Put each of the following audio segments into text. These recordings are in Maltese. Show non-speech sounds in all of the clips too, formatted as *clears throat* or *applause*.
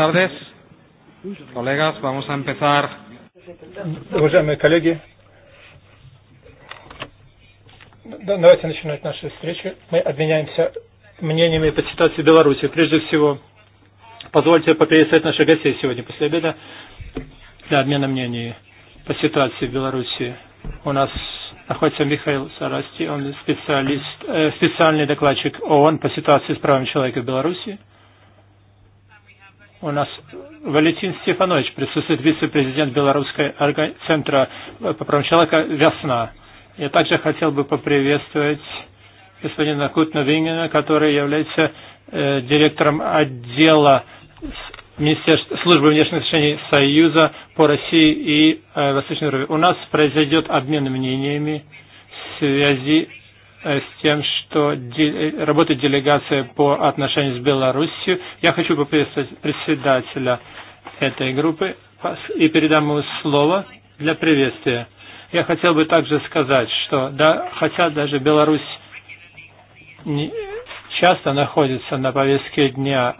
tardes, colegas. Vamos a empezar. Уважаемые коллеги, давайте начинать наши встречи. Мы обменяемся мнениями по ситуации в Беларуси. Прежде всего, позвольте поприветствовать наших гостей сегодня после обеда для обмена мнений по ситуации в Беларуси. У нас находится Михаил Сарасти, он специалист, э, специальный докладчик ООН по ситуации с правами человека в Беларуси. У нас Валентин Стефанович присутствует вице-президент Белорусского центра по правам человека «Весна». Я также хотел бы поприветствовать господина Кутна Вингена, который является э, директором отдела Министерства службы внешних отношений Союза по России и э, Восточной Европе. У нас произойдет обмен мнениями в связи Э, с тем, что э, работает делегация по отношению с Беларусью. Я хочу поприветствовать председателя этой группы и передам ему слово для приветствия. Я хотел бы также сказать, что да, хотя даже Беларусь не, часто находится на повестке дня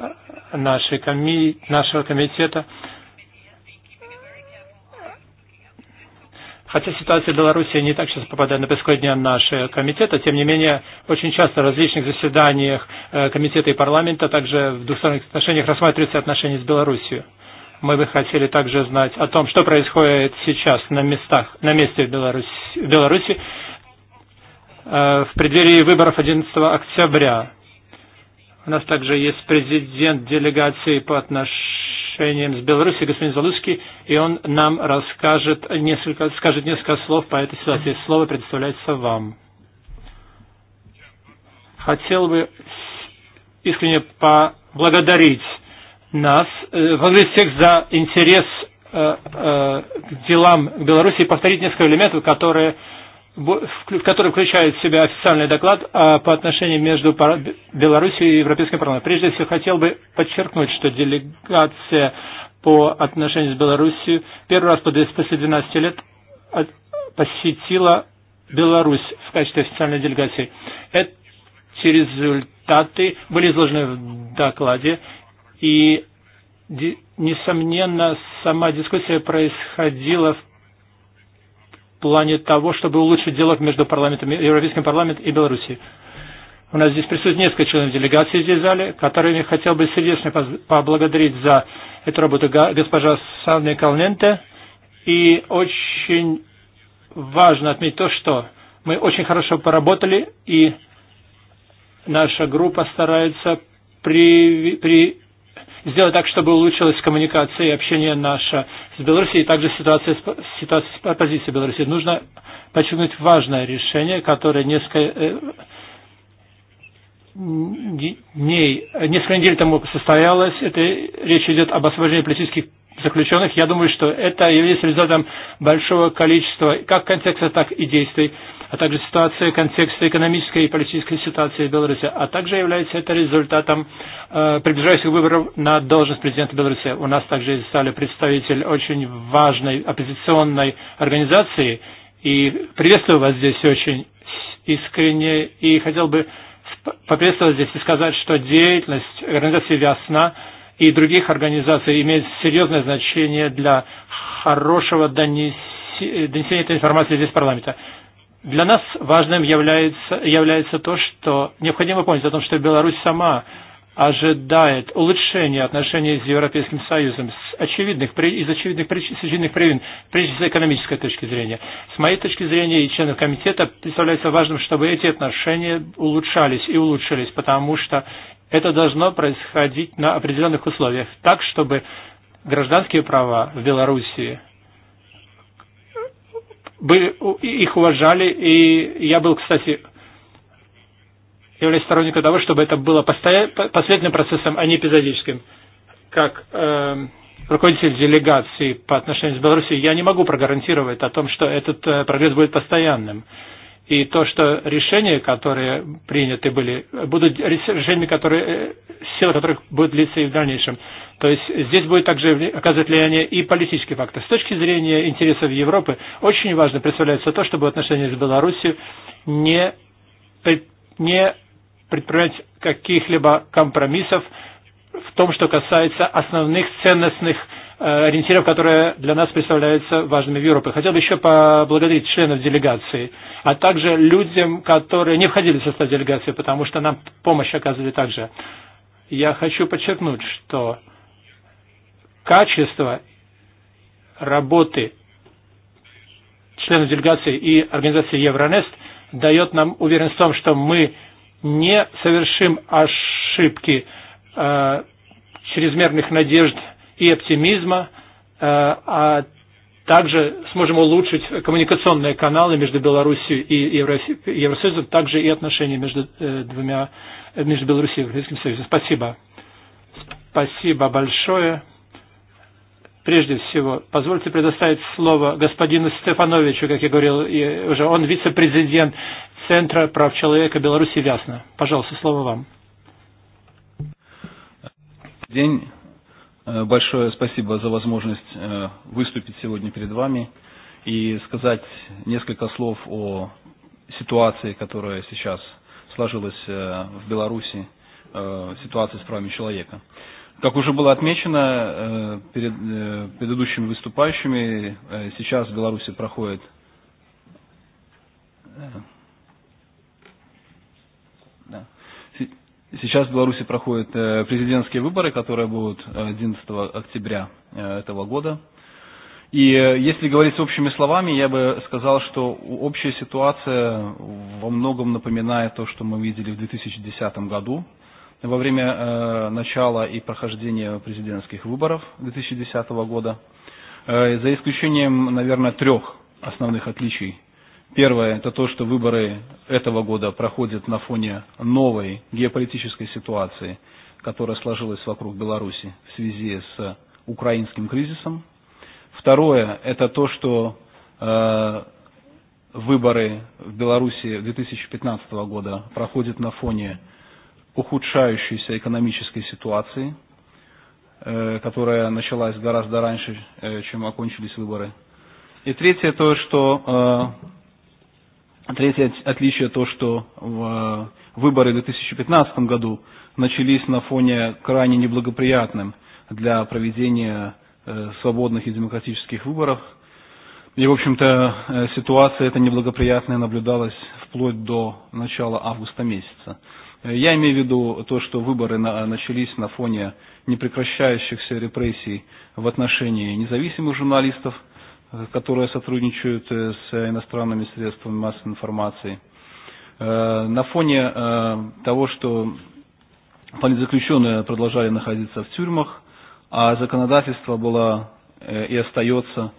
нашей коми, нашего комитета, Хотя ситуация в Беларуси не так сейчас попадает на повестку дня нашего комитета, тем не менее, очень часто в различных заседаниях э, комитета и парламента, также в двухсторонних отношениях рассматриваются отношения с Беларусью. Мы бы хотели также знать о том, что происходит сейчас на местах, на месте в Беларуси, в, Беларуси, э, в преддверии выборов 11 октября. У нас также есть президент делегации по отношению общением с Беларусью, господин Залуцкий, и он нам расскажет несколько, скажет несколько слов по этой ситуации. Слово предоставляется вам. Хотел бы искренне поблагодарить нас, э, всех за интерес э, э, к делам Беларуси и повторить несколько элементов, которые э, в который включает в себя официальный доклад по отношениям между Белоруссией и Европейским парламентом. Прежде всего, хотел бы подчеркнуть, что делегация по отношению с Белоруссией первый раз после 12 лет посетила Беларусь в качестве официальной делегации. Эти результаты были изложены в докладе, и, несомненно, сама дискуссия происходила в плане того, чтобы улучшить диалог между парламентами, Европейским парламентом и Белоруссией. У нас здесь присутствует несколько членов делегации здесь в зале, которым я хотел бы сердечно поблагодарить за эту работу госпожа Санны Калненте. И очень важно отметить то, что мы очень хорошо поработали, и наша группа старается при, при сделать так, чтобы улучшилась коммуникация и общение наше с Белоруссией, и также ситуация, ситуация с оппозицией Беларуси. Нужно подчеркнуть важное решение, которое несколько э, дней, несколько недель тому состоялось. Это речь идет об освобождении политических заключенных. Я думаю, что это является результатом большого количества как контекста, так и действий, а также ситуации контекста экономической и политической ситуации в Беларуси, а также является это результатом э, приближающих выборов на должность президента Беларуси. У нас также стали представитель очень важной оппозиционной организации, и приветствую вас здесь очень искренне, и хотел бы поприветствовать здесь и сказать, что деятельность организации «Вясна» и других организаций имеет серьезное значение для хорошего донес... донесения этой информации здесь в парламента. Для нас важным является, является то, что необходимо помнить о том, что Беларусь сама ожидает улучшения отношений с Европейским Союзом с очевидных, из очевидных причин, с очевидных причин, прежде всего с экономической точки зрения. С моей точки зрения и членов комитета представляется важным, чтобы эти отношения улучшались и улучшились, потому что Это должно происходить на определенных условиях, так, чтобы гражданские права в Белоруссии были, их уважали, и я был, кстати, являюсь сторонником того, чтобы это было последним процессом, а не эпизодическим. Как э, руководитель делегации по отношению с Белоруссией, я не могу прогарантировать о том, что этот э, прогресс будет постоянным. И то, что решения, которые приняты были, будут решениями, которые, э, сила которых будет длиться и в дальнейшем. То есть здесь будет также оказывать влияние и политический фактор. С точки зрения интересов Европы, очень важно представляется то, чтобы отношения с Беларусью не, не предпринимать каких-либо компромиссов в том, что касается основных ценностных Э, ориентиров, которые для нас представляются важными в Европе. Хотел бы еще поблагодарить членов делегации, а также людям, которые не входили в состав делегации, потому что нам помощь оказывали также. Я хочу подчеркнуть, что качество работы членов делегации и организации Евронест дает нам уверенность в том, что мы не совершим ошибки э, чрезмерных надежд и оптимизма, э, а также сможем улучшить коммуникационные каналы между Белоруссией и Евросоюзом, также и отношения между э, двумя э, между Белоруссией и Европейским Союзом. Спасибо. Спасибо большое. Прежде всего, позвольте предоставить слово господину Стефановичу, как я говорил уже, он вице-президент Центра прав человека Беларуси Вясна. Пожалуйста, слово вам. День Э, большое спасибо за возможность э, выступить сегодня перед вами и сказать несколько слов о ситуации, которая сейчас сложилась э, в Беларуси, ситуации с правами человека. Как уже было отмечено перед предыдущими выступающими, сейчас в Беларуси проходит Сейчас в Беларуси проходят э, президентские выборы, которые будут 11 октября э, этого года. И э, если говорить с общими словами, я бы сказал, что общая ситуация во многом напоминает то, что мы видели в 2010 году, во время начала и прохождения президентских выборов 2010 года, за исключением, наверное, трех основных отличий Первое – это то, что выборы этого года проходят на фоне новой геополитической ситуации, которая сложилась вокруг Беларуси в связи с украинским кризисом. Второе – это то, что э, выборы в Беларуси 2015 года проходят на фоне ухудшающейся экономической ситуации, э, которая началась гораздо раньше, э, чем окончились выборы. И третье – то, что э, Третье отличие то, что выборы в 2015 году начались на фоне крайне неблагоприятным для проведения э, свободных и демократических выборов. И, в общем-то, э, ситуация эта неблагоприятная наблюдалась вплоть до начала августа месяца. Э, я имею в виду то, что выборы начались на фоне непрекращающихся репрессий в отношении независимых журналистов – которые сотрудничают э, с иностранными средствами массовой информации. Э, на фоне э, того, что политзаключенные продолжали находиться в тюрьмах, а законодательство было и остается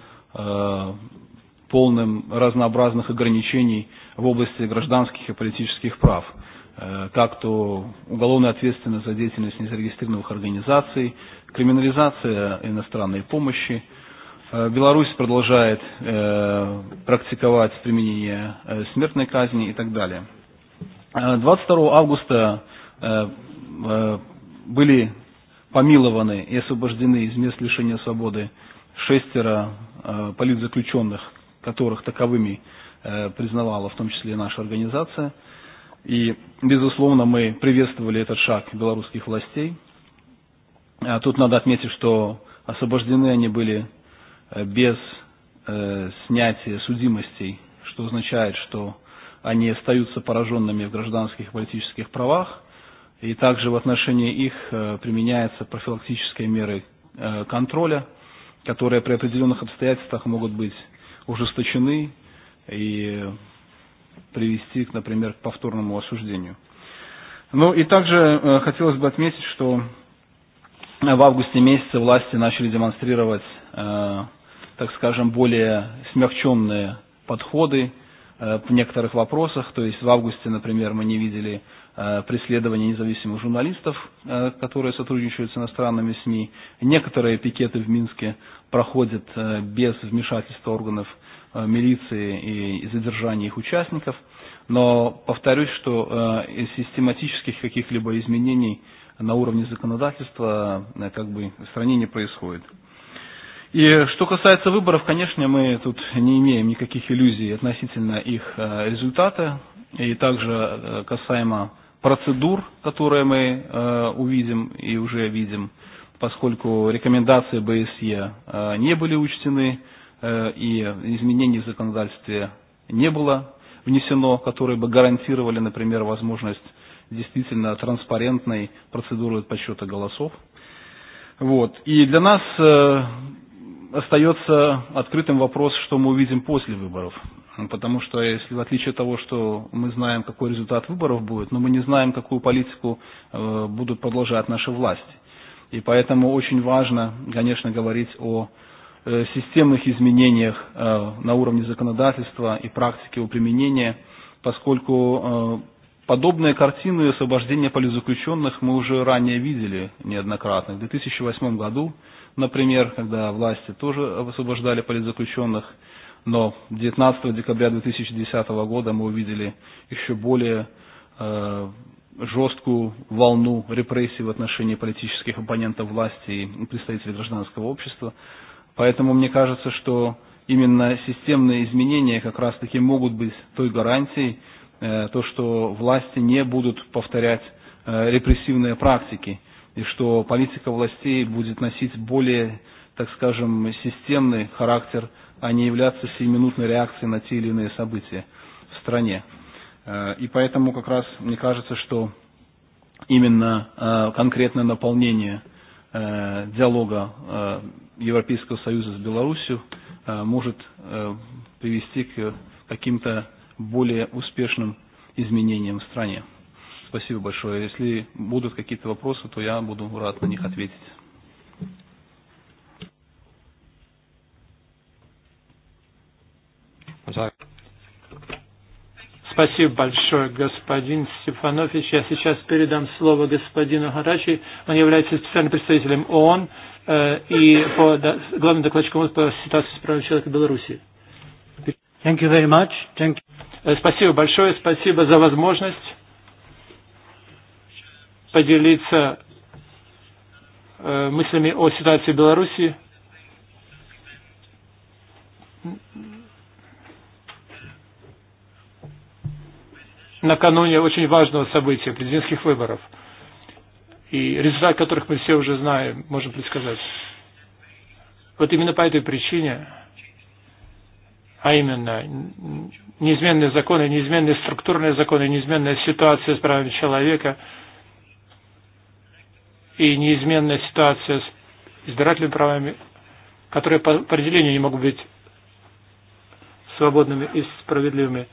полным разнообразных ограничений в области гражданских и политических прав, как то уголовная ответственность за деятельность незарегистрированных организаций, криминализация иностранной помощи – Э, Беларусь продолжает э, практиковать применение э, смертной казни и так далее. 22 э, августа э, э, были помилованы и освобождены из мест лишения свободы шестеро э, политзаключенных, которых таковыми э, признавала в том числе наша организация. И, безусловно, мы приветствовали этот шаг белорусских властей. А тут надо отметить, что освобождены они были Э, без э, снятия судимостей, что означает, что они остаются пораженными в гражданских и политических правах, и также в отношении их э, применяются профилактические меры контроля, которые при определенных обстоятельствах могут быть ужесточены и привести, например, к повторному осуждению. Ну и также хотелось бы отметить, что в августе месяце власти начали демонстрировать так скажем, более смягченные подходы э, в некоторых вопросах. То есть в августе, например, мы не видели э, преследования независимых журналистов, э, которые сотрудничают с иностранными СМИ. Некоторые пикеты в Минске проходят без вмешательства органов милиции и задержания их участников. Но повторюсь, что из систематических каких-либо изменений на уровне законодательства как бы в стране не происходит. И что касается выборов, конечно, мы тут не имеем никаких иллюзий относительно их э, результата. И также э, касаемо процедур, которые мы э, увидим и уже видим, поскольку рекомендации БСЕ не были учтены и изменений в законодательстве не было внесено, которые бы гарантировали, например, возможность действительно транспарентной процедуры подсчета голосов. Вот. И для нас остается открытым вопрос, что мы увидим после выборов. Потому что, если в отличие от того, что мы знаем, какой результат выборов будет, но мы не знаем, какую политику э, будут продолжать наши власти. И поэтому очень важно, конечно, говорить о э, системных изменениях э, на уровне законодательства и практики его применения, поскольку э, Подобные картины освобождения политзаключенных мы уже ранее видели неоднократно. В 2008 году например, когда власти тоже освобождали политзаключенных, но 19 декабря 2010 года мы увидели еще более э, жесткую волну репрессий в отношении политических оппонентов власти и представителей гражданского общества. Поэтому мне кажется, что именно системные изменения как раз-таки могут быть той гарантией, э, то, что власти не будут повторять э, репрессивные практики – и что политика властей будет носить более, так скажем, системный характер, а не являться сиюминутной реакцией на те или иные события в стране. Э, и поэтому как раз мне кажется, что именно э, конкретное наполнение э, диалога Европейского Союза с Беларусью может привести к каким-то более успешным изменениям в стране. Спасибо большое. Если будут какие-то вопросы, то я буду рад на них ответить. Спасибо большое, господин Стефанович. Я сейчас передам слово господину Харачи. Он является специальным представителем ООН э, и по, да, главным докладчиком по ситуации с правами человека в Беларуси. Thank you very much. Thank you. Э, спасибо большое, спасибо за возможность поделиться э, мыслями о ситуации в Беларуси. накануне очень важного события, президентских выборов, и результат которых мы все уже знаем, можем предсказать. Вот именно по этой причине, а именно неизменные законы, неизменные структурные законы, неизменная ситуация с правами человека – и неизменная ситуация с избирательными правами, которые по определению не могут быть свободными и справедливыми.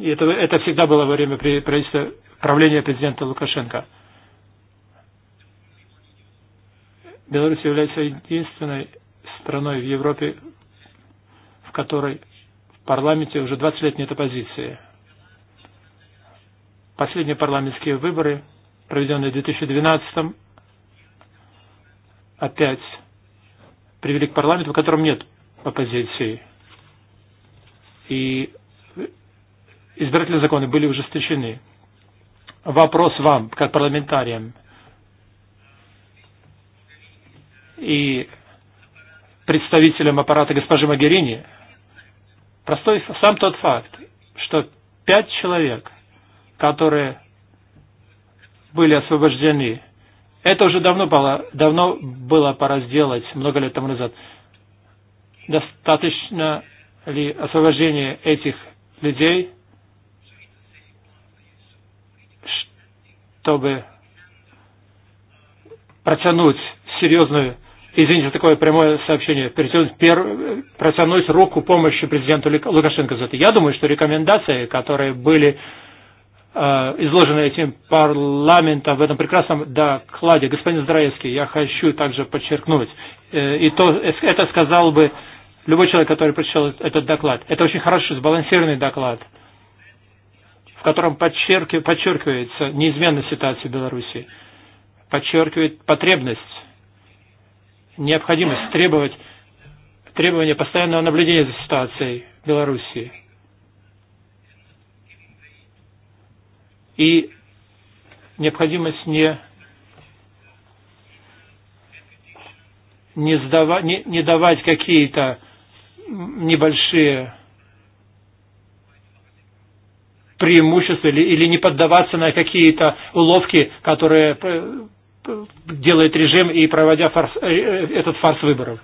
И это, это всегда было во время правительства, правления президента Лукашенко. Беларусь является единственной страной в Европе, в которой в парламенте уже 20 лет нет оппозиции. Последние парламентские выборы, проведенные в 2012 опять привели к парламенту, в котором нет оппозиции. И избирательные законы были ужесточены. Вопрос вам, как парламентариям, и представителям аппарата госпожи Магерини, простой сам тот факт, что пять человек – которые были освобождены. Это уже давно было, давно было пора сделать, много лет тому назад. Достаточно ли освобождения этих людей, чтобы протянуть серьезную, извините такое прямое сообщение, протянуть руку помощи президенту Лукашенко за это. Я думаю, что рекомендации, которые были Э, изложенный этим парламентом в этом прекрасном докладе. Господин Здраевский, я хочу также подчеркнуть, э, и то, это сказал бы любой человек, который прочитал этот доклад. Это очень хороший, сбалансированный доклад, в котором подчерки, подчеркивается неизменность ситуации в Беларуси, подчеркивает потребность, необходимость требовать требования постоянного наблюдения за ситуацией в Белоруссии и необходимость не не, сдавать, не, не давать какие-то небольшие преимущества или, или не поддаваться на какие-то уловки, которые делает режим и проводя фарс, этот фарс выборов.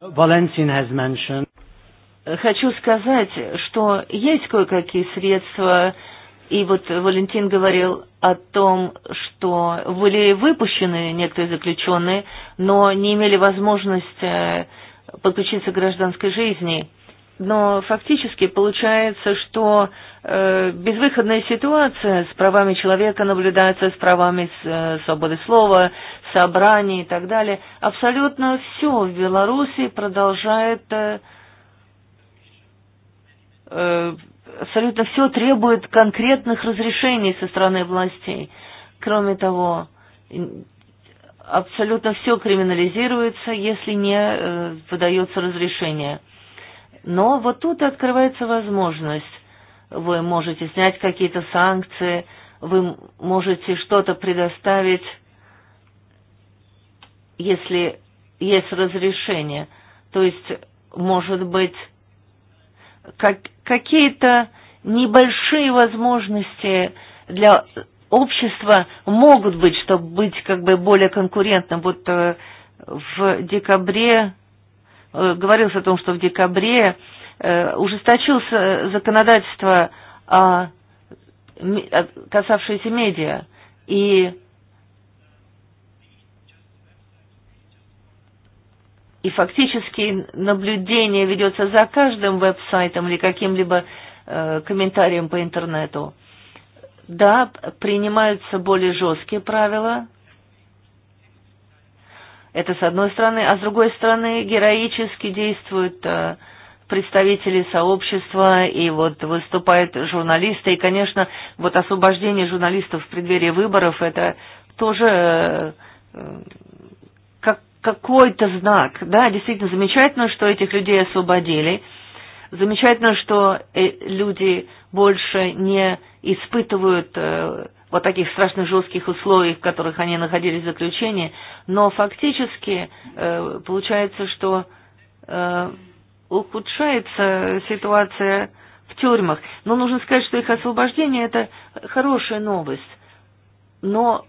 Валентин has mentioned. Хочу сказать, что есть кое-какие средства И вот Валентин говорил о том, что были выпущены некоторые заключенные, но не имели возможности э, подключиться к гражданской жизни. Но фактически получается, что э, безвыходная ситуация с правами человека наблюдается, с правами э, свободы слова, собраний и так далее. Абсолютно все в Беларуси продолжает э, э абсолютно все требует конкретных разрешений со стороны властей. Кроме того, абсолютно все криминализируется, если не э, выдается разрешение. Но вот тут открывается возможность. Вы можете снять какие-то санкции, вы можете что-то предоставить, если есть разрешение. То есть, может быть, как, какие-то небольшие возможности для общества могут быть, чтобы быть как бы более конкурентным. Вот э, в декабре э, говорилось о том, что в декабре э, ужесточился законодательство, касавшееся медиа, и И фактически наблюдение ведется за каждым веб-сайтом или каким-либо э, комментарием по интернету. Да, принимаются более жесткие правила. Это с одной стороны. А с другой стороны, героически действуют э, представители сообщества, и вот выступают журналисты. И, конечно, вот освобождение журналистов в преддверии выборов – это тоже э, э какой-то знак. Да, действительно, замечательно, что этих людей освободили. Замечательно, что э, люди больше не испытывают э, вот таких страшно жестких условий, в которых они находились в заключении, но фактически э, получается, что ухудшается ситуация в тюрьмах. Но нужно сказать, что их освобождение – это хорошая новость. Но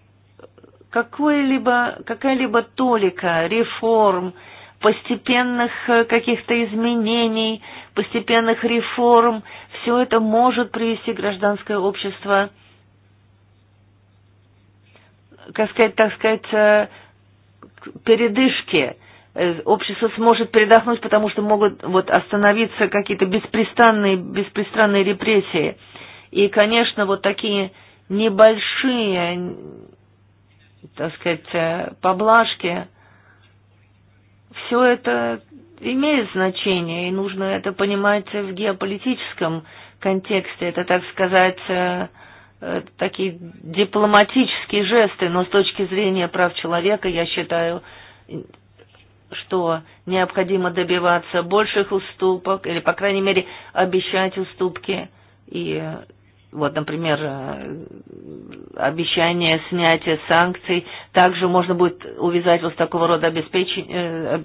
какой-либо, какая-либо толика реформ, постепенных э, каких-то изменений, постепенных реформ, все это может привести гражданское общество, как сказать, так сказать, э, к передышке. Э, общество сможет передохнуть, потому что могут вот, остановиться какие-то беспрестанные, беспрестанные репрессии. И, конечно, вот такие небольшие так сказать, э, поблажки. Все это имеет значение, и нужно это понимать в геополитическом контексте. Это, так сказать, э, э, такие дипломатические жесты, но с точки зрения прав человека, я считаю, что необходимо добиваться больших уступок, или, по крайней мере, обещать уступки и вот, например, э, обещание снятия санкций также можно будет увязать вот с такого рода обеспеч... Э,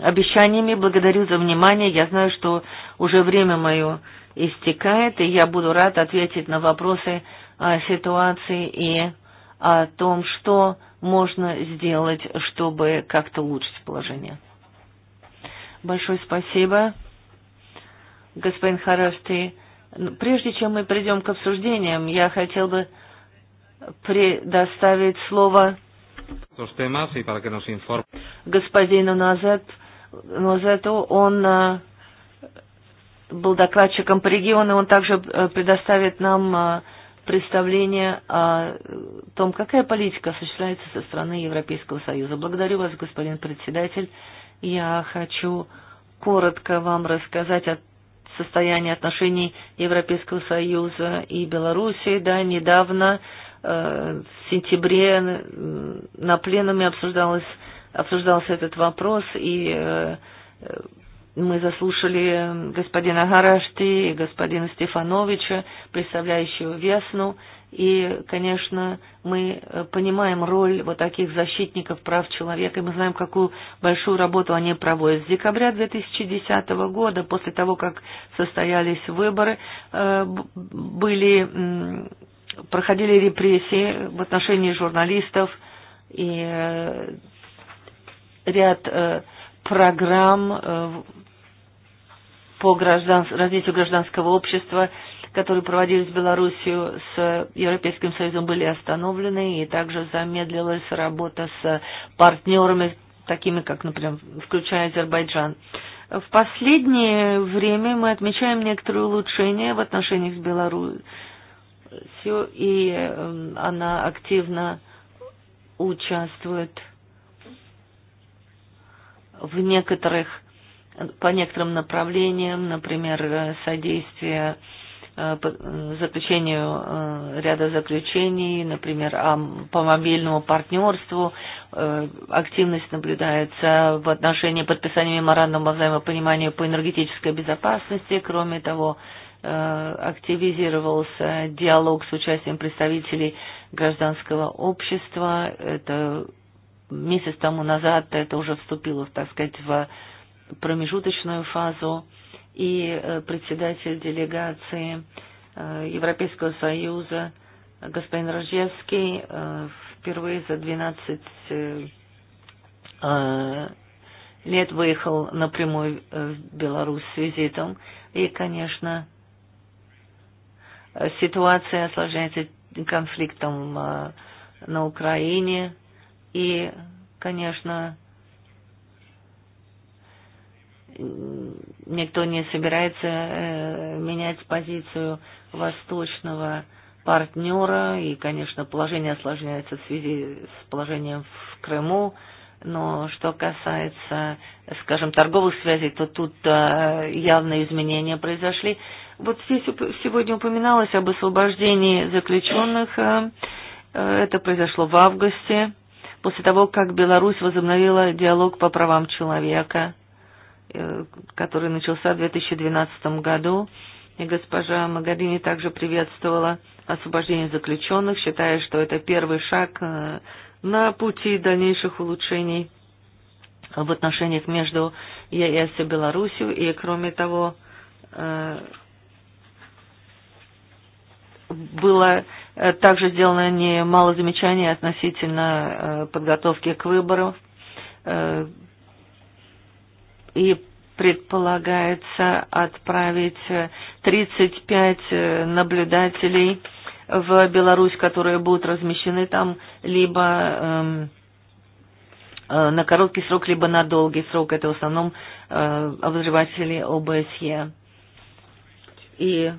обещаниями. Благодарю за внимание. Я знаю, что уже время мое истекает, и я буду рад ответить на вопросы о ситуации и о том, что можно сделать, чтобы как-то улучшить положение. Большое спасибо. Господин Хараш, Прежде чем мы придем к обсуждениям, я хотел бы предоставить слово господину Назет, Назету. Он э, был докладчиком по региону, он также э, предоставит нам э, представление о том, какая политика осуществляется со стороны Европейского Союза. Благодарю вас, господин председатель. Я хочу коротко вам рассказать о состояние отношений Европейского Союза и Белоруссии. Да, недавно, э, в сентябре, на пленуме обсуждалось, обсуждался этот вопрос, и э, э, мы заслушали господина Гарашти и господина Стефановича, представляющего Весну, И, конечно, мы э, понимаем роль вот таких защитников прав человека, и мы знаем, какую большую работу они проводят. С декабря 2010 года, после того, как состоялись выборы, э, были, проходили репрессии в отношении журналистов и э, ряд программ по гражданс развитию гражданского общества – которые проводились в Белоруссию с Европейским Союзом, были остановлены, и также замедлилась работа с партнерами, такими как, например, включая Азербайджан. В последнее время мы отмечаем некоторые улучшения в отношениях с Беларусью, и она активно участвует в некоторых, по некоторым направлениям, например, э, содействие Э, заключению э, ряда заключений, например, по мобильному партнерству. Э, активность наблюдается в отношении подписания меморандума взаимопонимания по энергетической безопасности. Кроме того, активизировался диалог с участием представителей гражданского общества. Это месяц тому назад это уже вступило, так сказать, в промежуточную фазу и э, председатель делегации э, Европейского Союза господин Рожевский э, впервые за 12 лет выехал напрямую в Беларусь с визитом. И, конечно, ситуация осложняется конфликтом на Украине. И, конечно, никто не собирается э, менять позицию восточного партнера, и, конечно, положение осложняется в связи с положением в Крыму, но что касается, скажем, торговых связей, то тут э, явные изменения произошли. Вот здесь сегодня упоминалось об освобождении заключенных. Э, это произошло в августе, после того, как Беларусь возобновила диалог по правам человека который начался в 2012 году. И госпожа Магарини также приветствовала освобождение заключенных, считая, что это первый шаг э, на пути дальнейших улучшений в отношениях между ЕС и Беларусью. И, кроме того, э, было э, также сделано немало замечаний относительно подготовки к выборам и предполагается отправить 35 э, наблюдателей в Беларусь, которые будут размещены там либо э, на короткий срок, либо на долгий срок. Это в основном э, обозреватели ОБСЕ и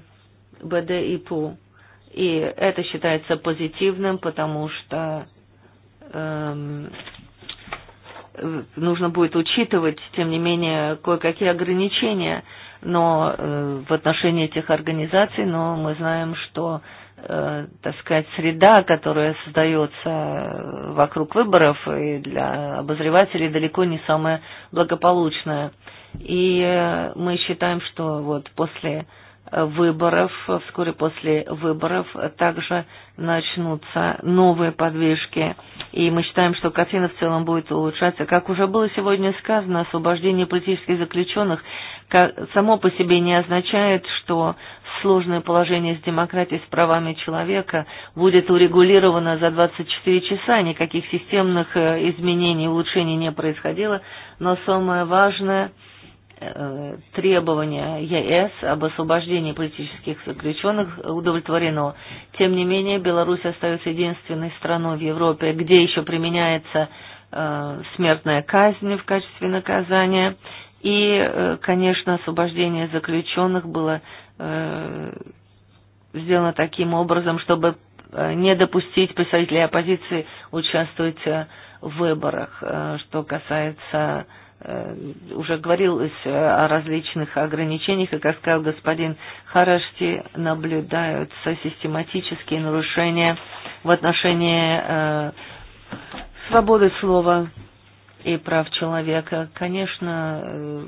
БД и ПУ. И это считается позитивным, потому что э, нужно будет учитывать, тем не менее, кое-какие ограничения но э, в отношении этих организаций, но мы знаем, что, э, так сказать, среда, которая создается э, вокруг выборов и для обозревателей далеко не самая благополучная. И э, мы считаем, что вот после э, выборов, вскоре после выборов также начнутся новые подвижки. И мы считаем, что картина в целом будет улучшаться. Как уже было сегодня сказано, освобождение политических заключенных само по себе не означает, что сложное положение с демократией, с правами человека будет урегулировано за 24 часа, никаких системных э, изменений, улучшений не происходило. Но самое важное – требования ЕС об освобождении политических заключенных удовлетворено. Тем не менее, Беларусь остается единственной страной в Европе, где еще применяется э, смертная казнь в качестве наказания. И, э, конечно, освобождение заключенных было э, сделано таким образом, чтобы не допустить представителей оппозиции участвовать в выборах. Что касается Э, уже говорилось э, о различных ограничениях, и, как сказал господин Харашти, наблюдаются систематические нарушения в отношении э, свободы слова и прав человека. Конечно,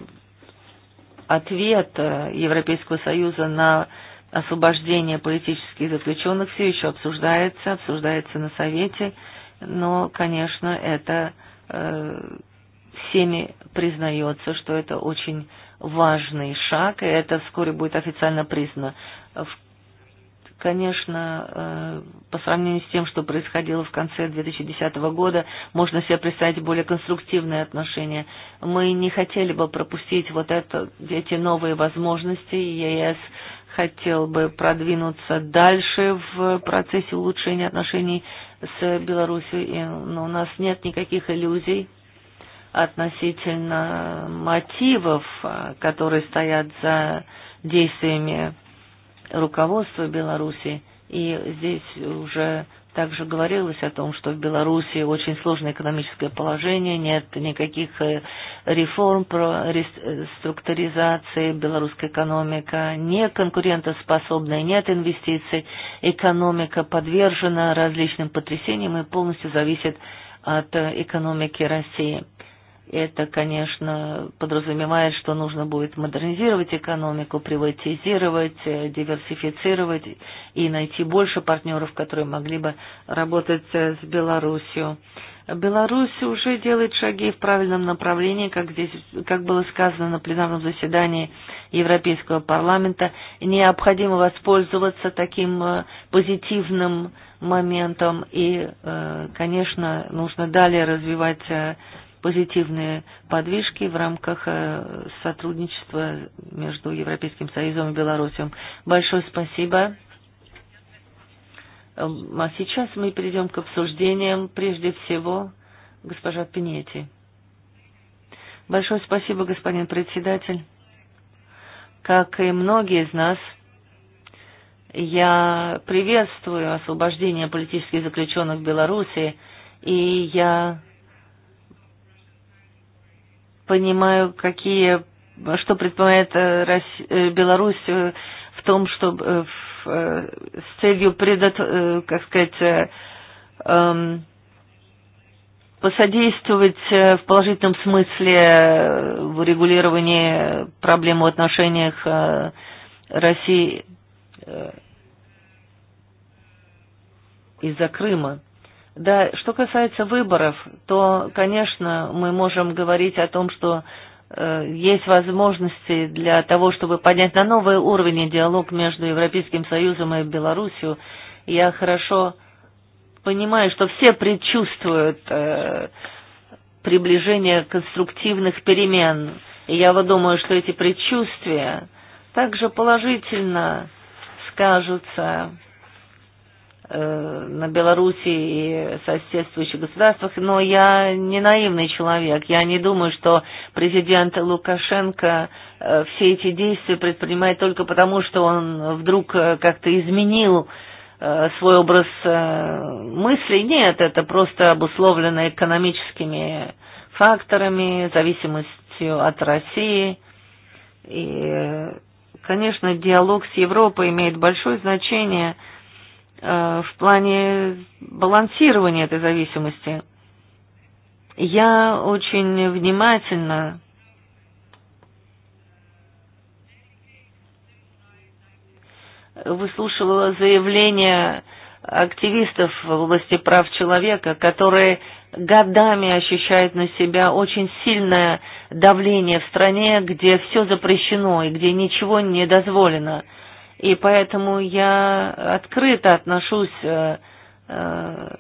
ответ Европейского Союза на освобождение политических заключенных все еще обсуждается, обсуждается на Совете, но, конечно, это всеми признается, что это очень важный шаг, и это вскоре будет официально признано. Конечно, э, по сравнению с тем, что происходило в конце 2010 года, можно себе представить более конструктивные отношения. Мы не хотели бы пропустить вот это, эти новые возможности, и ЕС хотел бы продвинуться дальше в процессе улучшения отношений с Беларусью, но у нас нет никаких иллюзий относительно мотивов, э, которые стоят за действиями руководства Беларуси. И здесь уже также говорилось о том, что в Беларуси очень сложное экономическое положение, нет никаких э, реформ про реструктуризации, белорусская экономика не конкурентоспособная, нет инвестиций, экономика подвержена различным потрясениям и полностью зависит от э, экономики России. Это, конечно, подразумевает, что нужно будет модернизировать экономику, приватизировать, э, диверсифицировать и найти больше партнеров, которые могли бы работать э, с Беларусью. Беларусь уже делает шаги в правильном направлении, как здесь, как было сказано на пленарном заседании Европейского парламента. Необходимо воспользоваться таким э, позитивным моментом и, конечно, нужно далее развивать позитивные подвижки в рамках э, сотрудничества между Европейским Союзом и Беларусью. Большое спасибо. А сейчас мы перейдем к обсуждениям. Прежде всего, госпожа Пинети. Большое спасибо, господин председатель. Как и многие из нас, я приветствую освобождение политических заключенных в Беларуси, и я понимаю, какие, что предполагает э, э, Беларусь э, в том, чтобы с целью предот, как сказать, посодействовать в положительном смысле в урегулировании проблем в отношениях России из-за Крыма. Да, что касается выборов, то, конечно, мы можем говорить о том, что э, есть возможности для того, чтобы поднять на новый уровень диалог между Европейским Союзом и Белоруссией. Я хорошо понимаю, что все предчувствуют э, приближение конструктивных перемен. И я вот думаю, что эти предчувствия также положительно скажутся Э, на Беларуси и соседствующих государствах, но я не наивный человек. Я не думаю, что президент Лукашенко э, все эти действия предпринимает только потому, что он вдруг э, как-то изменил свой образ мыслей. Нет, это просто обусловлено экономическими факторами, зависимостью от России. И, конечно, диалог с Европой имеет большое значение Э, в плане балансирования этой зависимости. Я очень внимательно выслушивала заявления активистов в области прав человека, которые годами ощущают на себя очень сильное давление в стране, где все запрещено и где ничего не дозволено – И поэтому я открыто отношусь э, э,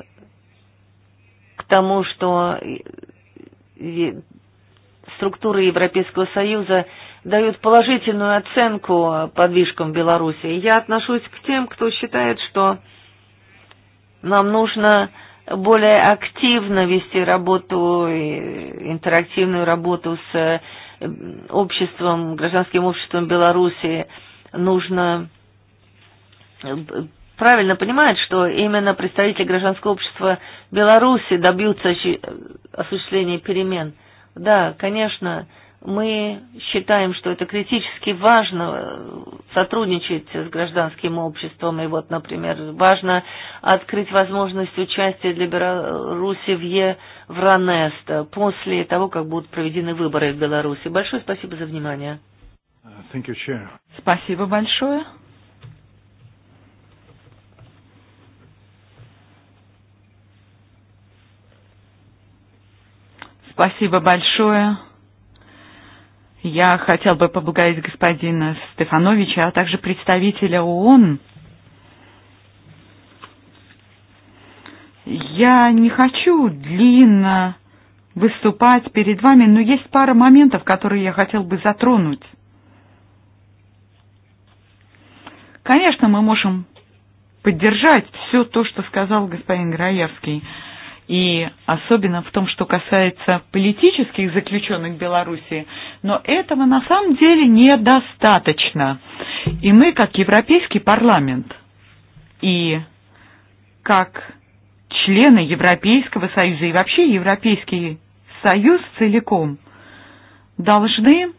к тому, что структуры Европейского Союза дают положительную оценку подвижкам Беларуси. Я отношусь к тем, кто считает, что нам нужно более активно вести работу, интерактивную работу с э, обществом, гражданским обществом Беларуси, нужно э, правильно понимать, что именно представители гражданского общества Беларуси добьются э, осуществления перемен. Да, конечно, мы считаем, что это критически важно э, сотрудничать с гражданским обществом. И вот, например, важно открыть возможность участия для Беларуси в Е в Ранест после того, как будут проведены выборы в Беларуси. Большое спасибо за внимание. Uh, thank you, Chair. Спасибо большое. Спасибо большое. Я хотел бы поблагодарить господина Стефановича, а также представителя ООН. Я не хочу длинно выступать перед вами, но есть пара моментов, которые я хотел бы затронуть. Конечно, мы можем поддержать все то, что сказал господин Граевский. И особенно в том, что касается политических заключенных Белоруссии, Но этого на самом деле недостаточно. И мы, как Европейский парламент, и как члены Европейского Союза и вообще Европейский Союз целиком, должны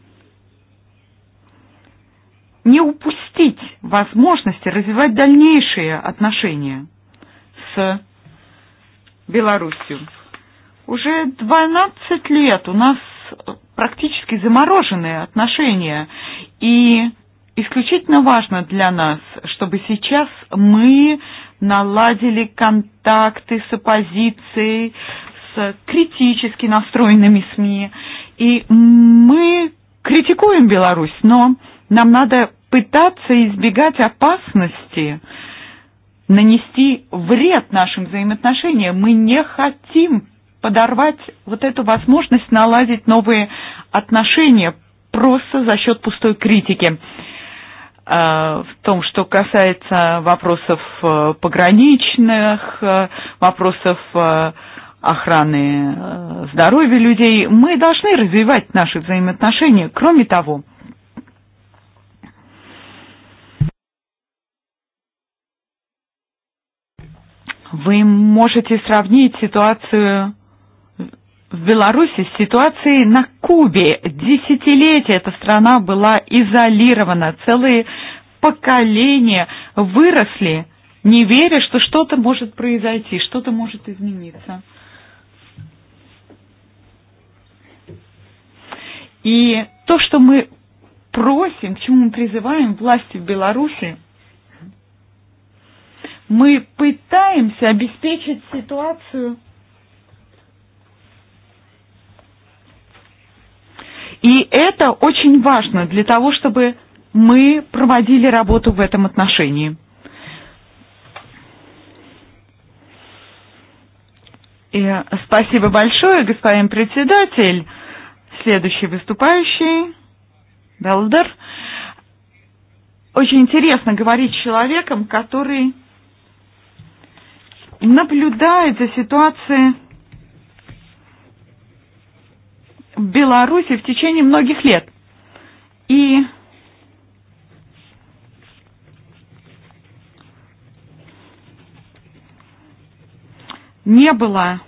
не упустить возможности развивать дальнейшие отношения с Белоруссией. Уже 12 лет у нас практически замороженные отношения, и исключительно важно для нас, чтобы сейчас мы наладили контакты с оппозицией, с критически настроенными СМИ, и мы критикуем Беларусь, но нам надо пытаться избегать опасности, нанести вред нашим взаимоотношениям. Мы не хотим подорвать вот эту возможность наладить новые отношения просто за счет пустой критики. В том, что касается вопросов э, пограничных, э, вопросов э, охраны здоровья людей, мы должны развивать наши взаимоотношения. Кроме того, Вы можете сравнить ситуацию в Беларуси с ситуацией на Кубе. Десятилетия эта страна была изолирована, целые поколения выросли, не веря, что что-то может произойти, что-то может измениться. И то, что мы просим, к чему мы призываем власти в Беларуси – Мы пытаемся обеспечить ситуацию. И это очень важно для того, чтобы мы проводили работу в этом отношении. И спасибо большое, господин председатель. Следующий выступающий, Белдер. Очень интересно говорить с человеком, который наблюдается ситуация в Беларуси в течение многих лет. И не было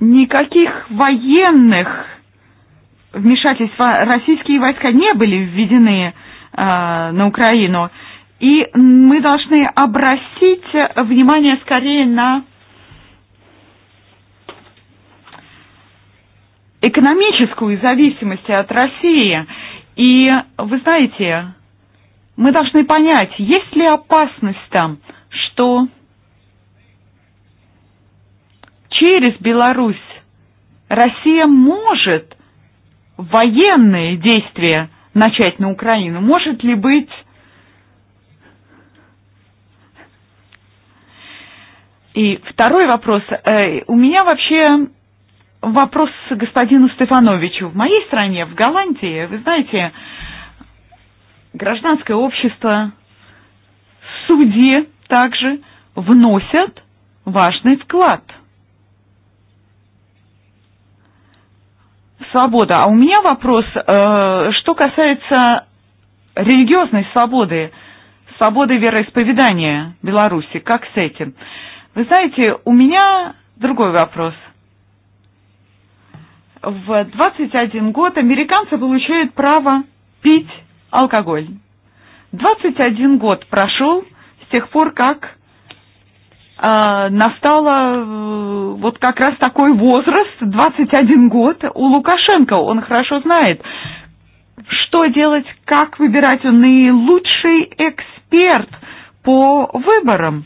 никаких военных вмешательств. Российские войска не были введены э, на Украину. И мы должны обратить внимание скорее на экономическую зависимость от России. И вы знаете, мы должны понять, есть ли опасность там, что через Беларусь Россия может военные действия начать на Украину? Может ли быть И второй вопрос. Э, у меня вообще вопрос к господину Стефановичу. В моей стране, в Голландии, вы знаете, гражданское общество, судьи также вносят важный вклад. Свобода. А у меня вопрос, э, что касается религиозной свободы, свободы вероисповедания Беларуси, как с этим? Вы знаете, у меня другой вопрос. В 21 год американцы получают право пить алкоголь. 21 год прошел с тех пор, как э, настало э, вот как раз такой возраст, 21 год, у Лукашенко. Он хорошо знает, что делать, как выбирать. Он наилучший эксперт по выборам.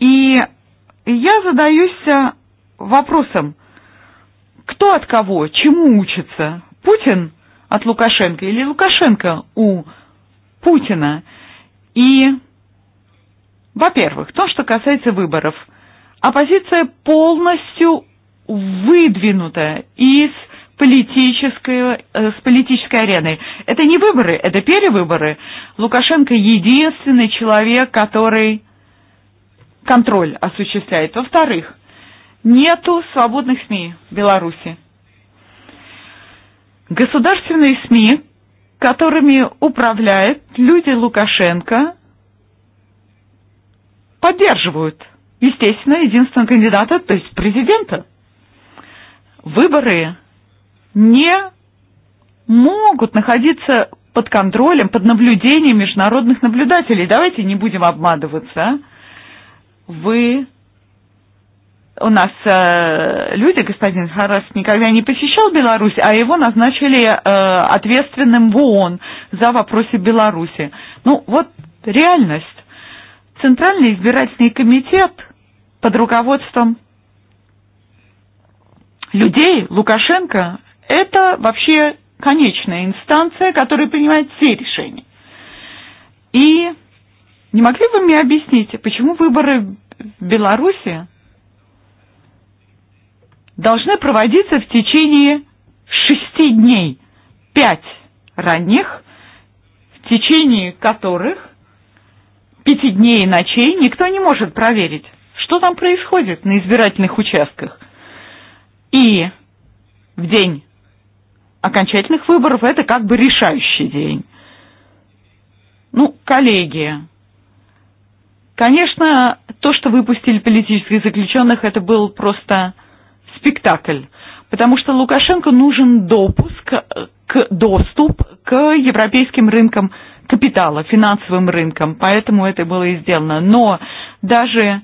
И И я задаюсь э, вопросом, кто от кого, чему учится? Путин от Лукашенко или Лукашенко у Путина? И, во-первых, то, что касается выборов, оппозиция полностью выдвинута из политической, э, с политической арены. Это не выборы, это перевыборы. Лукашенко единственный человек, который контроль осуществляет. Во-вторых, нету свободных СМИ в Беларуси. Государственные СМИ, которыми управляют люди Лукашенко, поддерживают, естественно, единственного кандидата, то есть президента. Выборы не могут находиться под контролем, под наблюдением международных наблюдателей. Давайте не будем обманываться. А? вы у нас э, люди, господин Харас никогда не посещал Беларусь, а его назначили э, ответственным в ООН за вопросы Беларуси. Ну, вот реальность. Центральный избирательный комитет под руководством людей Лукашенко – это вообще конечная инстанция, которая принимает все решения. И Не могли бы мне объяснить, почему выборы в Беларуси должны проводиться в течение шести дней, пять ранних, в течение которых пяти дней и ночей никто не может проверить, что там происходит на избирательных участках. И в день окончательных выборов это как бы решающий день. Ну, коллеги, Конечно, то, что выпустили политических заключенных, это был просто спектакль. Потому что Лукашенко нужен допуск, э, к, доступ к европейским рынкам капитала, финансовым рынкам. Поэтому это было и сделано. Но даже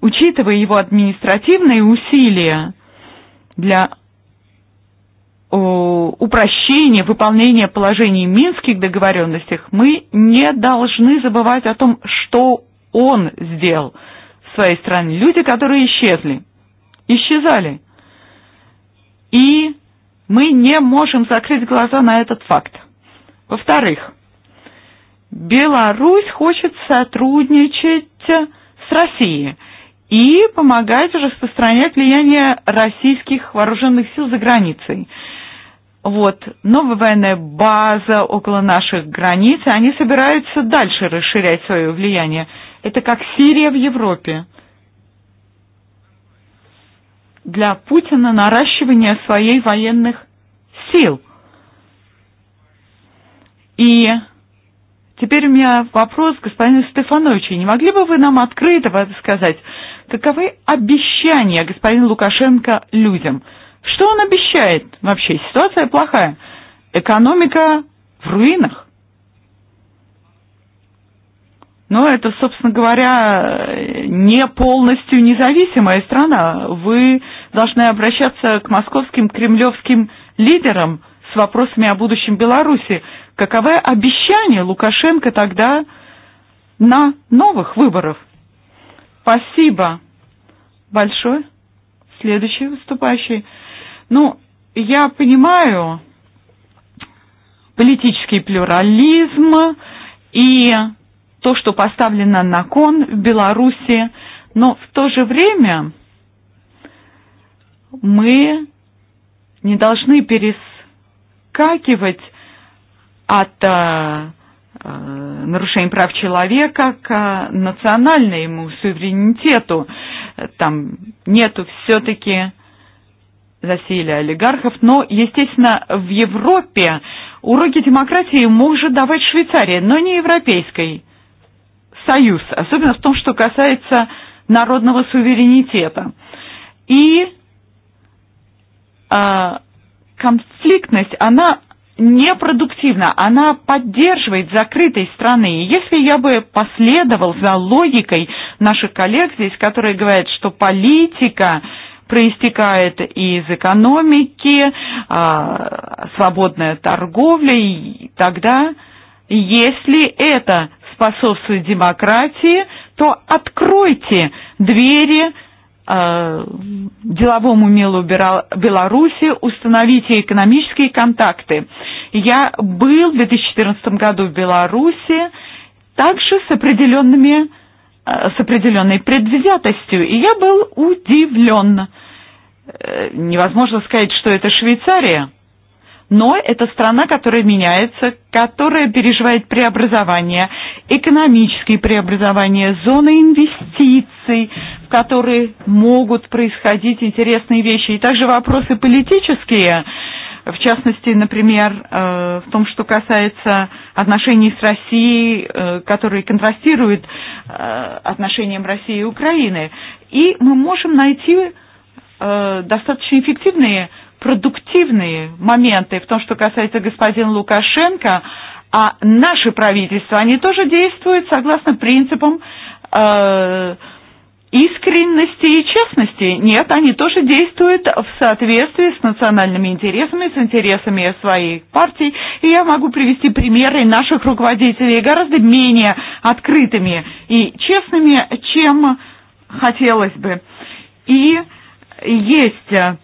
учитывая его административные усилия для Э, упрощения выполнения положений Минских договоренностях, мы не должны забывать о том, что он сделал в своей стране. Люди, которые исчезли, исчезали. И мы не можем закрыть глаза на этот факт. Во-вторых, Беларусь хочет сотрудничать с Россией и помогать распространять влияние российских вооруженных сил за границей – вот новая военная база около наших границ, они собираются дальше расширять свое влияние. Это как Сирия в Европе. Для Путина наращивание своей военных сил. И теперь у меня вопрос господин господину Стефановичу. Не могли бы вы нам открыто сказать, каковы обещания господина Лукашенко людям – Что он обещает? Вообще ситуация плохая. Экономика в руинах. Но это, собственно говоря, не полностью независимая страна. Вы должны обращаться к московским, кремлевским лидерам с вопросами о будущем Беларуси. Каковы обещания Лукашенко тогда на новых выборов? Спасибо большое. Следующий выступающий. Ну, я понимаю политический плюрализм и то, что поставлено на кон в Беларуси, но в то же время мы не должны перескакивать от а, э, э, нарушений прав человека к национальному суверенитету. Там нету все-таки засилия олигархов, но, естественно, в Европе уроки демократии может давать Швейцария, но не Европейский Союз, особенно в том, что касается народного суверенитета. И э, конфликтность, она непродуктивна, она поддерживает закрытой страны. И если я бы последовал за логикой наших коллег здесь, которые говорят, что политика проистекает из экономики, свободная торговля, и тогда, если это способствует демократии, то откройте двери деловому милу Беларуси, установите экономические контакты. Я был в 2014 году в Беларуси также с определенными Э, с определенной предвзятостью, и я был удивлен. Э, невозможно сказать, что это Швейцария, но это страна, которая меняется, которая переживает преобразование, экономические преобразования, зоны инвестиций, в которые могут происходить интересные вещи, и также вопросы политические – в частности, например, э, в том, что касается отношений с Россией, э, которые контрастируют э, отношениям России и Украины. И мы можем найти достаточно эффективные, продуктивные моменты в том, что касается господина Лукашенко, а наши правительства, они тоже действуют согласно принципам искренности и честности. Нет, они тоже действуют в соответствии с национальными интересами, с интересами своей партии. И я могу привести примеры наших руководителей гораздо менее открытыми и честными, чем хотелось бы. И есть э,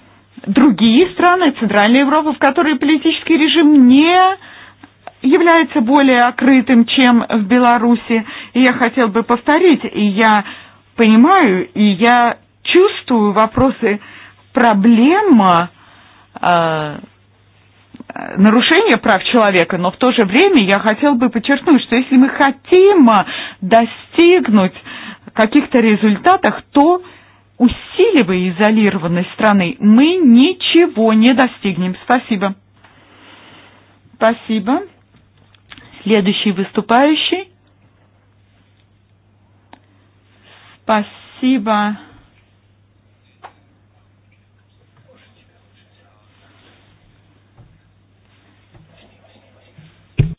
другие страны Центральной Европы, в которые политический режим не является более открытым, чем в Беларуси. И я хотел бы повторить, и я понимаю, и я чувствую вопросы проблема э, нарушения прав человека, но в то же время я хотел бы подчеркнуть, что если мы хотим достигнуть каких-то результатов, то усиливая изолированность страны, мы ничего не достигнем. Спасибо. Спасибо. Следующий выступающий. Спасибо.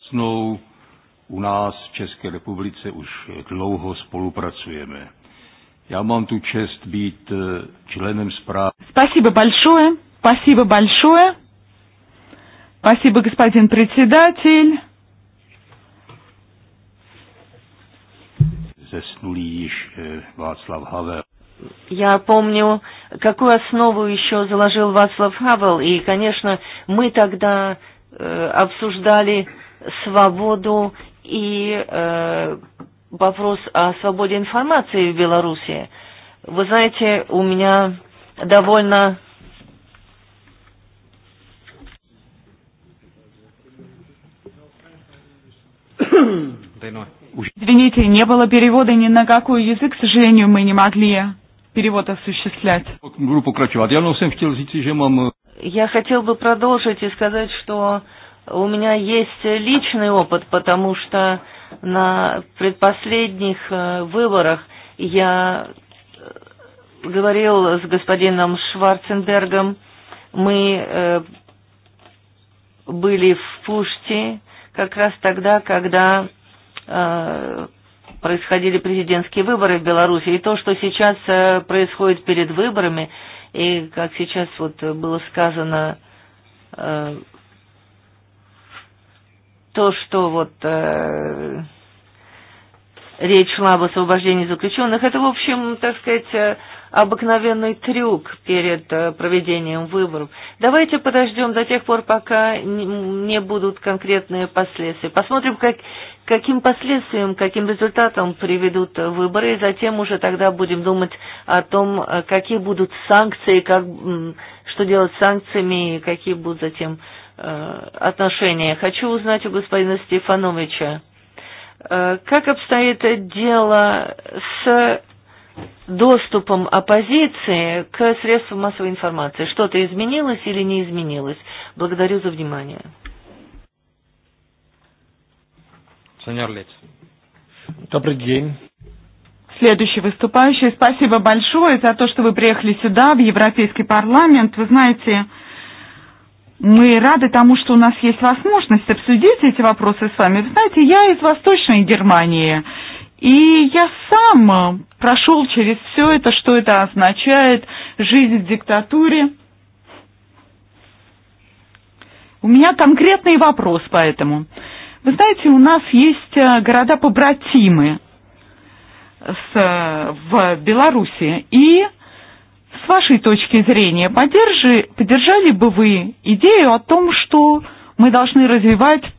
Snou u nás v České republice už dlouho spolupracujeme. Já mám tu čest být eh, členem zprávy. Спасибо большое. Спасибо большое. Спасибо, господин председатель. Eh, Я помню, какую основу еще заложил Вацлав Хавел, и, конечно, мы тогда э, обсуждали свободу и э, вопрос о свободе информации в Беларуси. Вы знаете, у меня довольно Дай ноль. Извините, не было перевода ни на какой язык, к сожалению, мы не могли перевод осуществлять. Э, я хотел бы продолжить и сказать, что у меня есть личный опыт, потому что на предпоследних э, выборах я э, говорил с господином Шварценбергом, мы были в Пуште как раз тогда, когда Э, происходили президентские выборы в Беларуси, и то, что сейчас э, происходит перед выборами, и как сейчас вот было сказано, э, то, что вот речь шла об освобождении заключенных, это, в общем, так сказать, обыкновенный трюк перед проведением выборов. Давайте подождем до тех пор, пока не будут конкретные последствия. Посмотрим, как, каким последствиям, каким результатам приведут выборы, и затем уже тогда будем думать о том, э, какие будут санкции, как, что делать с санкциями, и какие будут затем э, отношения. Хочу узнать у господина Стефановича, э, как обстоит дело с доступом оппозиции к средствам массовой информации. Что-то изменилось или не изменилось? Благодарю за внимание. Сеньор Лиц. Добрый день. Следующий выступающий. Спасибо большое за то, что вы приехали сюда, в Европейский парламент. Вы знаете, мы рады тому, что у нас есть возможность обсудить эти вопросы с вами. Вы знаете, я из Восточной Германии, и я сам прошел через все это, что это означает, жизнь в диктатуре. У меня конкретный вопрос поэтому. этому. Вы знаете, у нас есть э, города-побратимы в Беларуси. И с вашей точки зрения, поддержи, поддержали бы вы идею о том, что мы должны развивать э,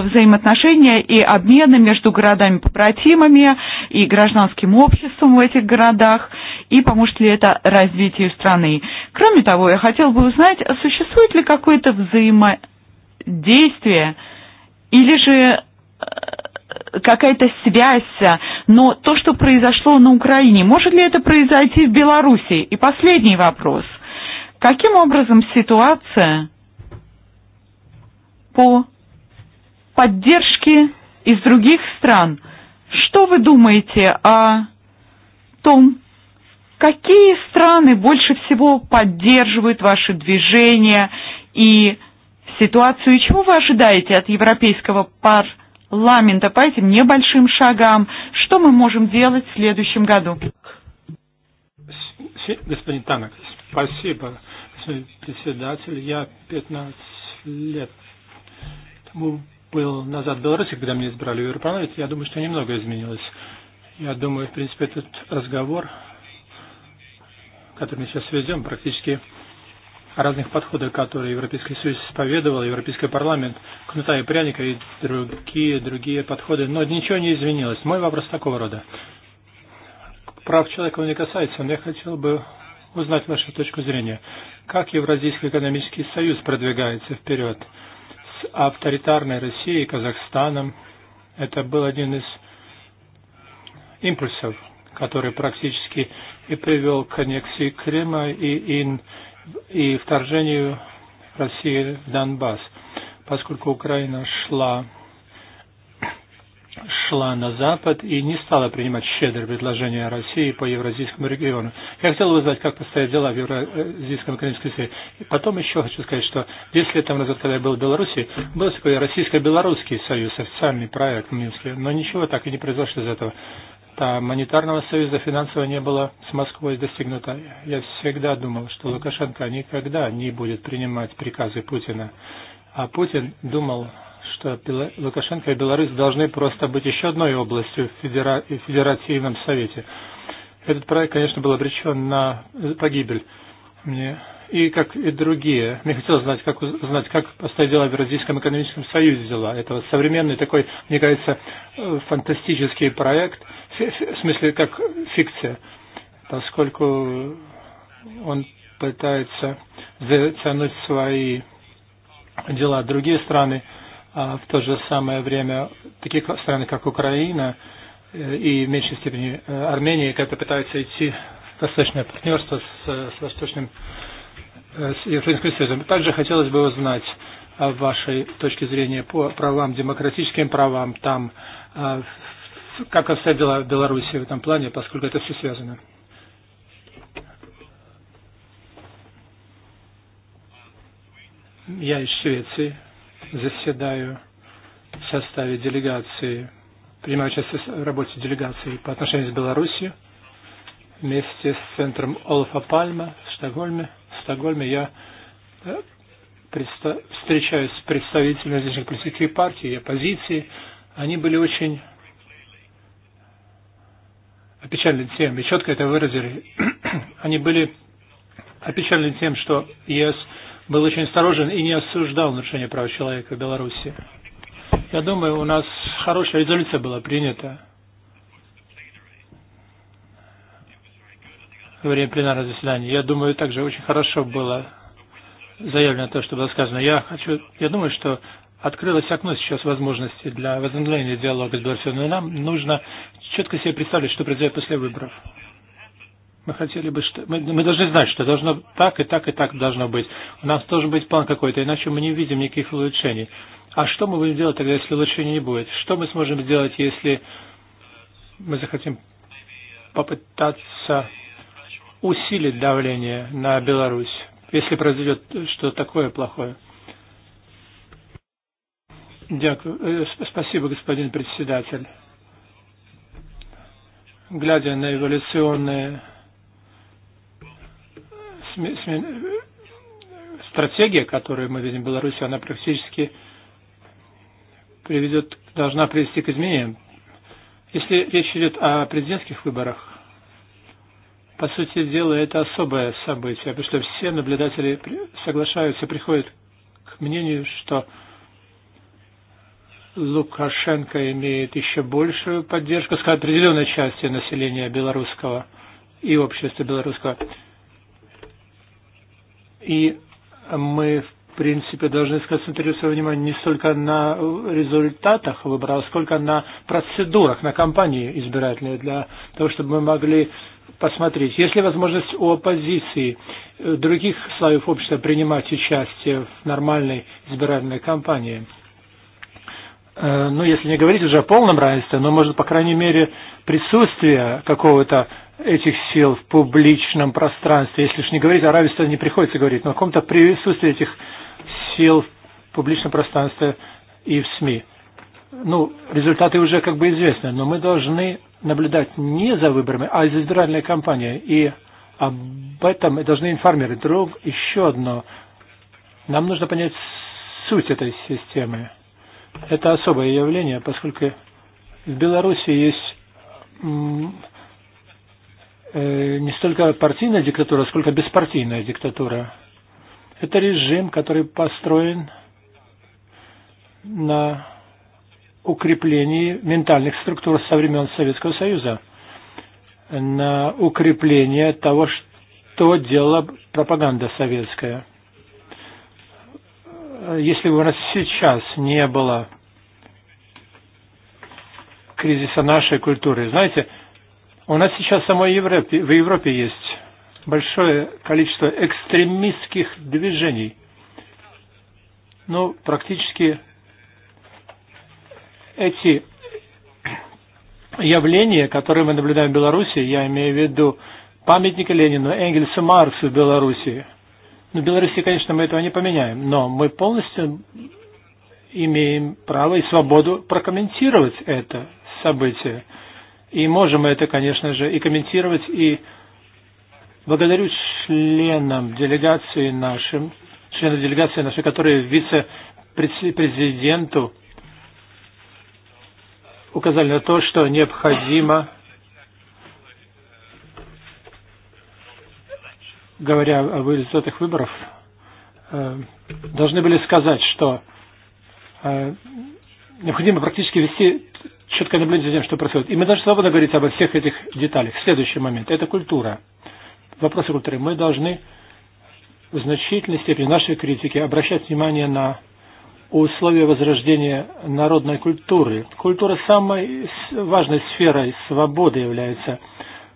взаимоотношения и обмены между городами-побратимами и гражданским обществом в этих городах, и поможет ли это развитию страны. Кроме того, я хотела бы узнать, существует ли какое-то взаимодействие Или же э, какая-то связь, э, но то, что произошло на Украине, может ли это произойти в Беларуси? И последний вопрос. Каким образом ситуация по поддержке из других стран? Что вы думаете о том, какие страны больше всего поддерживают ваши движения и ситуацию, и чего вы ожидаете от Европейского парламента по этим небольшим шагам? Что мы можем делать в следующем году? Господин Танок, спасибо, господин председатель. Я 15 лет тому был назад в Беларуси, когда меня избрали в Европарламент. Я думаю, что немного изменилось. Я думаю, в принципе, этот разговор, который мы сейчас ведем, практически разных подходах, которые Европейский Союз исповедовал, Европейский парламент, кнута и пряника и другие, другие подходы, но ничего не изменилось. Мой вопрос такого рода. Прав человека он не касается, но я хотел бы узнать вашу точку зрения. Как Евразийский экономический союз продвигается вперед с авторитарной Россией и Казахстаном? Это был один из импульсов, который практически и привел к аннексии Крыма и ин и вторжению России в Донбасс, поскольку Украина шла шла на Запад и не стала принимать щедрые предложения России по евразийскому региону. Я хотел бы знать, как постоят дела в евразийском экономическом сфере. И потом еще хочу сказать, что 10 лет тому назад, когда я был в Беларуси, был такой российско-белорусский союз, официальный проект в Минске, но ничего так и не произошло из этого та монетарного союза финансово не было с Москвой достигнуто. Я всегда думал, что Лукашенко никогда не будет принимать приказы Путина. А Путин думал, что Лукашенко и Беларусь должны просто быть еще одной областью в Федера... Федеративном Совете. Этот проект, конечно, был обречен на э, погибель. Мне и как и другие. Мне хотелось знать, как узнать, как поставить дела в Евразийском экономическом союзе дела. Это вот современный такой, мне кажется, э, фантастический проект – в смысле как фикция, поскольку он пытается затянуть свои дела другие страны, а в то же самое время такие страны, как Украина и в меньшей степени Армения, когда пытаются идти в восточное партнерство с, с восточным с Европейским Союзом. Также хотелось бы узнать о вашей точке зрения по правам, демократическим правам там в как обстоят дела в Беларуси в этом плане, поскольку это все связано. Я из Швеции заседаю в составе делегации, принимаю участие в работе делегации по отношению с Беларусью вместе с центром Олафа Пальма в Стокгольме. В Стокгольме я э, встречаюсь с представителями различных политических партий и оппозиции. Они были очень Опечалены тем, и четко это выразили, *clears throat* они были опечалены тем, что ЕС был очень осторожен и не осуждал нарушение прав человека в Беларуси. Я думаю, у нас хорошая резолюция была принята во время пленарного заседания. Я думаю, также очень хорошо было заявлено то, что было сказано. Я хочу, я думаю, что открылось окно сейчас возможности для возобновления диалога с Беларусью, но нам нужно четко себе представить, что произойдет после выборов. Мы хотели бы, что... мы, мы должны знать, что должно так и так и так должно быть. У нас должен быть план какой-то, иначе мы не видим никаких улучшений. А что мы будем делать тогда, если улучшений не будет? Что мы сможем сделать, если мы захотим попытаться усилить давление на Беларусь, если произойдет что то такое плохое? Э, спасибо, господин председатель. Глядя на эволюционные стратегии, которые мы видим в Беларуси, она практически приведет, должна привести к изменениям. Если речь идет о президентских выборах, по сути дела, это особое событие, потому что все наблюдатели соглашаются, приходят к мнению, что Лукашенко имеет еще большую поддержку, с определенной части населения белорусского и общества белорусского. И мы, в принципе, должны сконцентрировать свое внимание не столько на результатах выборов, сколько на процедурах, на кампании избирательной, для того, чтобы мы могли посмотреть. Есть ли возможность у оппозиции э, других слоев общества принимать участие в нормальной избирательной кампании? Э, ну, если не говорить уже о полном равенстве, но, может, по крайней мере, присутствие какого-то этих сил в публичном пространстве, если уж не говорить о равенстве, не приходится говорить, но о каком-то присутствии этих сил в публичном пространстве и в СМИ. Ну, результаты уже как бы известны, но мы должны наблюдать не за выборами, а за избирательной кампанией. И об этом мы должны информировать. Друг, еще одно. Нам нужно понять суть этой системы это особое явление, поскольку в Беларуси есть э, не столько партийная диктатура, сколько беспартийная диктатура. Это режим, который построен на укреплении ментальных структур со времен Советского Союза, на укрепление того, что делала пропаганда советская – Э, если бы у нас сейчас не было кризиса нашей культуры, знаете, у нас сейчас в самой Европе, в Европе есть большое количество экстремистских движений. Ну, практически эти явления, которые мы наблюдаем в Беларуси, я имею в виду памятники Ленину, Энгельсу, Марксу в Беларуси – В Беларуси, конечно, мы этого не поменяем, но мы полностью имеем право и свободу прокомментировать это событие. И можем это, конечно же, и комментировать, и благодарю членам делегации нашим, членам делегации нашей, которые вице-президенту указали на то, что необходимо говоря о результатах выборов, э, должны были сказать, что э, необходимо практически вести четкое наблюдение за тем, что происходит. И мы должны свободно говорить обо всех этих деталях. Следующий момент – это культура. Вопросы культуры. Мы должны в значительной степени нашей критики обращать внимание на условия возрождения народной культуры. Культура самой важной сферой свободы является –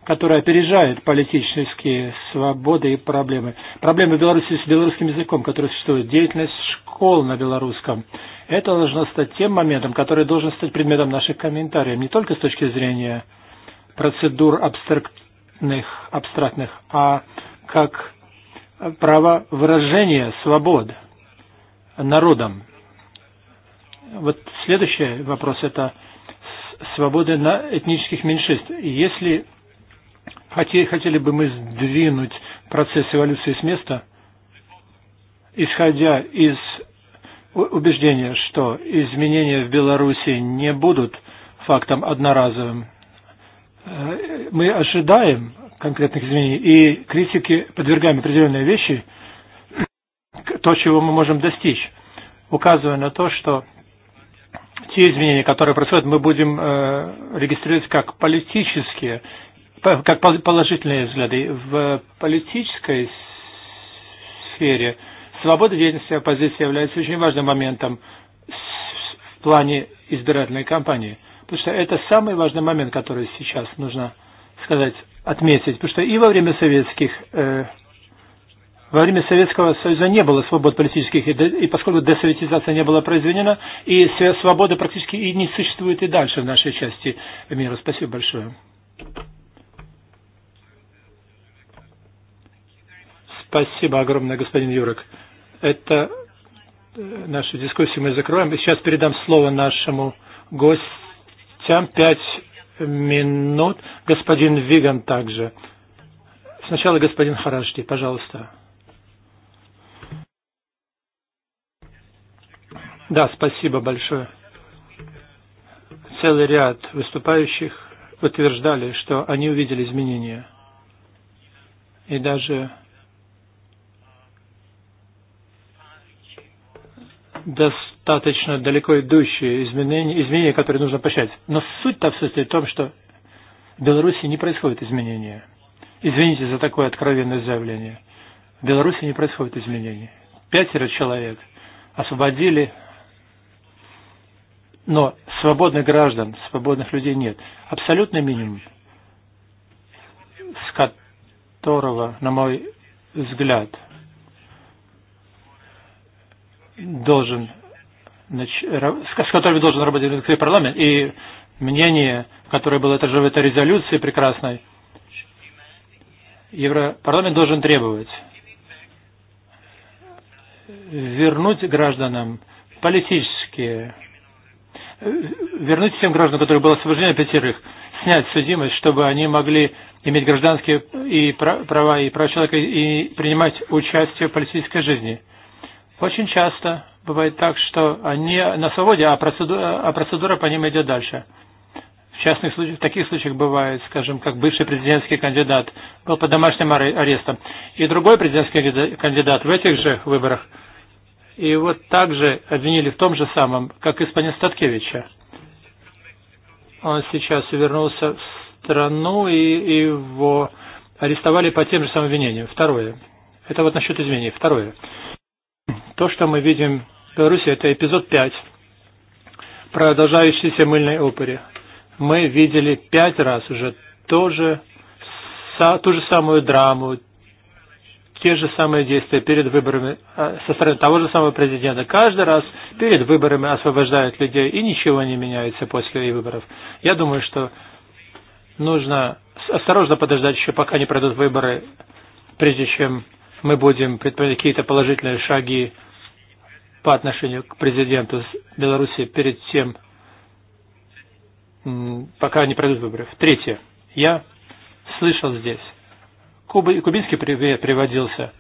которая опережает политические свободы и проблемы. Проблемы Беларуси с белорусским языком, которые существуют, деятельность школ на белорусском. Это должно стать тем моментом, который должен стать предметом наших комментариев, не только с точки зрения процедур абстрактных, абстрактных а как право выражения свобод народам. Вот следующий вопрос – это свободы на этнических меньшинств. Если хотели бы мы сдвинуть процесс эволюции с места, исходя из убеждения, что изменения в Беларуси не будут фактом одноразовым. Э, мы ожидаем конкретных изменений и критики подвергаем определенные вещи, то, чего мы можем достичь, указывая на то, что те изменения, которые происходят, мы будем э, регистрировать как политические как положительные взгляды. В политической сфере свобода деятельности оппозиции является очень важным моментом в плане избирательной кампании. Потому что это самый важный момент, который сейчас нужно сказать, отметить. Потому что и во время советских э, во время Советского Союза не было свобод политических, и, и поскольку десоветизация не была произведена, и свобода практически и не существует и дальше в нашей части мира. Спасибо большое. Спасибо огромное, господин Юрок. Это э, нашу дискуссию мы закроем. И сейчас передам слово нашему гостям. Пять минут. Господин Виган также. Сначала господин Харашти, пожалуйста. Да, спасибо большое. Целый ряд выступающих утверждали, что они увидели изменения. И даже достаточно далеко идущие изменения, изменения, которые нужно поощрять. Но суть-то состоит в том, что в Беларуси не происходят изменения. Извините за такое откровенное заявление. В Беларуси не происходят изменений. Пятеро человек освободили, но свободных граждан, свободных людей нет. Абсолютный минимум, с которого, на мой взгляд, должен, с которыми должен работать в парламент, и мнение, которое было также в этой резолюции прекрасной, Европарламент должен требовать вернуть гражданам политические, вернуть всем гражданам, которые было освобождено пятерых, снять судимость, чтобы они могли иметь гражданские и права и права человека и принимать участие в политической жизни. Очень часто бывает так, что они на свободе, а процедура, а процедура по ним идет дальше. В частных случаях, в таких случаях бывает, скажем, как бывший президентский кандидат был под домашним арестом, и другой президентский кандидат в этих же выборах, и вот также обвинили в том же самом, как и Спанин Статкевича. Он сейчас вернулся в страну, и его арестовали по тем же самым обвинениям. Второе. Это вот насчет изменений. Второе. То, что мы видим в Беларуси, это эпизод 5 продолжающейся мыльной опере. Мы видели пять раз уже то же, са, ту же самую драму, те же самые действия перед выборами э, со стороны того же самого президента. Каждый раз перед выборами освобождают людей, и ничего не меняется после выборов. Я думаю, что нужно осторожно подождать еще, пока не пройдут выборы, прежде чем мы будем предпринимать какие-то положительные шаги по отношению к президенту Беларуси перед тем, пока не пройдут выборы. Третье. Я слышал здесь. Куба, кубинский привет приводился.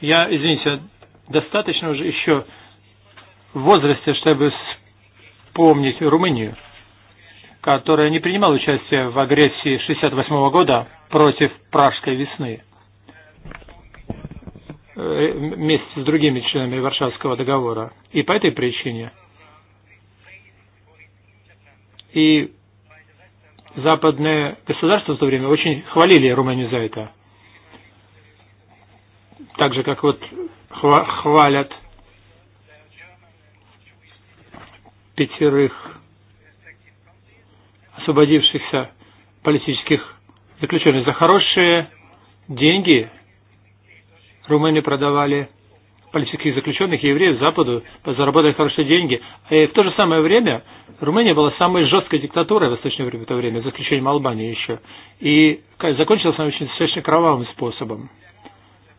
Я, извините, достаточно уже еще в возрасте, чтобы вспомнить Румынию, которая не принимала участие в агрессии 1968 -го года против Пражской весны. Э, вместе с другими членами Варшавского договора. И по этой причине и западные государства в то время очень хвалили Румынию за это. Так же, как вот хвалят пятерых освободившихся политических заключенных за хорошие деньги Румыны продавали политических заключенных евреев Западу, заработали хорошие деньги. И в то же самое время Румыния была самой жесткой диктатурой в восточное время, в то время, за исключением Албании еще. И закончилась она очень достаточно кровавым способом.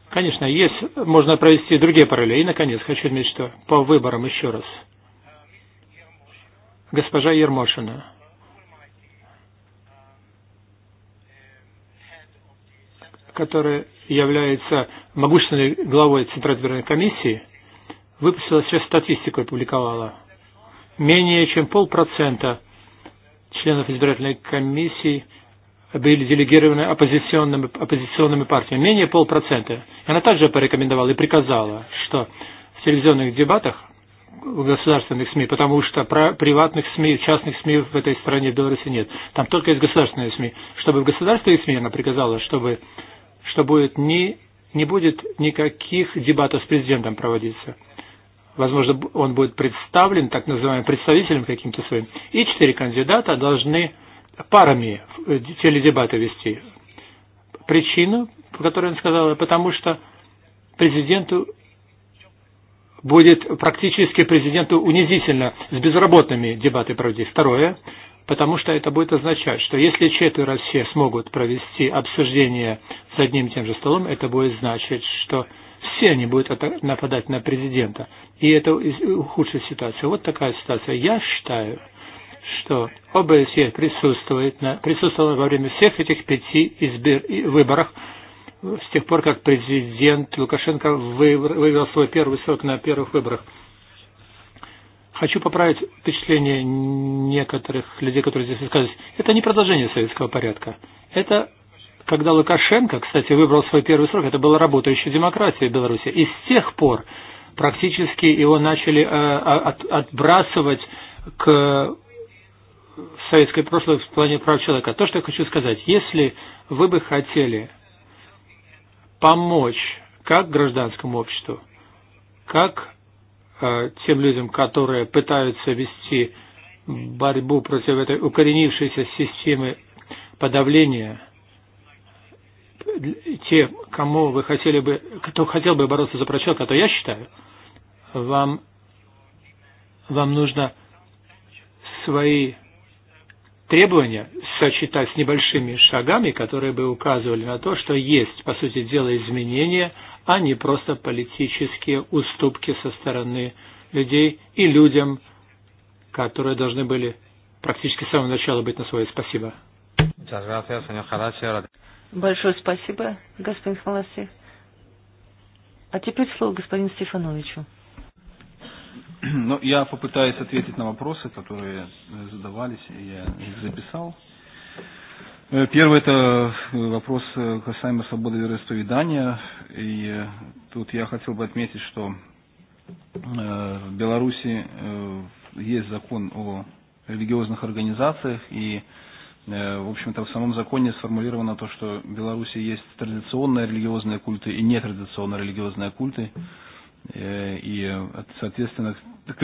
Конечно, есть, можно провести другие параллели. И, наконец, хочу отметить, что по выборам еще раз. Госпожа Ермошина. которая является могущественной главой Центральной комиссии, выпустила сейчас статистику, опубликовала. Менее чем полпроцента членов избирательной комиссии были делегированы оппозиционными, оппозиционными партиями, менее полпроцента. она также порекомендовала и приказала, что в телевизионных дебатах в государственных СМИ, потому что приватных СМИ, частных СМИ в этой стране в Беларуси нет. Там только есть государственные СМИ. Чтобы в государственных СМИ она приказала, чтобы что будет не, не будет никаких дебатов с президентом проводиться. Возможно, он будет представлен так называемым представителем каким-то своим. И четыре кандидата должны парами э, теледебаты вести. Причина, по которой он сказал, потому что президенту будет практически президенту унизительно с безработными дебаты проводить. Второе, потому что это будет означать, что если четверо все смогут провести обсуждение за одним и тем же столом, это будет значить, что все они будут нападать на президента. И это ухудшит ситуацию. Вот такая ситуация. Я считаю, что ОБСЕ присутствует на, присутствовало во время всех этих пяти избир, выборах с тех пор, как президент Лукашенко вывел свой первый срок на первых выборах. Хочу поправить впечатление некоторых людей, которые здесь высказывались. Это не продолжение советского порядка. Это когда Лукашенко, кстати, выбрал свой первый срок, это была работающая демократия в Беларуси. И с тех пор практически его начали э, отбрасывать к советской прошлой в плане прав человека. То, что я хочу сказать, если вы бы хотели помочь как гражданскому обществу, как тем людям, которые пытаются вести борьбу против этой укоренившейся системы подавления, те, кому вы хотели бы, кто хотел бы бороться за прочелка, то я считаю, вам, вам нужно свои требования сочетать с небольшими шагами, которые бы указывали на то, что есть, по сути дела, изменения, а не просто политические уступки со стороны людей и людям, которые должны были практически с самого начала быть на свое Спасибо. Большое спасибо, господин Халаси. А теперь слово господину Стефановичу. *clears throat* Ну, я попытаюсь ответить на вопросы, которые задавались, и я их записал. Э, первый это э, вопрос э, касаемо свободы вероисповедания. И тут я хотел бы отметить, что в Беларуси есть закон о религиозных организациях, и, в общем-то, в самом законе сформулировано то, что в Беларуси есть традиционные религиозные культы и нетрадиционные религиозные культы, и, соответственно, к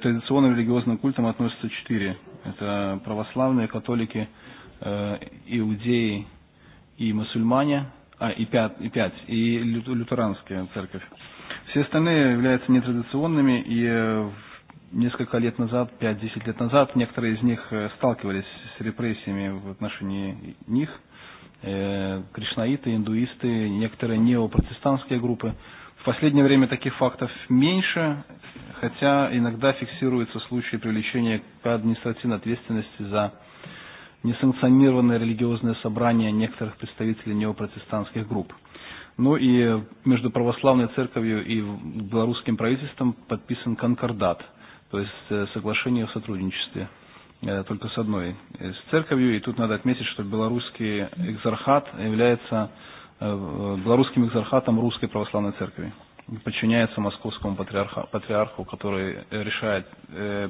традиционным религиозным культам относятся четыре. Это православные, католики, католики, Э, иудеи и мусульмане, а, и пять, и, пять, и лютеранская церковь. Все остальные являются нетрадиционными, и э, несколько лет назад, 5-10 лет назад, некоторые из них э, сталкивались с репрессиями в отношении них, кришнаиты, индуисты, некоторые неопротестантские группы. В последнее время таких фактов меньше, хотя иногда фиксируются случаи привлечения к административной ответственности за несанкционированное религиозное собрание некоторых представителей неопротестантских групп. Ну и между православной церковью и белорусским правительством подписан конкордат, то есть э, соглашение о сотрудничестве э, только с одной э, с церковью. И тут надо отметить, что белорусский экзархат является белорусским экзархатом Русской Православной Церкви. Подчиняется московскому патриарху, который решает,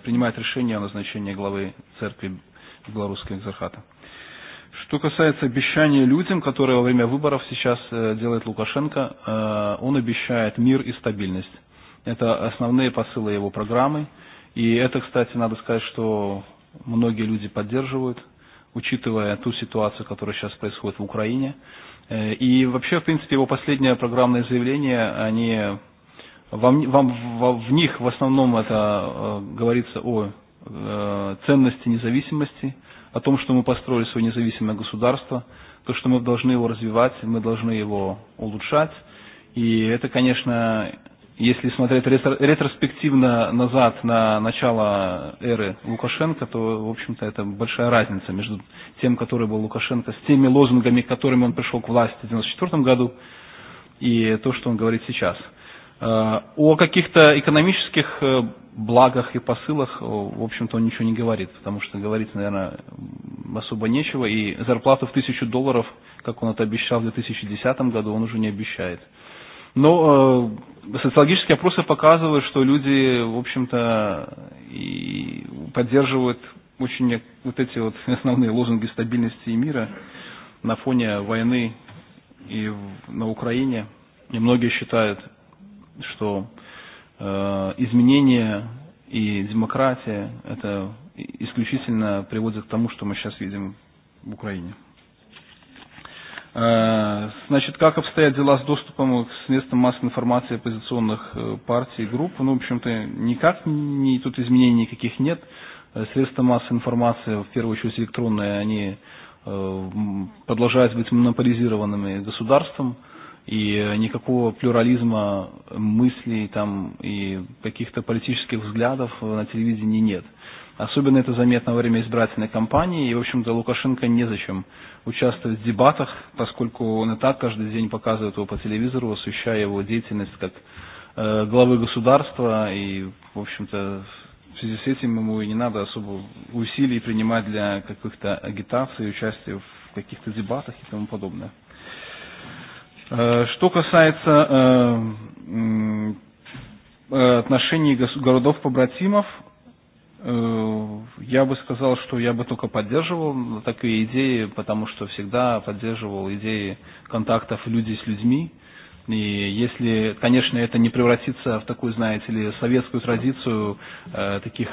принимает решение о назначении главы церкви белорусских Экзархата. Что касается обещания людям, которые во время выборов сейчас э, делает Лукашенко, э, он обещает мир и стабильность. Это основные посылы его программы. И это, кстати, надо сказать, что многие люди поддерживают, учитывая ту ситуацию, которая сейчас происходит в Украине. Э, и вообще, в принципе, его последнее программное заявление, они, вам, вам, в них в основном это говорится о э, ценности независимости, о том, что мы построили свое независимое государство, то, что мы должны его развивать, мы должны его улучшать. И это, конечно, если смотреть ретро ретроспективно назад на начало эры Лукашенко, то, в общем-то, это большая разница между тем, который был Лукашенко, с теми лозунгами, которыми он пришел к власти в 1994 году, и то, что он говорит сейчас – Э, о каких-то экономических э, благах и посылах, э, в общем-то, он ничего не говорит, потому что говорить, наверное, особо нечего, и зарплату в тысячу долларов, как он это обещал в 2010 году, он уже не обещает. Но э, социологические опросы показывают, что люди, в общем-то, и поддерживают очень вот эти вот *laughs* основные лозунги стабильности и мира на фоне войны и в, на Украине. И многие считают что э, изменения и демократия это исключительно приводит к тому, что мы сейчас видим в Украине. Э, значит, как обстоят дела с доступом к средствам массовой информации оппозиционных э, партий и групп? Ну, в общем-то, никак ни, тут изменений никаких нет. Э, средства массовой информации, в первую очередь электронные, они продолжают быть монополизированными государством и э, никакого плюрализма мыслей там, и каких-то политических взглядов э, на телевидении нет. Особенно это заметно во время избирательной кампании, и, в общем-то, Лукашенко незачем участвовать в дебатах, поскольку он и так каждый день показывает его по телевизору, освещая его деятельность как э, главы государства, и, в общем-то, в связи с этим ему и не надо особо усилий принимать для каких-то агитаций, участия в каких-то дебатах и тому подобное. Э, что касается э, э, отношений городов-побратимов, я бы сказал, что я бы только поддерживал такие идеи, потому что всегда поддерживал идеи контактов людей с людьми. И если, конечно, это не превратится в такую, знаете ли, советскую традицию э, таких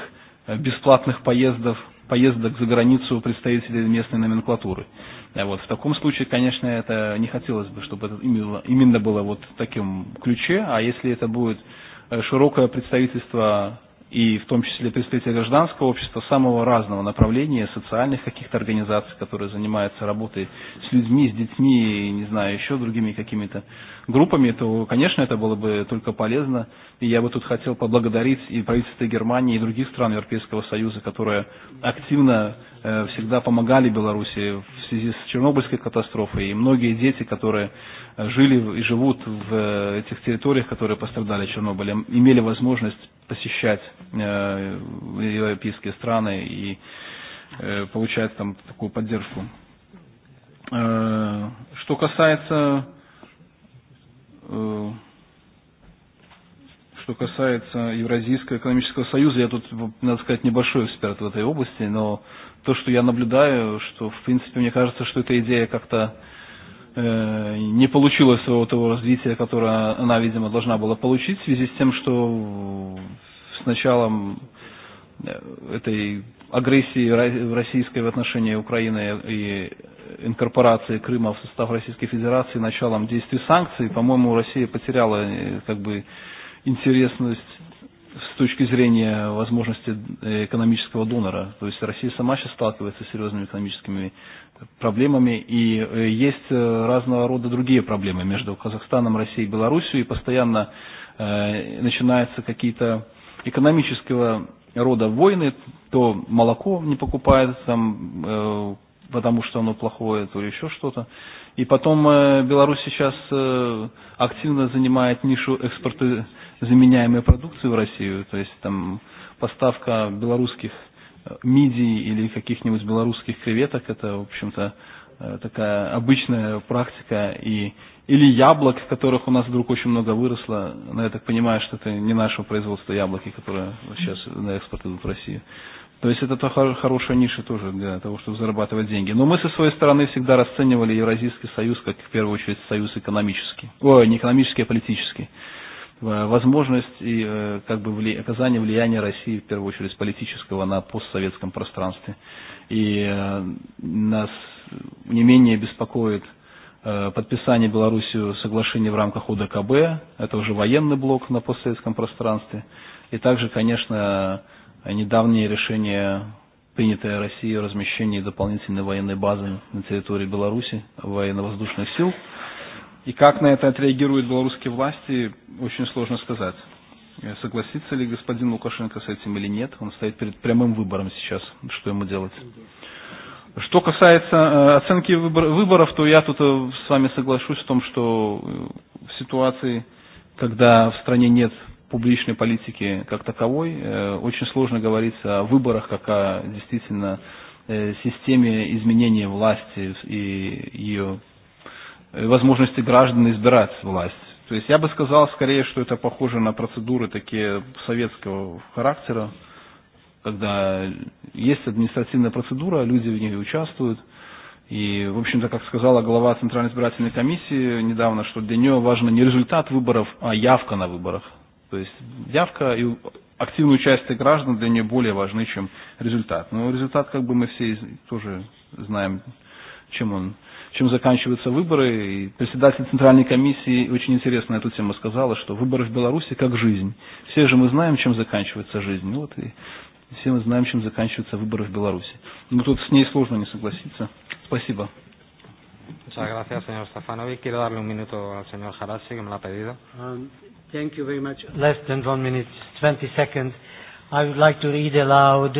бесплатных поездов, поездок за границу представителей местной номенклатуры. Вот в таком случае, конечно, это не хотелось бы, чтобы это именно, именно было вот в таком ключе, а если это будет э, широкое представительство и в том числе представители гражданского общества самого разного направления, социальных каких-то организаций, которые занимаются работой с людьми, с детьми, и, не знаю, еще другими какими-то группами, то, конечно, это было бы только полезно. И я бы тут хотел поблагодарить и правительство Германии, и других стран Европейского Союза, которые активно э, всегда помогали Беларуси в связи с Чернобыльской катастрофой. И многие дети, которые э, жили и живут в э, этих территориях, которые пострадали Чернобылем, имели возможность посещать э, европейские страны и э, получать там такую поддержку. Э, что касается Э, что касается Евразийского экономического союза, я тут, надо сказать, небольшой эксперт в этой области, но то, что я наблюдаю, что, в принципе, мне кажется, что эта идея как-то э, не получила своего того развития, которое она, видимо, должна была получить, в связи с тем, что с началом этой агрессии российской в отношении Украины и инкорпорации Крыма в состав Российской Федерации началом действий санкций, по-моему, Россия потеряла э, как бы интересность с точки зрения возможности э, экономического донора. То есть Россия сама сейчас сталкивается с серьезными экономическими проблемами, и э, есть разного рода другие проблемы между Казахстаном, Россией и Белоруссией, и постоянно начинаются какие-то экономического рода войны, то молоко не э, потому что оно плохое, то еще что-то. И потом э, Беларусь сейчас э, активно занимает нишу экспорта заменяемой продукции в Россию, то есть там поставка белорусских э, мидий или каких-нибудь белорусских креветок, это, в общем-то, такая обычная практика, и Или яблок, которых у нас вдруг очень много выросло. Но я так понимаю, что это не нашего производства яблоки, которые сейчас на экспорт идут в Россию. То есть это хорошая ниша тоже для того, чтобы зарабатывать деньги. Но мы со своей стороны всегда расценивали Евразийский союз как в первую очередь союз экономический. Ой, не экономический, а политический. Э, возможность и э, как бы вли... оказание влияния России в первую очередь политического на постсоветском пространстве. И э, нас не менее беспокоит Э, подписание Белоруссию соглашений в рамках УДКБ, это уже военный блок на постсоветском пространстве, и также, конечно, недавнее решение, принятое Россией о размещении дополнительной военной базы на территории Беларуси военно-воздушных сил. И как на это отреагируют белорусские власти, очень сложно сказать. Э, согласится ли господин Лукашенко с этим или нет, он стоит перед прямым выбором сейчас, что ему делать. Что касается э, оценки выборов, то я тут э, с вами соглашусь в том, что э, в ситуации, когда в стране нет публичной политики как таковой, очень сложно говорить о выборах, как о действительно системе изменения власти и ее возможности граждан избирать власть. То есть я бы сказал скорее, что это похоже на процедуры такие советского характера, когда есть административная процедура, люди в ней участвуют. И, в общем-то, как сказала глава Центральной избирательной комиссии недавно, что для нее важен не результат выборов, а явка на выборах. То есть явка и активное участие граждан для нее более важны, чем результат. Но результат, как бы мы все тоже знаем, чем он чем заканчиваются выборы. И председатель Центральной комиссии очень интересно эту тему сказала, что выборы в Беларуси как жизнь. Все же мы знаем, чем заканчивается жизнь. Вот и Все мы знаем, чем заканчиваются выборы в Беларуси. Но тут с ней сложно не согласиться. Спасибо. Muchas gracias, señor Stefanovic. Quiero darle un minuto al señor Harassi, que me lo ha pedido. Um, thank you very much. Less than one minute, 20 seconds. I would like to read aloud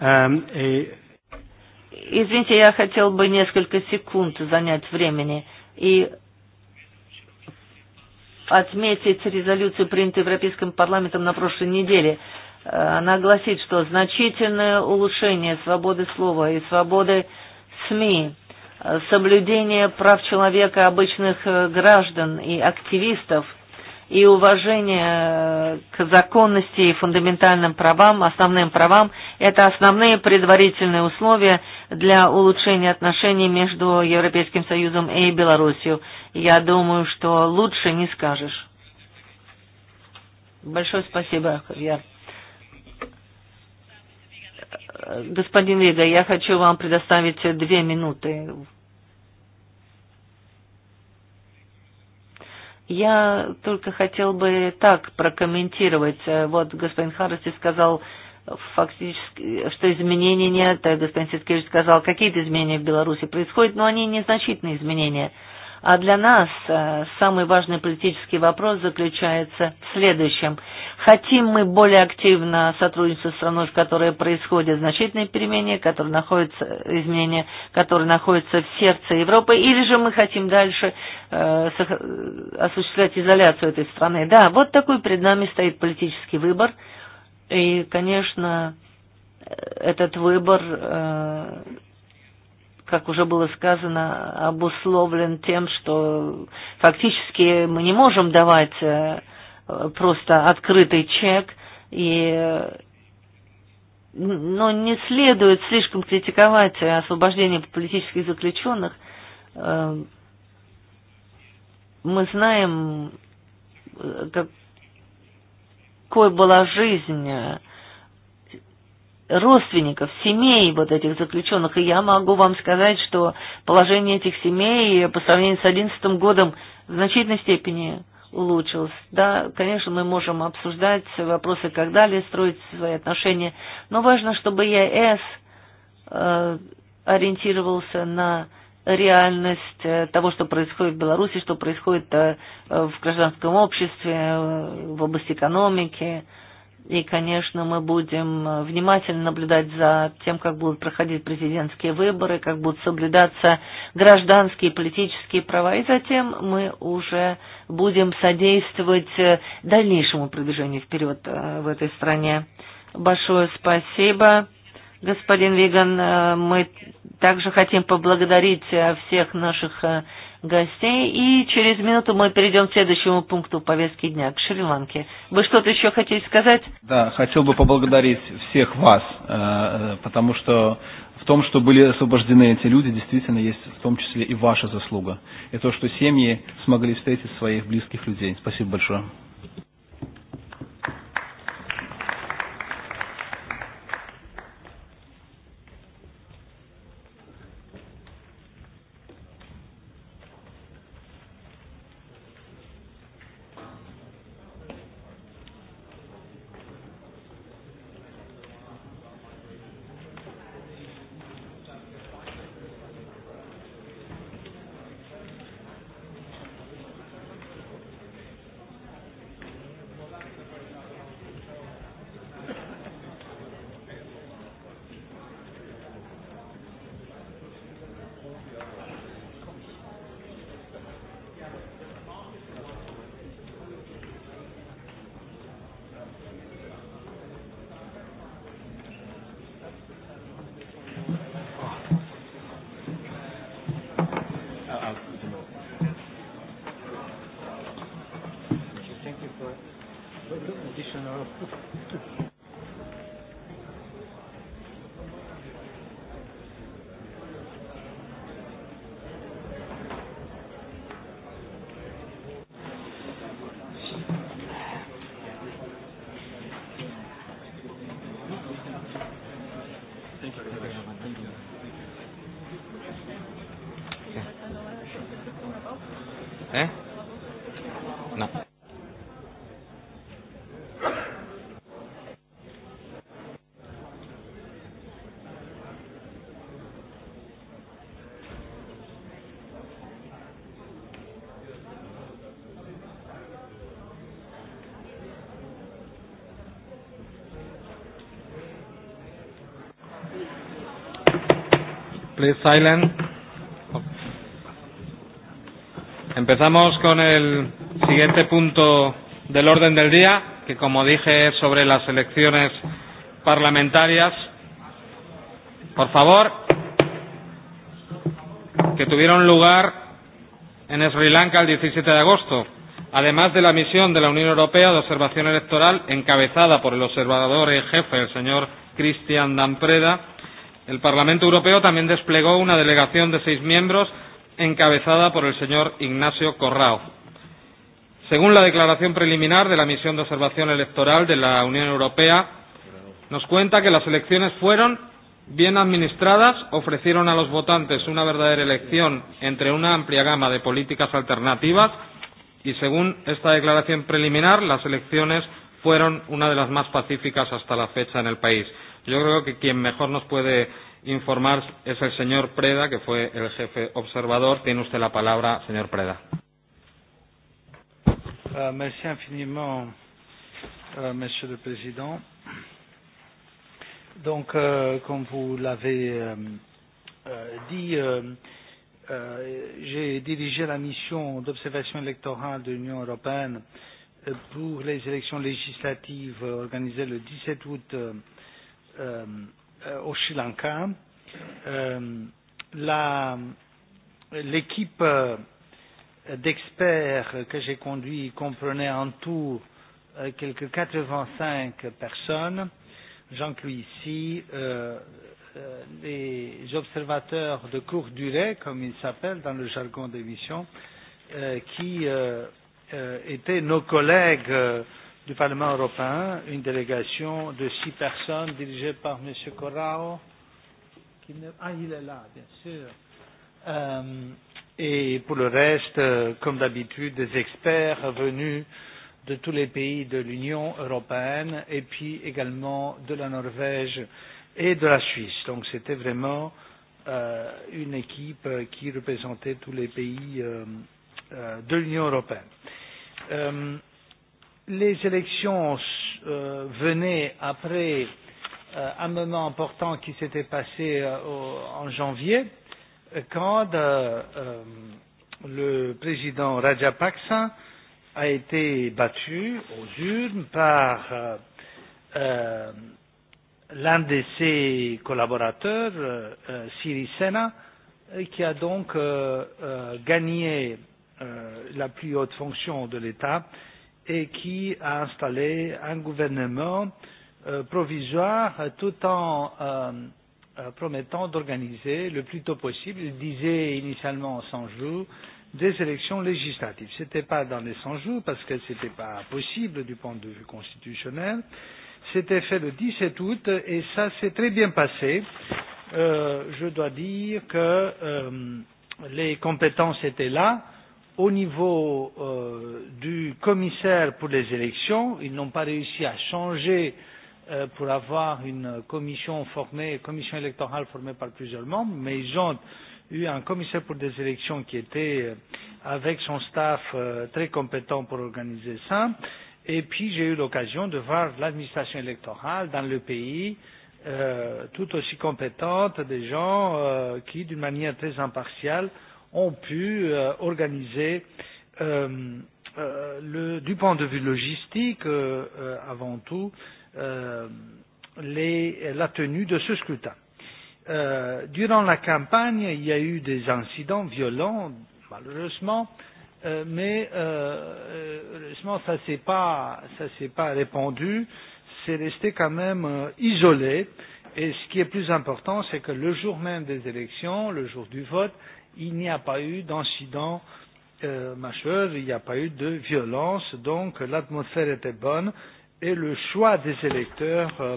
um, a Извините, я хотел бы несколько секунд занять времени и отметить резолюцию, принятую Европейским парламентом на прошлой неделе Э, она гласит, что значительное улучшение свободы слова и свободы СМИ, э, соблюдение прав человека обычных э, граждан и активистов и уважение к законности и фундаментальным правам, основным правам – это основные предварительные условия для улучшения отношений между Европейским Союзом и Белоруссией. Я думаю, что лучше не скажешь. Большое спасибо, Хавьяр. Господин Лида, я хочу вам предоставить две минуты. Я только хотел бы так прокомментировать. Вот господин Харрести сказал, фактически, что изменений нет. Господин Ситкевич сказал, какие-то изменения в Беларуси происходят, но они незначительные изменения – А для нас э, самый важный политический вопрос заключается в следующем. Хотим мы более активно сотрудничать с страной, в которой происходят значительные перемены, которые находятся, изменения, которые находятся в сердце Европы, или же мы хотим дальше э, э осуществлять изоляцию этой страны. Да, вот такой перед нами стоит политический выбор. И, конечно, э, этот выбор э, как уже было сказано, обусловлен тем, что фактически мы не можем давать э, просто открытый чек, и но не следует слишком критиковать освобождение политических заключенных. Э, мы знаем, э, какой была жизнь родственников, семей вот этих заключенных. И я могу вам сказать, что положение этих семей по сравнению с 2011 годом в значительной степени улучшилось. Да, конечно, мы можем обсуждать вопросы, как далее строить свои отношения, но важно, чтобы ЕС э, ориентировался на реальность э, того, что происходит в Беларуси, что происходит э, в гражданском обществе, э, в области экономики, И, конечно, мы будем э, внимательно наблюдать за тем, как будут проходить президентские выборы, как будут соблюдаться гражданские и политические права. И затем мы уже будем содействовать э, дальнейшему продвижению вперед э, в этой стране. Большое спасибо. Господин Виган, мы также хотим поблагодарить всех наших гостей. И через минуту мы перейдем к следующему пункту повестки дня, к Шри-Ланке. Вы что-то еще хотите сказать? Да, хотел бы поблагодарить всех вас, э, э, потому что в том, что были освобождены эти люди, действительно есть в том числе и ваша заслуга. И то, что семьи смогли встретить своих близких людей. Спасибо большое. Please silent. Empezamos con el siguiente punto del orden del día, que como dije es sobre las elecciones parlamentarias. Por favor, que tuvieron lugar en Sri Lanka el 17 de agosto, además de la misión de la Unión Europea de observación electoral encabezada por el observador en jefe, el señor Cristian Dampreda, El Parlamento Europeo también desplegó una delegación de seis miembros encabezada por el señor Ignacio Corrao. Según la declaración preliminar de la misión de observación electoral de la Unión Europea, nos cuenta que las elecciones fueron bien administradas, ofrecieron a los votantes una verdadera elección entre una amplia gama de políticas alternativas y, según esta declaración preliminar, las elecciones fueron una de las más pacíficas hasta la fecha en el país. Yo creo que quien mejor nos puede informar es el señor Preda, que fue el jefe observador. Tiene usted la palabra, señor Preda. Uh, merci infiniment, uh, Monsieur le Président. Donc, euh, comme vous l'avez euh, euh, dit, euh, euh, j'ai dirigé la mission d'observation électorale de l'Union européenne pour les élections législatives organisées le 17 août euh, Um, uh, au Sri Lanka, um, l'équipe euh, d'experts que j'ai conduit comprenait en tout euh, quelques 85 personnes, j'inclus ici euh, euh, les observateurs de courte durée, comme ils s'appellent dans le jargon d'émission, euh, qui euh, étaient nos collègues euh, du Parlement européen, une délégation de six personnes dirigée par M. Corrao. Qui ne... Ah, il est là, bien sûr. Euh, et pour le reste, euh, comme d'habitude, des experts venus de tous les pays de l'Union européenne et puis également de la Norvège et de la Suisse. Donc c'était vraiment euh, une équipe qui représentait tous les pays euh, euh, de l'Union européenne. Euh, les élections euh, venaient après euh, un moment important qui s'était passé euh, au, en janvier, quand euh, euh, le président Rajapaksa a été battu aux urnes par euh, euh, l'un de ses collaborateurs, euh, euh Siri Sena, euh, qui a donc euh, euh, gagné euh, la plus haute fonction de l'État euh, et qui a installé un gouvernement euh, provisoire euh, tout en euh, euh, promettant d'organiser le plus tôt possible, il disait initialement en 100 jours, des élections législatives. Ce n'était pas dans les 100 jours parce que ce n'était pas possible du point de vue constitutionnel. C'était fait le 17 août et ça s'est très bien passé. Euh, je dois dire que euh, les compétences étaient là au niveau euh, du commissaire pour les élections, ils n'ont pas réussi à changer euh, pour avoir une commission formée, une commission électorale formée par plusieurs membres, mais ils ont eu un commissaire pour des élections qui était euh, avec son staff euh, très compétent pour organiser ça. Et puis j'ai eu l'occasion de voir l'administration électorale dans le pays, euh, tout aussi compétente, des gens euh, qui, d'une manière très impartiale, euh, ont pu euh, organiser euh, euh, le, du point de vue logistique euh, euh, avant tout euh, les, la tenue de ce scrutin. Euh, durant la campagne, il y a eu des incidents violents, malheureusement, euh, mais euh, heureusement ça s'est pas ça s'est pas répandu, c'est resté quand même euh, isolé. Et ce qui est plus important, c'est que le jour même des élections, le jour du vote, il n'y a pas eu d'incident euh, majeur, il n'y a pas eu de violence, donc l'atmosphère était bonne et le choix des électeurs euh,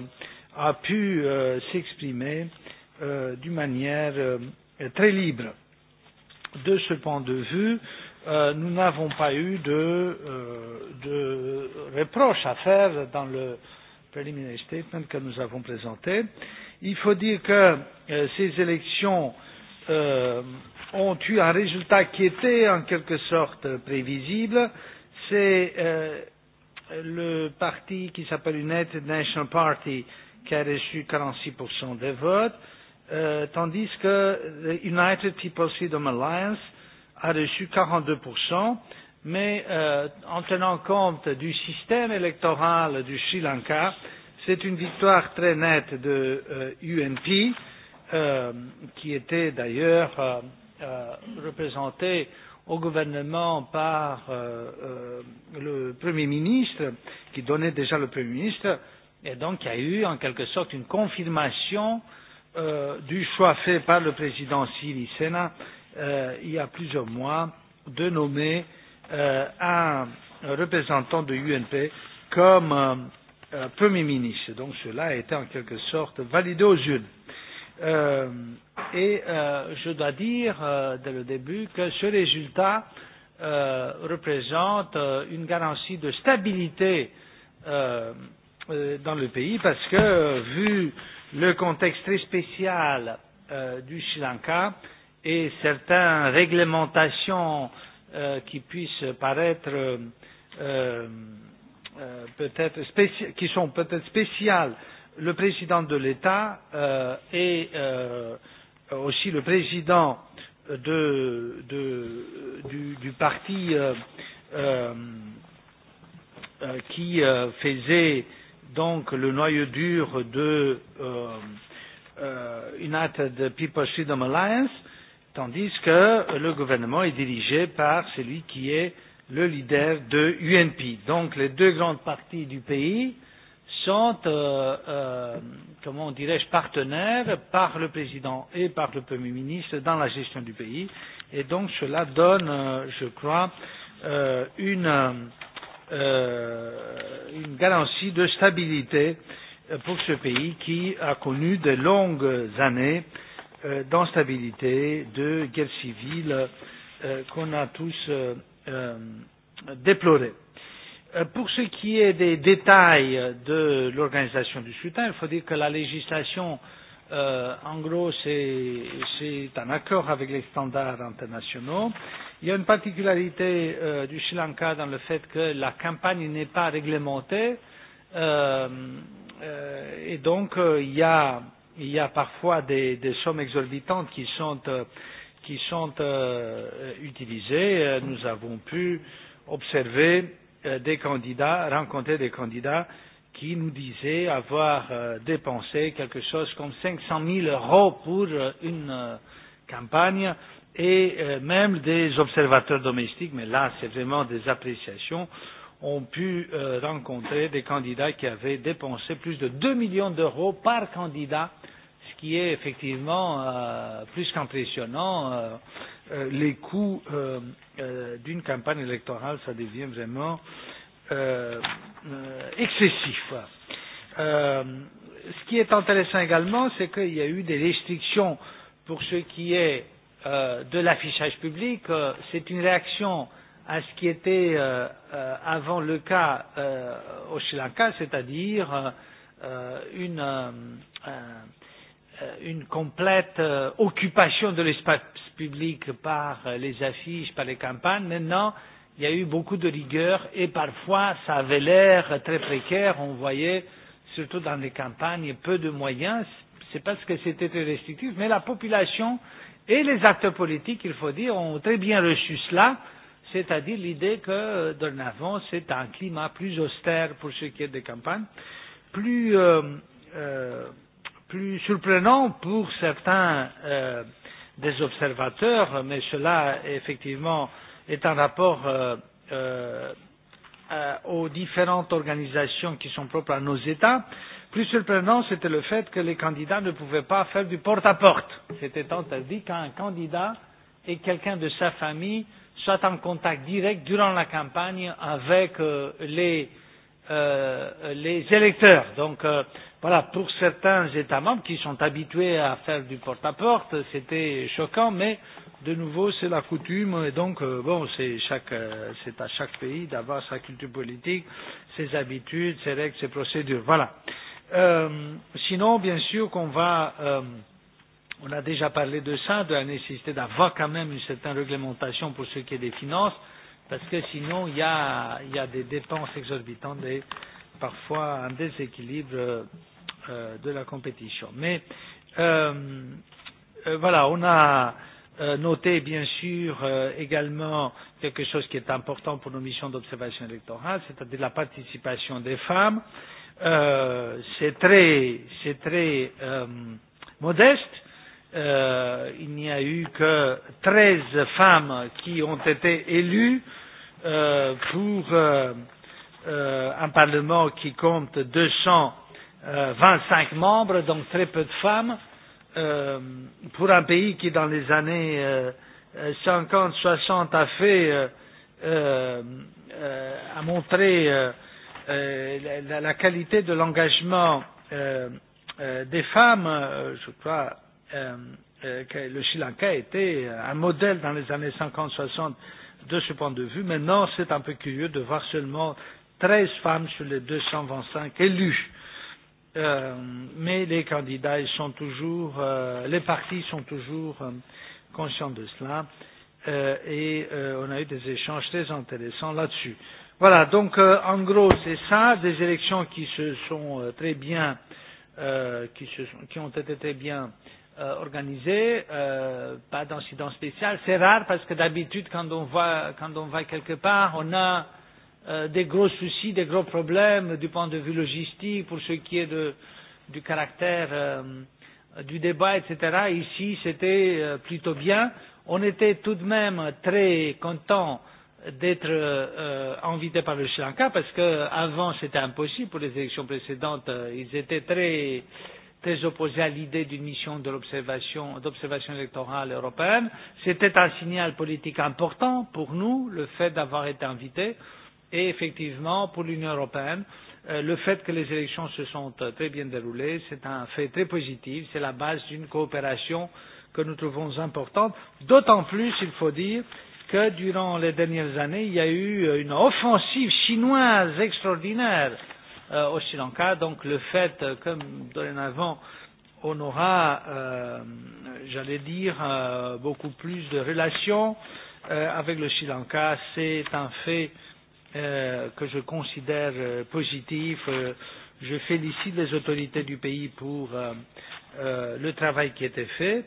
a pu euh, s'exprimer euh, d'une manière euh, très libre. De ce point de vue, euh, nous n'avons pas eu de, euh, de reproches à faire dans le preliminary statement que nous avons présenté. Il faut dire que euh, ces élections euh, ont eu un résultat qui était en quelque sorte prévisible. C'est euh, le parti qui s'appelle United National Party qui a reçu 46% des votes, euh, tandis que United People's Freedom Alliance a reçu 42%, mais euh, en tenant compte du système électoral du Sri Lanka, c'est une victoire très nette de euh, UNP, euh, qui était d'ailleurs euh, Euh, représenté au gouvernement par euh, euh, le Premier ministre, qui donnait déjà le Premier ministre, et donc il y a eu en quelque sorte une confirmation euh, du choix fait par le président Siri Sena euh, il y a plusieurs mois de nommer euh, un représentant de l'UNP comme euh, euh, Premier ministre. Donc cela a été en quelque sorte validé aux urnes. Euh, et euh, je dois dire euh, dès le début que ce résultat euh, représente euh, une garantie de stabilité euh, euh, dans le pays parce que, euh, vu le contexte très spécial euh, du Sri Lanka et certaines réglementations euh, qui puissent paraître euh, euh, peut-être qui sont peut-être spéciales euh, le président de l'État euh, et euh, aussi le président de, de, du, du parti euh, euh, euh, qui euh, faisait donc le noyau dur de euh, euh, United People's Freedom Alliance, tandis que le gouvernement est dirigé par celui qui est le leader de UNP. Donc les deux grandes parties du pays euh, sont, euh, euh, comment dirais-je, partenaires par le président et par le Premier ministre dans la gestion du pays. Et donc cela donne, euh, je crois, euh, une, euh, une garantie de stabilité euh, pour ce pays qui a connu de longues années euh, d'instabilité, de guerre civile euh, qu'on a tous euh, euh, déplorées. Euh, pour ce qui est des détails de l'organisation du scrutin, il faut dire que la législation, euh, en gros, c'est un accord avec les standards internationaux. Il y a une particularité euh, du Sri Lanka dans le fait que la campagne n'est pas réglementée euh, euh, et donc euh, il, y a, il y a parfois des, des sommes exorbitantes qui sont, euh, qui sont euh, utilisées. Euh, nous avons pu observer Euh, des candidats, rencontré des candidats qui nous disaient avoir euh, dépensé quelque chose comme 500 000 euros pour euh, une campagne et même des observateurs domestiques, mais là c'est vraiment des appréciations, ont pu rencontrer des candidats qui avaient dépensé plus de 2 millions d'euros par candidat, ce qui est effectivement plus qu'impressionnant Euh, les coûts euh, euh, d'une campagne électorale, ça devient vraiment euh, euh, excessif. Euh, ce qui est intéressant également, c'est qu'il y a eu des restrictions pour ce qui est euh, de l'affichage public. Euh, c'est une réaction à ce qui était euh, euh, avant le cas euh, au Sri Lanka, c'est-à-dire euh, euh une, euh, une complète euh, occupation de l'espace publique, par euh, les affiches, par les campagnes. Maintenant, il y a eu beaucoup de rigueur et parfois ça avait l'air très précaire. On voyait, surtout dans les campagnes, peu de moyens. C'est parce que c'était très restrictif, mais la population et les acteurs politiques, il faut dire, ont très bien reçu cela, c'est-à-dire l'idée que, euh, dorénavant, c'est un climat plus austère pour ce qui est des campagnes, plus, euh, euh, plus surprenant pour certains. Euh, des observateurs, mais cela effectivement est en rapport euh, euh, euh, aux différentes organisations qui sont propres à nos États. Plus surprenant, c'était le fait que les candidats ne pouvaient pas faire du porte-à-porte. C'était interdit qu'un candidat et quelqu'un de sa famille soit en contact direct durant la campagne avec euh, les, euh, les électeurs. Donc, euh, Voilà, pour certains États membres qui sont habitués à faire du porte-à-porte, c'était choquant, mais de nouveau, c'est la coutume, et donc, euh, bon, c'est chaque, euh, c'est à chaque pays d'avoir sa culture politique, ses habitudes, ses règles, ses procédures. Voilà. Euh, sinon, bien sûr qu'on va, euh, on a déjà parlé de ça, de la nécessité d'avoir quand même une certaine réglementation pour ce qui est des finances, parce que sinon, il y a, il y a des dépenses exorbitantes des parfois un déséquilibre euh, euh, de la compétition. Mais euh, euh, voilà, on a euh, noté bien sûr euh, également quelque chose qui est important pour nos missions d'observation électorale, c'est-à-dire la participation des femmes. Euh, c'est très, c'est très euh, modeste. Euh, il n'y a eu que 13 femmes qui ont été élues euh, pour euh, euh, un Parlement qui compte 225 euh, membres, donc très peu de femmes, euh, pour un pays qui dans les années euh, 50-60 a fait, euh, euh, euh, a montré euh, euh, la, la qualité de l'engagement euh, euh, des femmes, euh, je crois, euh, euh, que le Sri Lanka était un modèle dans les années 50-60 de ce point de vue. Maintenant, c'est un peu curieux de voir seulement 13 femmes sur les 225 élus. Euh, mais les candidats ils sont toujours, euh, les partis sont toujours euh, conscients de cela euh, et euh, on a eu des échanges très intéressants là-dessus. Voilà, donc euh, en gros c'est ça, des élections qui se sont euh, très bien, euh, qui, se sont, qui ont été très bien euh, organisées, euh, pas d'incident spécial. C'est rare parce que d'habitude quand on va quand on va quelque part, on a euh, des gros soucis, des gros problèmes du point de vue logistique, pour ce qui est de, du caractère euh, du débat, etc. Ici, c'était euh, plutôt bien. On était tout de même très contents d'être euh, invités par le Sri Lanka parce que avant c'était impossible pour les élections précédentes. Euh, ils étaient très très opposés à l'idée d'une mission de l'observation d'observation électorale européenne. C'était un signal politique important pour nous, le fait d'avoir été invités. Euh, Et effectivement, pour l'Union européenne, euh, le fait que les élections se sont euh, très bien déroulées, c'est un fait très positif, c'est la base d'une coopération que nous trouvons importante, d'autant plus, il faut dire, que durant les dernières années, il y a eu euh, une offensive chinoise extraordinaire euh, au Sri Lanka, donc le fait que dorénavant on aura, euh, j'allais dire, euh, beaucoup plus de relations euh, avec le Sri Lanka, c'est un fait euh, Euh, que je considère euh, positif. Euh, je félicite les autorités du pays pour euh, euh, le travail qui a été fait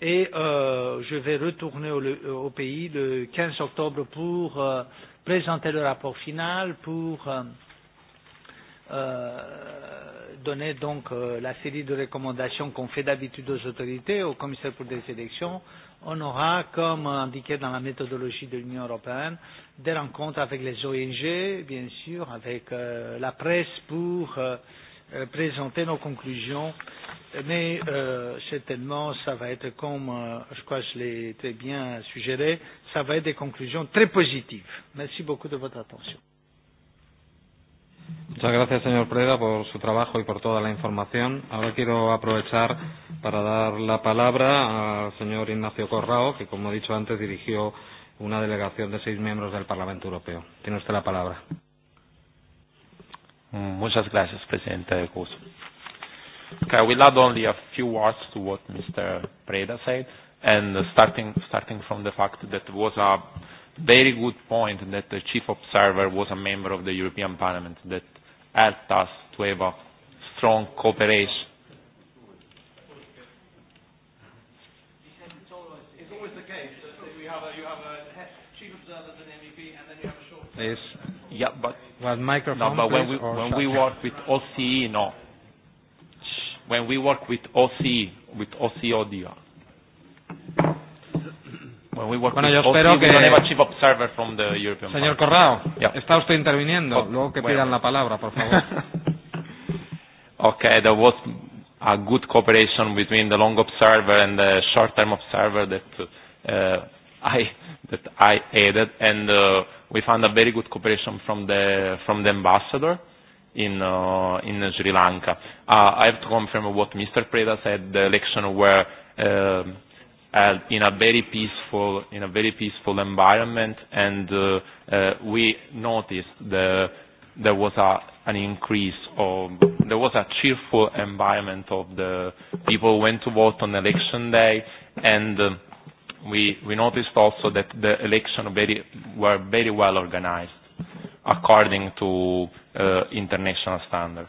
et euh, je vais retourner au, au pays le 15 octobre pour euh, présenter le rapport final, pour euh, euh, donner donc euh, la série de recommandations qu'on fait d'habitude aux autorités, au commissaire pour des élections, euh, on aura, comme indiqué dans la méthodologie de l'Union européenne, des rencontres avec les ONG, bien sûr, avec euh, la presse pour euh, euh, présenter nos conclusions. Mais euh, certainement, ça va être comme, euh, je crois que je l'ai très bien suggéré, ça va être des conclusions très positives. Merci beaucoup de votre attention. Muchas gracias, señor Preda, por su trabajo y por toda la información. Ahora quiero aprovechar para dar la palabra al señor Ignacio Corrao, que, como he dicho antes, dirigió una delegación de seis miembros del Parlamento Europeo. Tiene usted la palabra. Muchas gracias, Presidente curso. Okay, I will add only a few words to what Mr. Preda said, and starting, starting from the fact that it was a very good point that the chief observer was a member of the European Parliament that helped us to have a strong cooperation. Yes. Yeah, but well, microphone. No, but when we when we work with OCE, no. When we work with OCE, with OCE audio. Well, we work bueno, yo espero que... Chief observer from the European Señor Corrao, yeah. está usted interviniendo. Oh, Luego que bueno. pidan la palabra, por favor. *laughs* okay, there was a good cooperation between the long observer and the short-term observer that uh, I that I added, and uh, we found a very good cooperation from the from the ambassador in uh, in Sri Lanka. Uh, I have to confirm what Mr. Preda said. The election were uh, uh, in a very peaceful in a very peaceful environment and uh, uh, we noticed the there was a an increase of there was a cheerful environment of the people went to vote on election day and uh, we we noticed also that the election very were very well organized according to uh, international standards.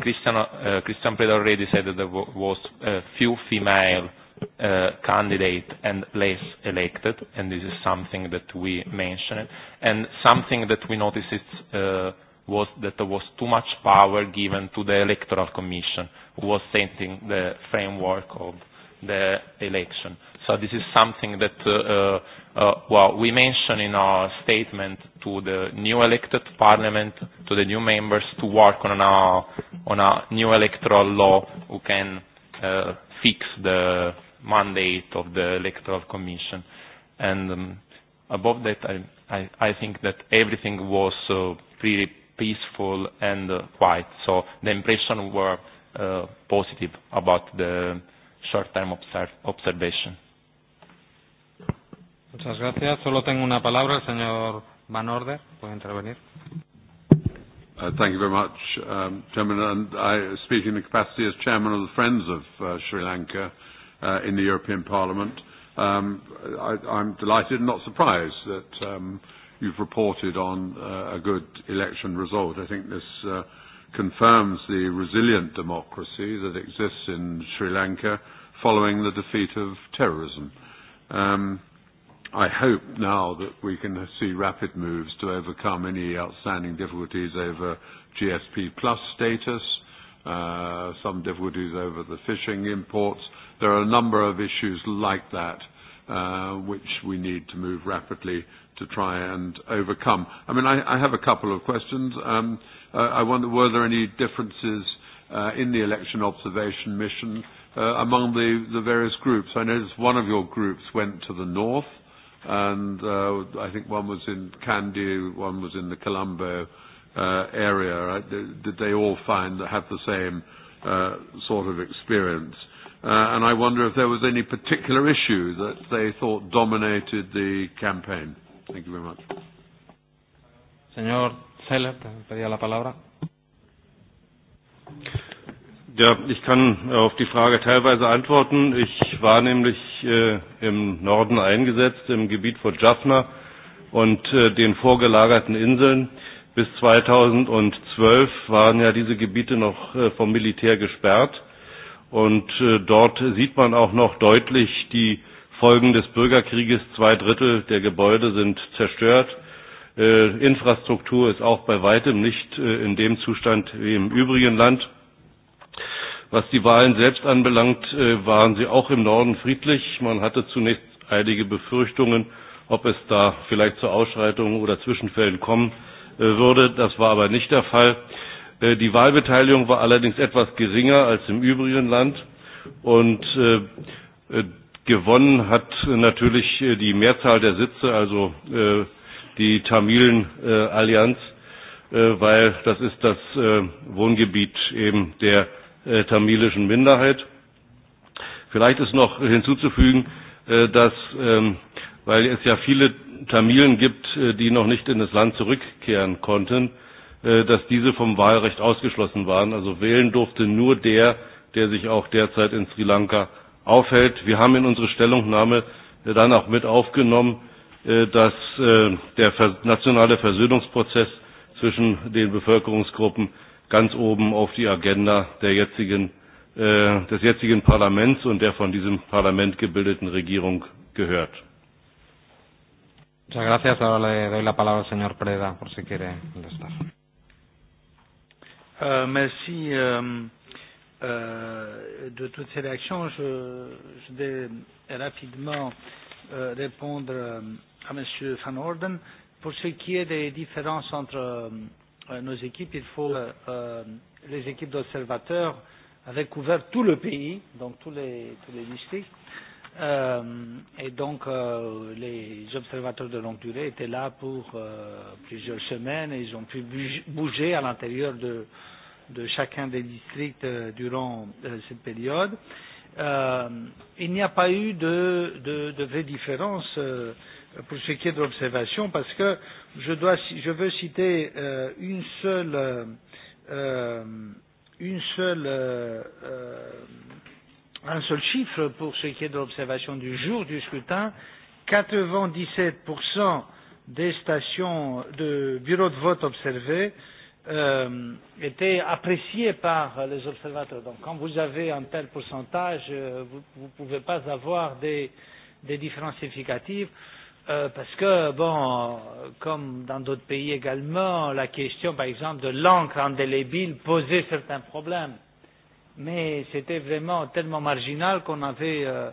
Christian, uh, Christian Preda already said that there was uh, few female uh, uh, candidate and place elected, and this is something that we mentioned. And something that we noticed it, uh, was that there was too much power given to the Electoral Commission, who was setting the framework of the election. So this is something that, uh, uh, uh well, we mentioned in our statement to the new elected parliament, to the new members, to work on a, on a new electoral law who can uh, fix the mandate of the Electoral Commission. And um, above that, I, I, I think that everything was uh, pretty peaceful and uh, quiet. So the impression were uh, positive about the short-term observ observation. Muchas gracias. Solo tengo una palabra, el señor Van Orde. Puede intervenir. Uh, thank you very much, um, Chairman. And I speak in the capacity as Chairman of the Friends of uh, Sri Lanka uh, in the European Parliament. Um, I, I'm delighted and not surprised that um, you've reported on uh, a good election result. I think this uh, confirms the resilient democracy that exists in Sri Lanka following the defeat of terrorism. Um, I hope now that we can see rapid moves to overcome any outstanding difficulties over GSP plus status, uh, some difficulties over the fishing imports, There are a number of issues like that uh, which we need to move rapidly to try and overcome. I mean, I, I have a couple of questions. Um, uh, I wonder, were there any differences uh, in the election observation mission uh, among the, the various groups? I noticed one of your groups went to the north, and uh, I think one was in Kandy, one was in the Colombo uh, area. Right? Did they all find that have the same uh, sort of experience? Uh, and I wonder if there was any particular issue that they thought dominated the campaign. Thank you very much. Señor Zeller, pedía la palabra. Ja, ich kann auf die Frage teilweise antworten. Ich war nämlich äh, im Norden eingesetzt, im Gebiet von Jaffna und äh, den vorgelagerten Inseln. Bis 2012 waren ja diese Gebiete noch äh, vom Militär gesperrt. Äh, Und äh, dort sieht man auch noch deutlich die Folgen des Bürgerkrieges. Zwei Drittel der Gebäude sind zerstört. Äh, Infrastruktur ist auch bei weitem nicht äh, in dem Zustand wie im übrigen Land. Was die Wahlen selbst anbelangt, äh, waren sie auch im Norden friedlich. Man hatte zunächst einige Befürchtungen, ob es da vielleicht zu Ausschreitungen oder Zwischenfällen kommen äh, würde. Das war aber nicht der Fall. Äh, die Wahlbeteiligung war allerdings etwas geringer als im übrigen Land und äh, äh, gewonnen hat natürlich die Mehrzahl der Sitze, also die Tamilen-Allianz, weil das ist das Wohngebiet eben der tamilischen Minderheit. Vielleicht ist noch hinzuzufügen, dass, ähm, weil es ja viele Tamilen gibt, die noch nicht in das Land zurückkehren konnten, Äh, dass diese vom Wahlrecht ausgeschlossen waren. Also wählen durfte nur der, der sich auch derzeit in Sri Lanka aufhält. Wir haben in unsere Stellungnahme äh, dann auch mit aufgenommen, äh, dass der nationale Versöhnungsprozess zwischen den Bevölkerungsgruppen ganz oben auf die Agenda der jetzigen, des jetzigen Parlaments und der von diesem Parlament gebildeten Regierung gehört. Muchas gracias. Ahora le doy la palabra al señor Preda, por si quiere contestar. Euh, merci euh, euh, de toutes ces réactions. Je, je vais rapidement euh, répondre euh, à M. Van Orden. Pour ce qui est des différences entre euh, nos équipes, il faut euh, euh les équipes d'observateurs avaient couvert tout le pays, donc tous les, tous les districts Euh, et donc, euh, les observateurs de longue durée étaient là pour euh, plusieurs semaines et ils ont pu bouger à l'intérieur de, de chacun des districts euh, durant euh, cette période. Euh, il n'y a pas eu de, de, de vraie différence euh, pour ce qui est de l'observation parce que je, dois, je veux citer euh, une seule. Euh, une seule euh, euh, un seul chiffre pour ce qui est de l'observation du jour du scrutin. 97% des stations de bureaux de vote observés euh, étaient appréciées par les observateurs. Donc quand vous avez un tel pourcentage, euh, vous ne pouvez pas avoir des, des différences significatives. Euh, parce que, bon, comme dans d'autres pays également, la question, par exemple, de l'encre indélébile posait certains problèmes mais c'était vraiment tellement marginal qu'on avait, euh,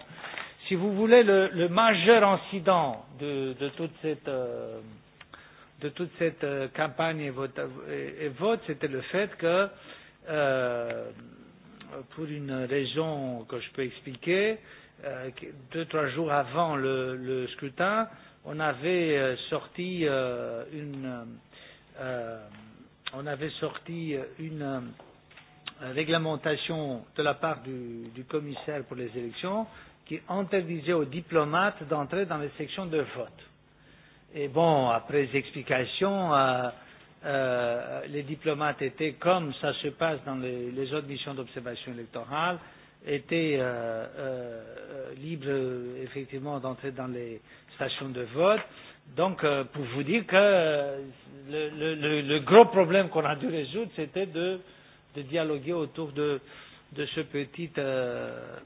si vous voulez, le, le majeur incident de, de toute cette, euh, de toute cette euh, campagne et vote, et, et vote c'était le fait que, euh, pour une raison que je peux expliquer, euh, deux, trois jours avant le, le scrutin, on avait euh, sorti euh, une, euh, on avait sorti une réglementation de la part du, du commissaire pour les élections qui interdisait aux diplomates d'entrer dans les sections de vote. Et bon, après les explications, euh, euh, les diplomates étaient, comme ça se passe dans les, les autres missions d'observation électorale, étaient euh, euh, libres effectivement d'entrer dans les stations de vote. Donc, euh, pour vous dire que le, le, le gros problème qu'on a dû résoudre, c'était de euh, de dialoguer autour de, de ce petit, euh,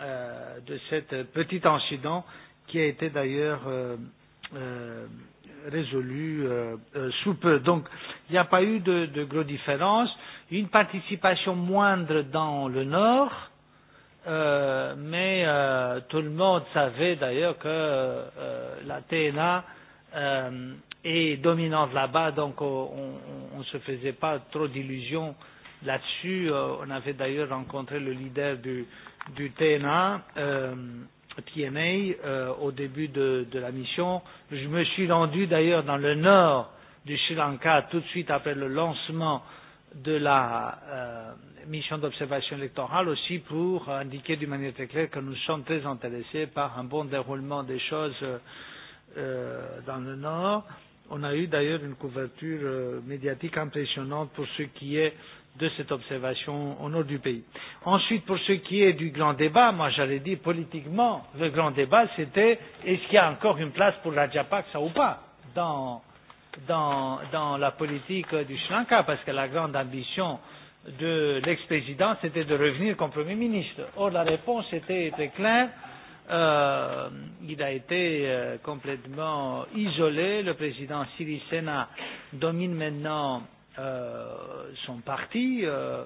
euh, de cet petit incident qui a été d'ailleurs euh, euh, résolu euh, euh, sous peu. Donc, il n'y a pas eu de, de gros différences. Une participation moindre dans le Nord, euh, mais euh, tout le monde savait d'ailleurs que euh, euh la TNA euh, est dominante là-bas, donc on ne se faisait pas trop d'illusions euh, Là-dessus, euh, on avait d'ailleurs rencontré le leader du, du TNA, euh, TNA, euh, au début de, de la mission. Je me suis rendu d'ailleurs dans le nord du Sri Lanka tout de suite après le lancement de la euh, mission d'observation électorale aussi pour indiquer d'une manière très claire que nous sommes très intéressés par un bon déroulement des choses euh, euh dans le Nord. On a eu d'ailleurs une couverture euh, médiatique impressionnante pour ce qui est de cette observation au nord du pays. Ensuite, pour ce qui est du grand débat, moi j'allais dire politiquement, le grand débat c'était est-ce qu'il y a encore une place pour la Japaksa ou pas dans, dans, dans la politique du Sri Lanka, parce que la grande ambition de l'ex-président c'était de revenir comme Premier ministre. Or la réponse était était claire, euh, il a été euh, complètement isolé, le président Sirisena Sena domine maintenant euh, son parti euh,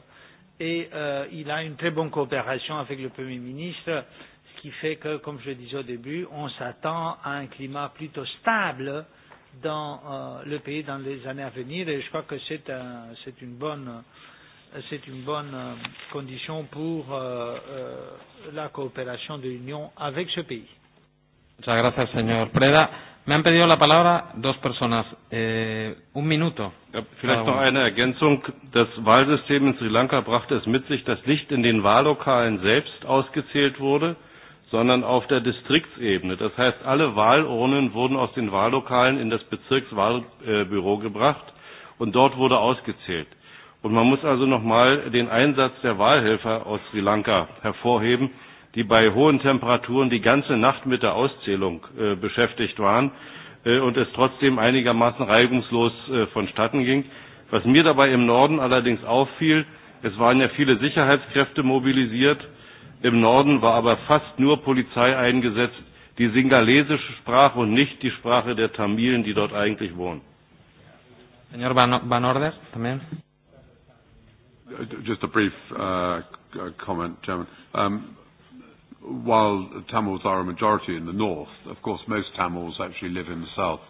et euh, il a une très bonne coopération avec le Premier ministre, ce qui fait que, comme je le disais au début, on s'attend à un climat plutôt stable dans euh, le pays dans les années à venir et je crois que c'est un, une bonne c'est une bonne euh, condition pour euh, euh, la coopération de l'Union avec ce pays. Muchas gracias, señor Preda. Me han pedido la palabra dos personas. Eh, un minuto. Ja, vielleicht noch eine Ergänzung. Das Wahlsystem in Sri Lanka brachte es mit sich, dass nicht in den Wahllokalen selbst ausgezählt wurde, sondern auf der Distriktsebene. Das heißt, alle Wahlurnen wurden aus den Wahllokalen in das Bezirkswahlbüro gebracht und dort wurde ausgezählt. Und man muss also nochmal den Einsatz der Wahlhelfer aus Sri Lanka hervorheben die bei hohen Temperaturen die ganze Nacht mit der Auszählung äh, beschäftigt waren äh, und es trotzdem einigermaßen reibungslos äh, vonstatten ging. Was mir dabei im Norden allerdings auffiel, es waren ja viele Sicherheitskräfte mobilisiert, im Norden war aber fast nur Polizei eingesetzt, die singalesische Sprache und nicht die Sprache der Tamilen, die dort eigentlich wohnen. Señor Van Order, también. Uh, just a brief uh, uh comment, Chairman. Um, while Tamils are a majority in the north, of course most Tamils actually live in the south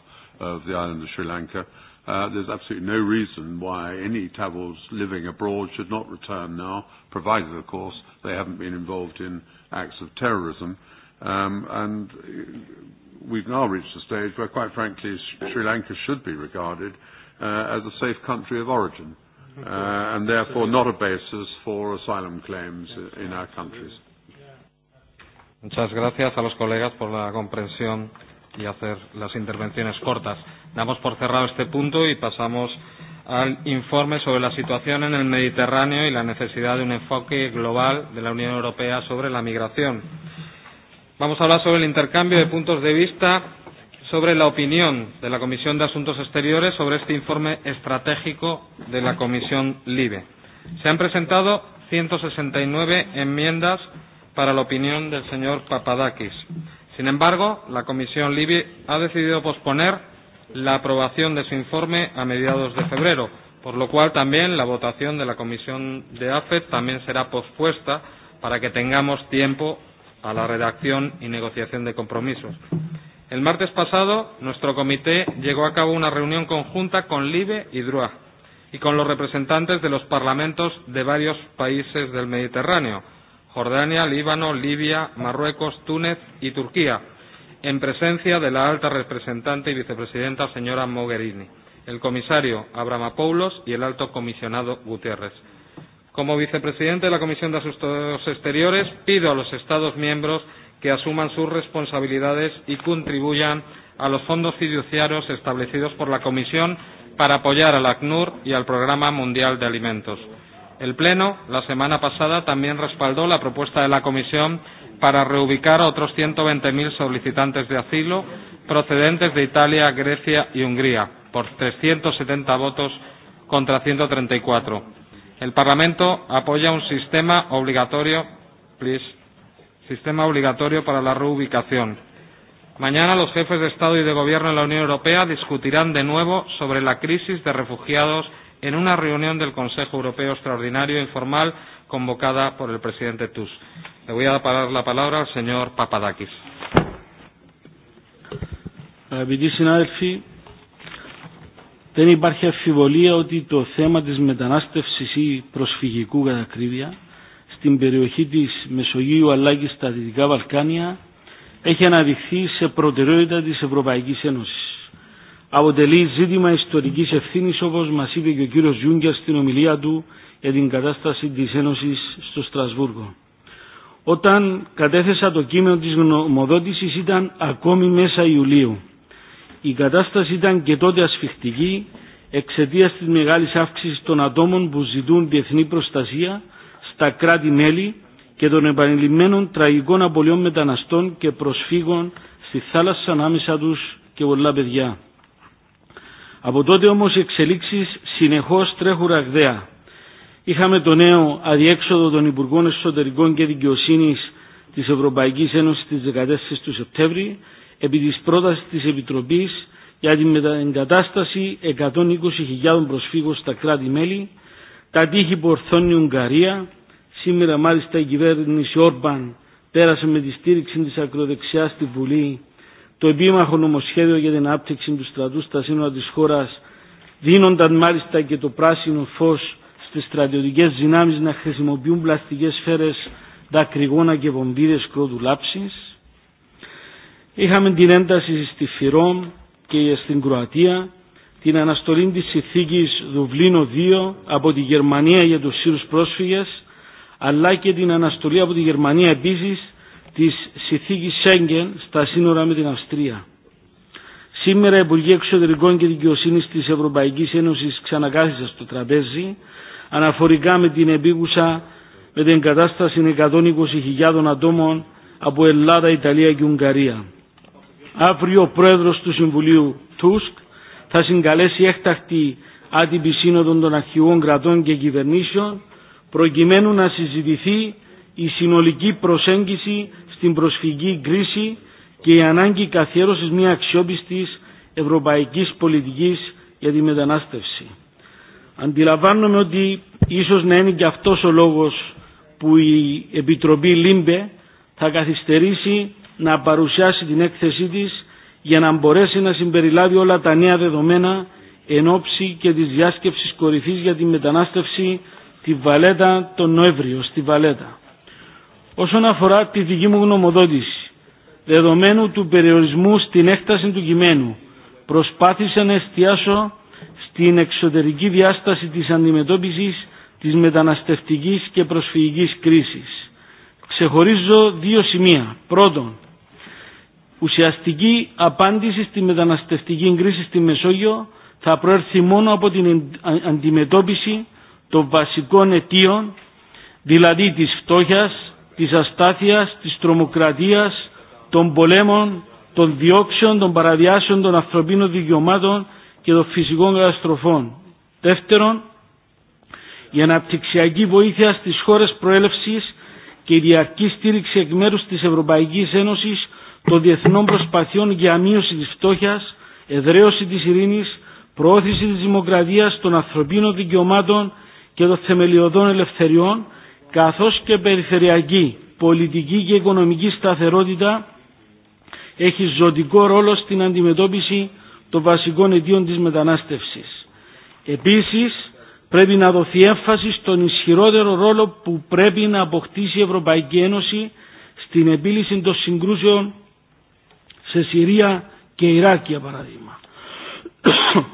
of the island of Sri Lanka. Uh, there's absolutely no reason why any Tamils living abroad should not return now, provided, of course, they haven't been involved in acts of terrorism. Um, and we've now reached a stage where, quite frankly, Sri Lanka should be regarded uh, as a safe country of origin, uh, and therefore not a basis for asylum claims in our countries. Muchas gracias a los colegas por la comprensión y hacer las intervenciones cortas. Damos por cerrado este punto y pasamos al informe sobre la situación en el Mediterráneo y la necesidad de un enfoque global de la Unión Europea sobre la migración. Vamos a hablar sobre el intercambio de puntos de vista sobre la opinión de la Comisión de Asuntos Exteriores sobre este informe estratégico de la Comisión LIBE. Se han presentado 169 enmiendas para la opinión del señor Papadakis. Sin embargo, la Comisión Libi ha decidido posponer la aprobación de su informe a mediados de febrero, por lo cual también la votación de la Comisión de AFE también será pospuesta para que tengamos tiempo a la redacción y negociación de compromisos. El martes pasado, nuestro comité llegó a cabo una reunión conjunta con LIBE y DRUA y con los representantes de los parlamentos de varios países del Mediterráneo Jordania, Líbano, Libia, Marruecos, Túnez y Turquía, en presencia de la alta representante y vicepresidenta señora Mogherini, el comisario Abramopoulos y el alto comisionado Gutiérrez. Como vicepresidente de la Comisión de Asuntos Exteriores, pido a los Estados miembros que asuman sus responsabilidades y contribuyan a los fondos fiduciarios establecidos por la Comisión para apoyar al ACNUR y al Programa Mundial de Alimentos. El Pleno, la semana pasada, también respaldó la propuesta de la Comisión para reubicar a otros 120.000 solicitantes de asilo procedentes de Italia, Grecia y Hungría, por 370 votos contra 134. El Parlamento apoya un sistema obligatorio, please, sistema obligatorio para la reubicación. Mañana los jefes de Estado y de Gobierno de la Unión Europea discutirán de nuevo sobre la crisis de refugiados en una reunión del Consejo Europeo Extraordinario e Informal convocada por el presidente Tusk. Le voy a dar la palabra al señor Papadakis. Αγαπητοί συνάδελφοι, δεν υπάρχει αφιβολία ότι το θέμα της μετανάστευσης ή προσφυγικού κατά ακρίβεια στην περιοχή της Μεσογείου αλλά και στα Δυτικά Βαλκάνια έχει αναδειχθεί σε προτεραιότητα της Ευρωπαϊκής Ένωσης αποτελεί ζήτημα ιστορική ευθύνη, όπω μα είπε και ο κύριο Γιούγκερ στην ομιλία του για την κατάσταση τη Ένωση στο Στρασβούργο. Όταν κατέθεσα το κείμενο τη γνωμοδότηση ήταν ακόμη μέσα Ιουλίου. Η κατάσταση ήταν και τότε ασφιχτική εξαιτία τη μεγάλη αύξηση των ατόμων που ζητούν διεθνή προστασία στα κράτη-μέλη και των επανειλημμένων τραγικών απολειών μεταναστών και προσφύγων στη θάλασσα ανάμεσα του και πολλά παιδιά. Από τότε όμως οι εξελίξεις συνεχώς τρέχουν ραγδαία. Είχαμε το νέο αδιέξοδο των Υπουργών Εσωτερικών και Δικαιοσύνης της Ευρωπαϊκής Ένωσης στις 14 του Σεπτέμβρη επί της πρότασης της Επιτροπής για την μεταεγκατάσταση 120.000 προσφύγων στα κράτη-μέλη, τα τείχη που ορθώνει η Ουγγαρία, σήμερα μάλιστα η κυβέρνηση Όρμπαν πέρασε με τη στήριξη της ακροδεξιάς στη Βουλή το επίμαχο νομοσχέδιο για την άπτυξη του στρατού στα σύνορα της χώρας δίνονταν μάλιστα και το πράσινο φως στις στρατιωτικές δυνάμεις να χρησιμοποιούν πλαστικές σφαίρες δακρυγόνα και βομβίδες κρότου λάψης. Είχαμε την ένταση στη Φυρόμ και στην Κροατία, την αναστολή της συνθήκης Δουβλίνο 2 από τη Γερμανία για τους Σύρους πρόσφυγες, αλλά και την αναστολή από τη Γερμανία επίσης της συνθήκης Σέγγεν στα σύνορα με την Αυστρία. Σήμερα οι Υπουργοί Εξωτερικών και Δικαιοσύνη τη Ευρωπαϊκή Ένωση ξανακάθισαν στο τραπέζι αναφορικά με την επίγουσα με την κατάσταση 120.000 ατόμων από Ελλάδα, Ιταλία και Ουγγαρία. Αύριο ο πρόεδρο του Συμβουλίου Τούσκ θα συγκαλέσει έκτακτη άτυπη σύνοδο των αρχηγών κρατών και κυβερνήσεων προκειμένου να συζητηθεί η συνολική προσέγγιση στην προσφυγή κρίση και η ανάγκη καθιέρωσης μια αξιόπιστης ευρωπαϊκής πολιτικής για τη μετανάστευση. Αντιλαμβάνομαι ότι ίσως να είναι και αυτός ο λόγος που η Επιτροπή Λίμπε θα καθυστερήσει να παρουσιάσει την έκθεσή της για να μπορέσει να συμπεριλάβει όλα τα νέα δεδομένα εν ώψη και της διάσκεψης κορυφής για τη μετανάστευση τη Βαλέτα τον Νοέμβριο στη Βαλέτα όσον αφορά τη δική μου γνωμοδότηση. Δεδομένου του περιορισμού στην έκταση του κειμένου, προσπάθησα να εστιάσω στην εξωτερική διάσταση της αντιμετώπισης της μεταναστευτικής και προσφυγικής κρίσης. Ξεχωρίζω δύο σημεία. Πρώτον, ουσιαστική απάντηση στη μεταναστευτική κρίση στη Μεσόγειο θα προέρθει μόνο από την αντιμετώπιση των βασικών αιτίων, δηλαδή της φτώχειας, της αστάθειας, της τρομοκρατίας, των πολέμων, των διώξεων, των παραδιάσεων των ανθρωπίνων δικαιωμάτων και των φυσικών καταστροφών. Δεύτερον, η αναπτυξιακή βοήθεια στις χώρες προέλευσης και η διαρκή στήριξη εκ μέρους της Ευρωπαϊκής Ένωσης των διεθνών προσπαθειών για μείωση της φτώχειας, εδραίωση της ειρήνης, προώθηση της δημοκρατίας, των ανθρωπίνων δικαιωμάτων και των θεμελιωδών ελευθεριών, καθώς και περιφερειακή πολιτική και οικονομική σταθερότητα έχει ζωτικό ρόλο στην αντιμετώπιση των βασικών αιτίων της μετανάστευσης. Επίσης, πρέπει να δοθεί έμφαση στον ισχυρότερο ρόλο που πρέπει να αποκτήσει η Ευρωπαϊκή Ένωση στην επίλυση των συγκρούσεων σε Συρία και Ιράκ, για παράδειγμα. *coughs*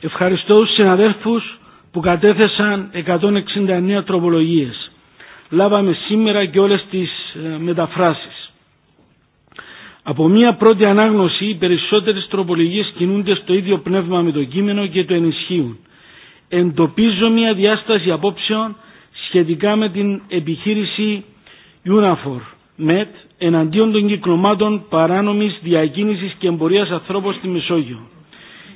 Ευχαριστώ τους συναδέλφους που κατέθεσαν 169 τροπολογίες. Λάβαμε σήμερα και όλες τις μεταφράσεις. Από μια πρώτη ανάγνωση οι περισσότερες τροπολογίες κινούνται στο ίδιο πνεύμα με το κείμενο και το ενισχύουν. Εντοπίζω μια διάσταση απόψεων σχετικά με την επιχείρηση UNAFOR ΜΕΤ εναντίον των κυκλωμάτων παράνομης διακίνησης και εμπορίας ανθρώπων στη Μεσόγειο.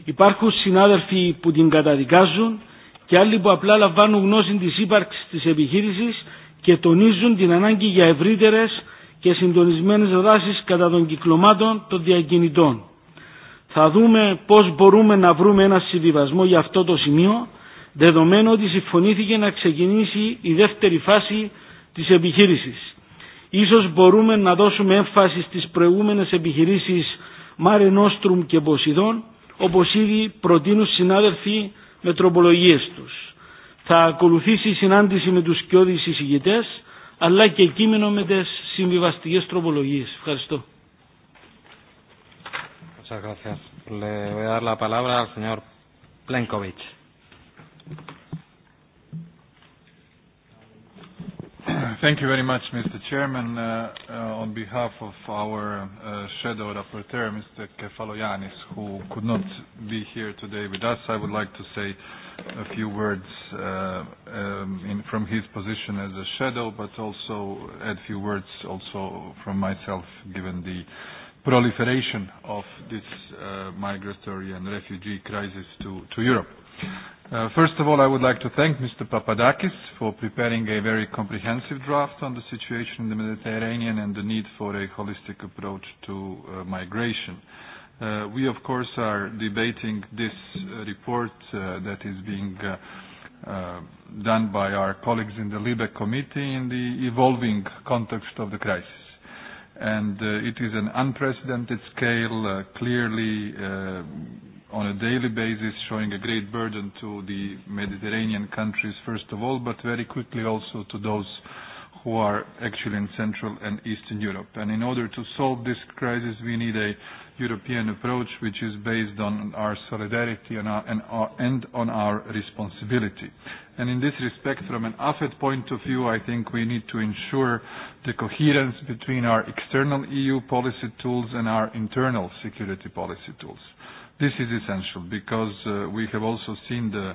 Υπάρχουν συνάδελφοι που την καταδικάζουν και άλλοι που απλά λαμβάνουν γνώση τη ύπαρξη τη επιχείρηση και τονίζουν την ανάγκη για ευρύτερε και συντονισμένε δράσει κατά των κυκλωμάτων των διακινητών. Θα δούμε πώ μπορούμε να βρούμε ένα συμβιβασμό για αυτό το σημείο, δεδομένου ότι συμφωνήθηκε να ξεκινήσει η δεύτερη φάση τη επιχείρηση. Ίσως μπορούμε να δώσουμε έμφαση στις προηγούμενες επιχειρήσεις Μάρε Νόστρουμ και Ποσειδών, όπως ήδη προτείνουν συνάδελφοι με τροπολογίες τους. Θα ακολουθήσει συνάντηση με τους κοιόδης εισηγητές, αλλά και κείμενο με τις συμβιβαστικές τροπολογίες. Ευχαριστώ. Muchas gracias. Le voy a dar la palabra al señor Plenkovic. *clears throat* Thank you very much, Mr. Chairman. Uh, uh, on behalf of our uh, shadow rapporteur, Mr. Kefaloyanis, who could not be here today with us, I would like to say a few words uh, um, in, from his position as a shadow, but also add a few words also from myself, given the proliferation of this uh, migratory and refugee crisis to, to Europe. Uh, first of all, I would like to thank Mr. Papadakis for preparing a very comprehensive draft on the situation in the Mediterranean and the need for a holistic approach to uh, migration. Uh, we, of course, are debating this uh, report uh, that is being uh, uh, done by our colleagues in the LIBE committee in the evolving context of the crisis. And uh, it is an unprecedented scale, uh, clearly uh, on a daily basis, showing a great burden to the Mediterranean countries, first of all, but very quickly also to those who are actually in Central and Eastern Europe. And in order to solve this crisis, we need a European approach which is based on our solidarity and, our, and, our, and on our responsibility. And in this respect, from an AFED point of view, I think we need to ensure the coherence between our external EU policy tools and our internal security policy tools. This is essential because uh, we have also seen the,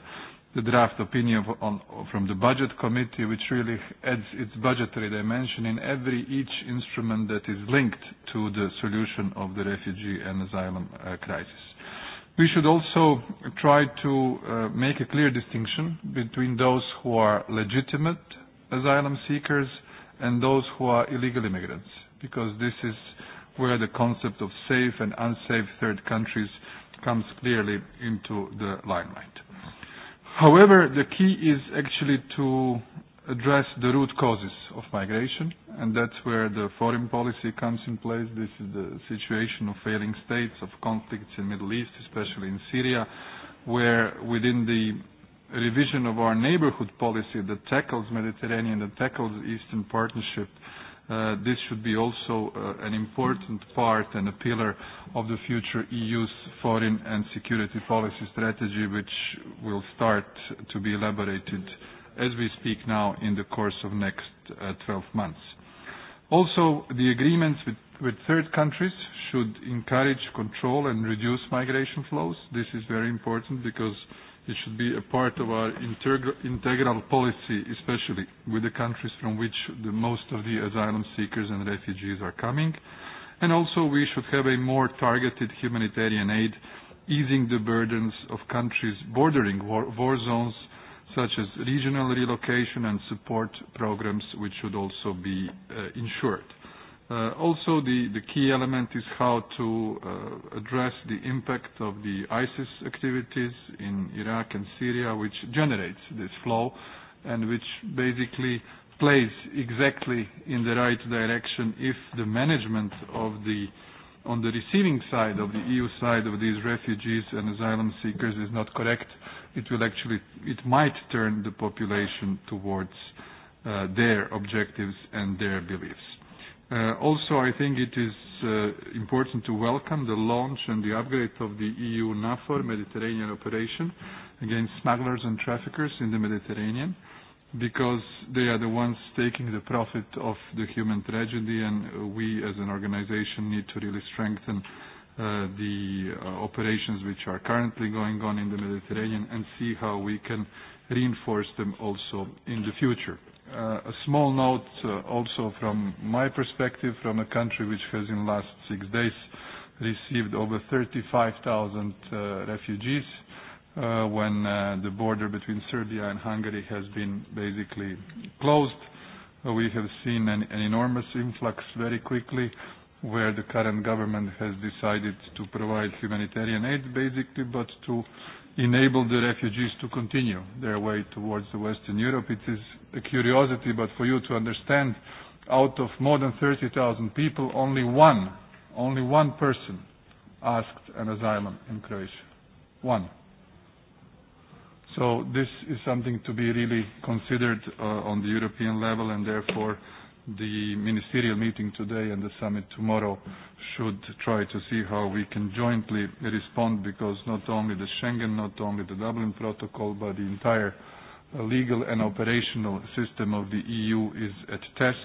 the draft opinion on, from the budget committee which really adds its budgetary dimension in every each instrument that is linked to the solution of the refugee and asylum uh, crisis. We should also try to uh, make a clear distinction between those who are legitimate asylum seekers and those who are illegal immigrants, because this is where the concept of safe and unsafe third countries comes clearly into the limelight. However, the key is actually to address the root causes of migration, and that's where the foreign policy comes in place. This is the situation of failing states, of conflicts in the Middle East, especially in Syria, where within the revision of our neighborhood policy that tackles Mediterranean, that tackles Eastern Partnership, Uh, this should be also uh, an important part and a pillar of the future EU's foreign and security policy strategy, which will start to be elaborated as we speak now in the course of next uh, 12 months. Also, the agreements with, with third countries should encourage control and reduce migration flows. This is very important because uh, It should be a part of our integral, integral policy, especially with the countries from which the most of the asylum seekers and refugees are coming. And also we should have a more targeted humanitarian aid, easing the burdens of countries bordering war, war zones, such as regional relocation and support programs, which should also be uh, ensured. Uh, also, the, the key element is how to uh, address the impact of the ISIS activities in Iraq and Syria, which generates this flow and which basically plays exactly in the right direction if the management of the on the receiving side of the EU side of these refugees and asylum seekers is not correct, it will actually it might turn the population towards uh, their objectives and their beliefs. Uh, also, I think it is uh, important to welcome the launch and the upgrade of the EU NAFOR Mediterranean operation against smugglers and traffickers in the Mediterranean because they are the ones taking the profit of the human tragedy and we as an organization need to really strengthen uh, the uh, operations which are currently going on in the Mediterranean and see how we can reinforce them also in the future uh, a small note uh, also from my perspective, from a country which has in the last six days received over 35,000 uh, refugees uh, when uh, the border between Serbia and Hungary has been basically closed. Uh, we have seen an, an enormous influx very quickly where the current government has decided to provide humanitarian aid basically but to enable the refugees to continue their way towards the Western Europe. It is a curiosity, but for you to understand, out of more than 30,000 people, only one, only one person asked an asylum in Croatia. One. So this is something to be really considered uh, on the European level and therefore the ministerial meeting today and the summit tomorrow should try to see how we can jointly respond because not only the Schengen, not only the Dublin Protocol, but the entire a legal and operational system of the EU is at test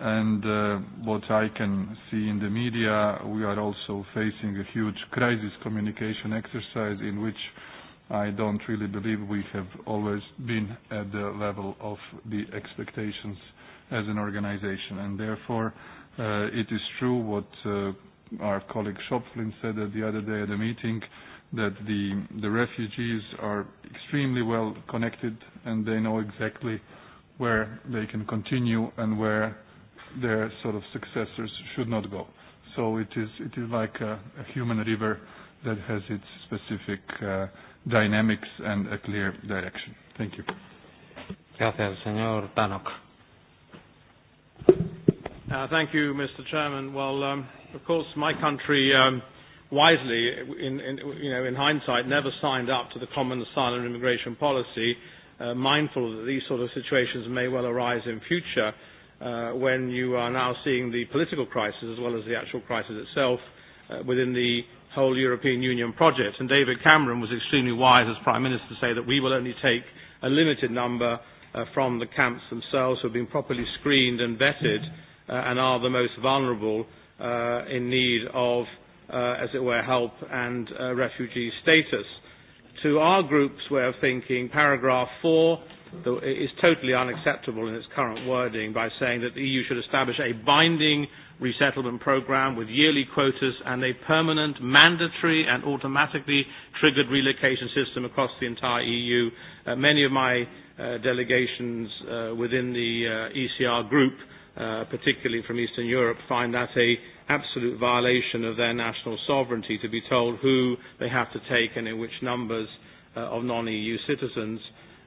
and uh, what I can see in the media, we are also facing a huge crisis communication exercise in which I don't really believe we have always been at the level of the expectations as an organization. And therefore, uh, it is true what uh, our colleague Schopflin said the other day at a meeting, uh, that the, the refugees are extremely well connected and they know exactly where they can continue and where their sort of successors should not go. So it is, it is like a, a human river that has its specific uh, dynamics and a clear direction. Thank you. Gracias, señor Tanok. Uh, thank you, Mr. Chairman. Well, um, of course, my country um, wisely, in, in, you know, in hindsight, never signed up to the common asylum and immigration policy, uh, mindful that these sort of situations may well arise in future uh, when you are now seeing the political crisis as well as the actual crisis itself uh, within the whole European Union project. And David Cameron was extremely wise as Prime Minister to say that we will only take a limited number uh, from the camps themselves who have been properly screened and vetted uh, and are the most vulnerable uh, in need of uh, as it were, help and uh, refugee status. To our group's way of thinking, paragraph 4 is totally unacceptable in its current wording by saying that the EU should establish a binding resettlement program with yearly quotas and a permanent, mandatory and automatically triggered relocation system across the entire EU. Uh, many of my uh, delegations uh, within the uh, ECR group uh, uh, particularly from Eastern Europe, find that a absolute violation of their national sovereignty to be told who they have to take and in which numbers uh, of non-EU citizens.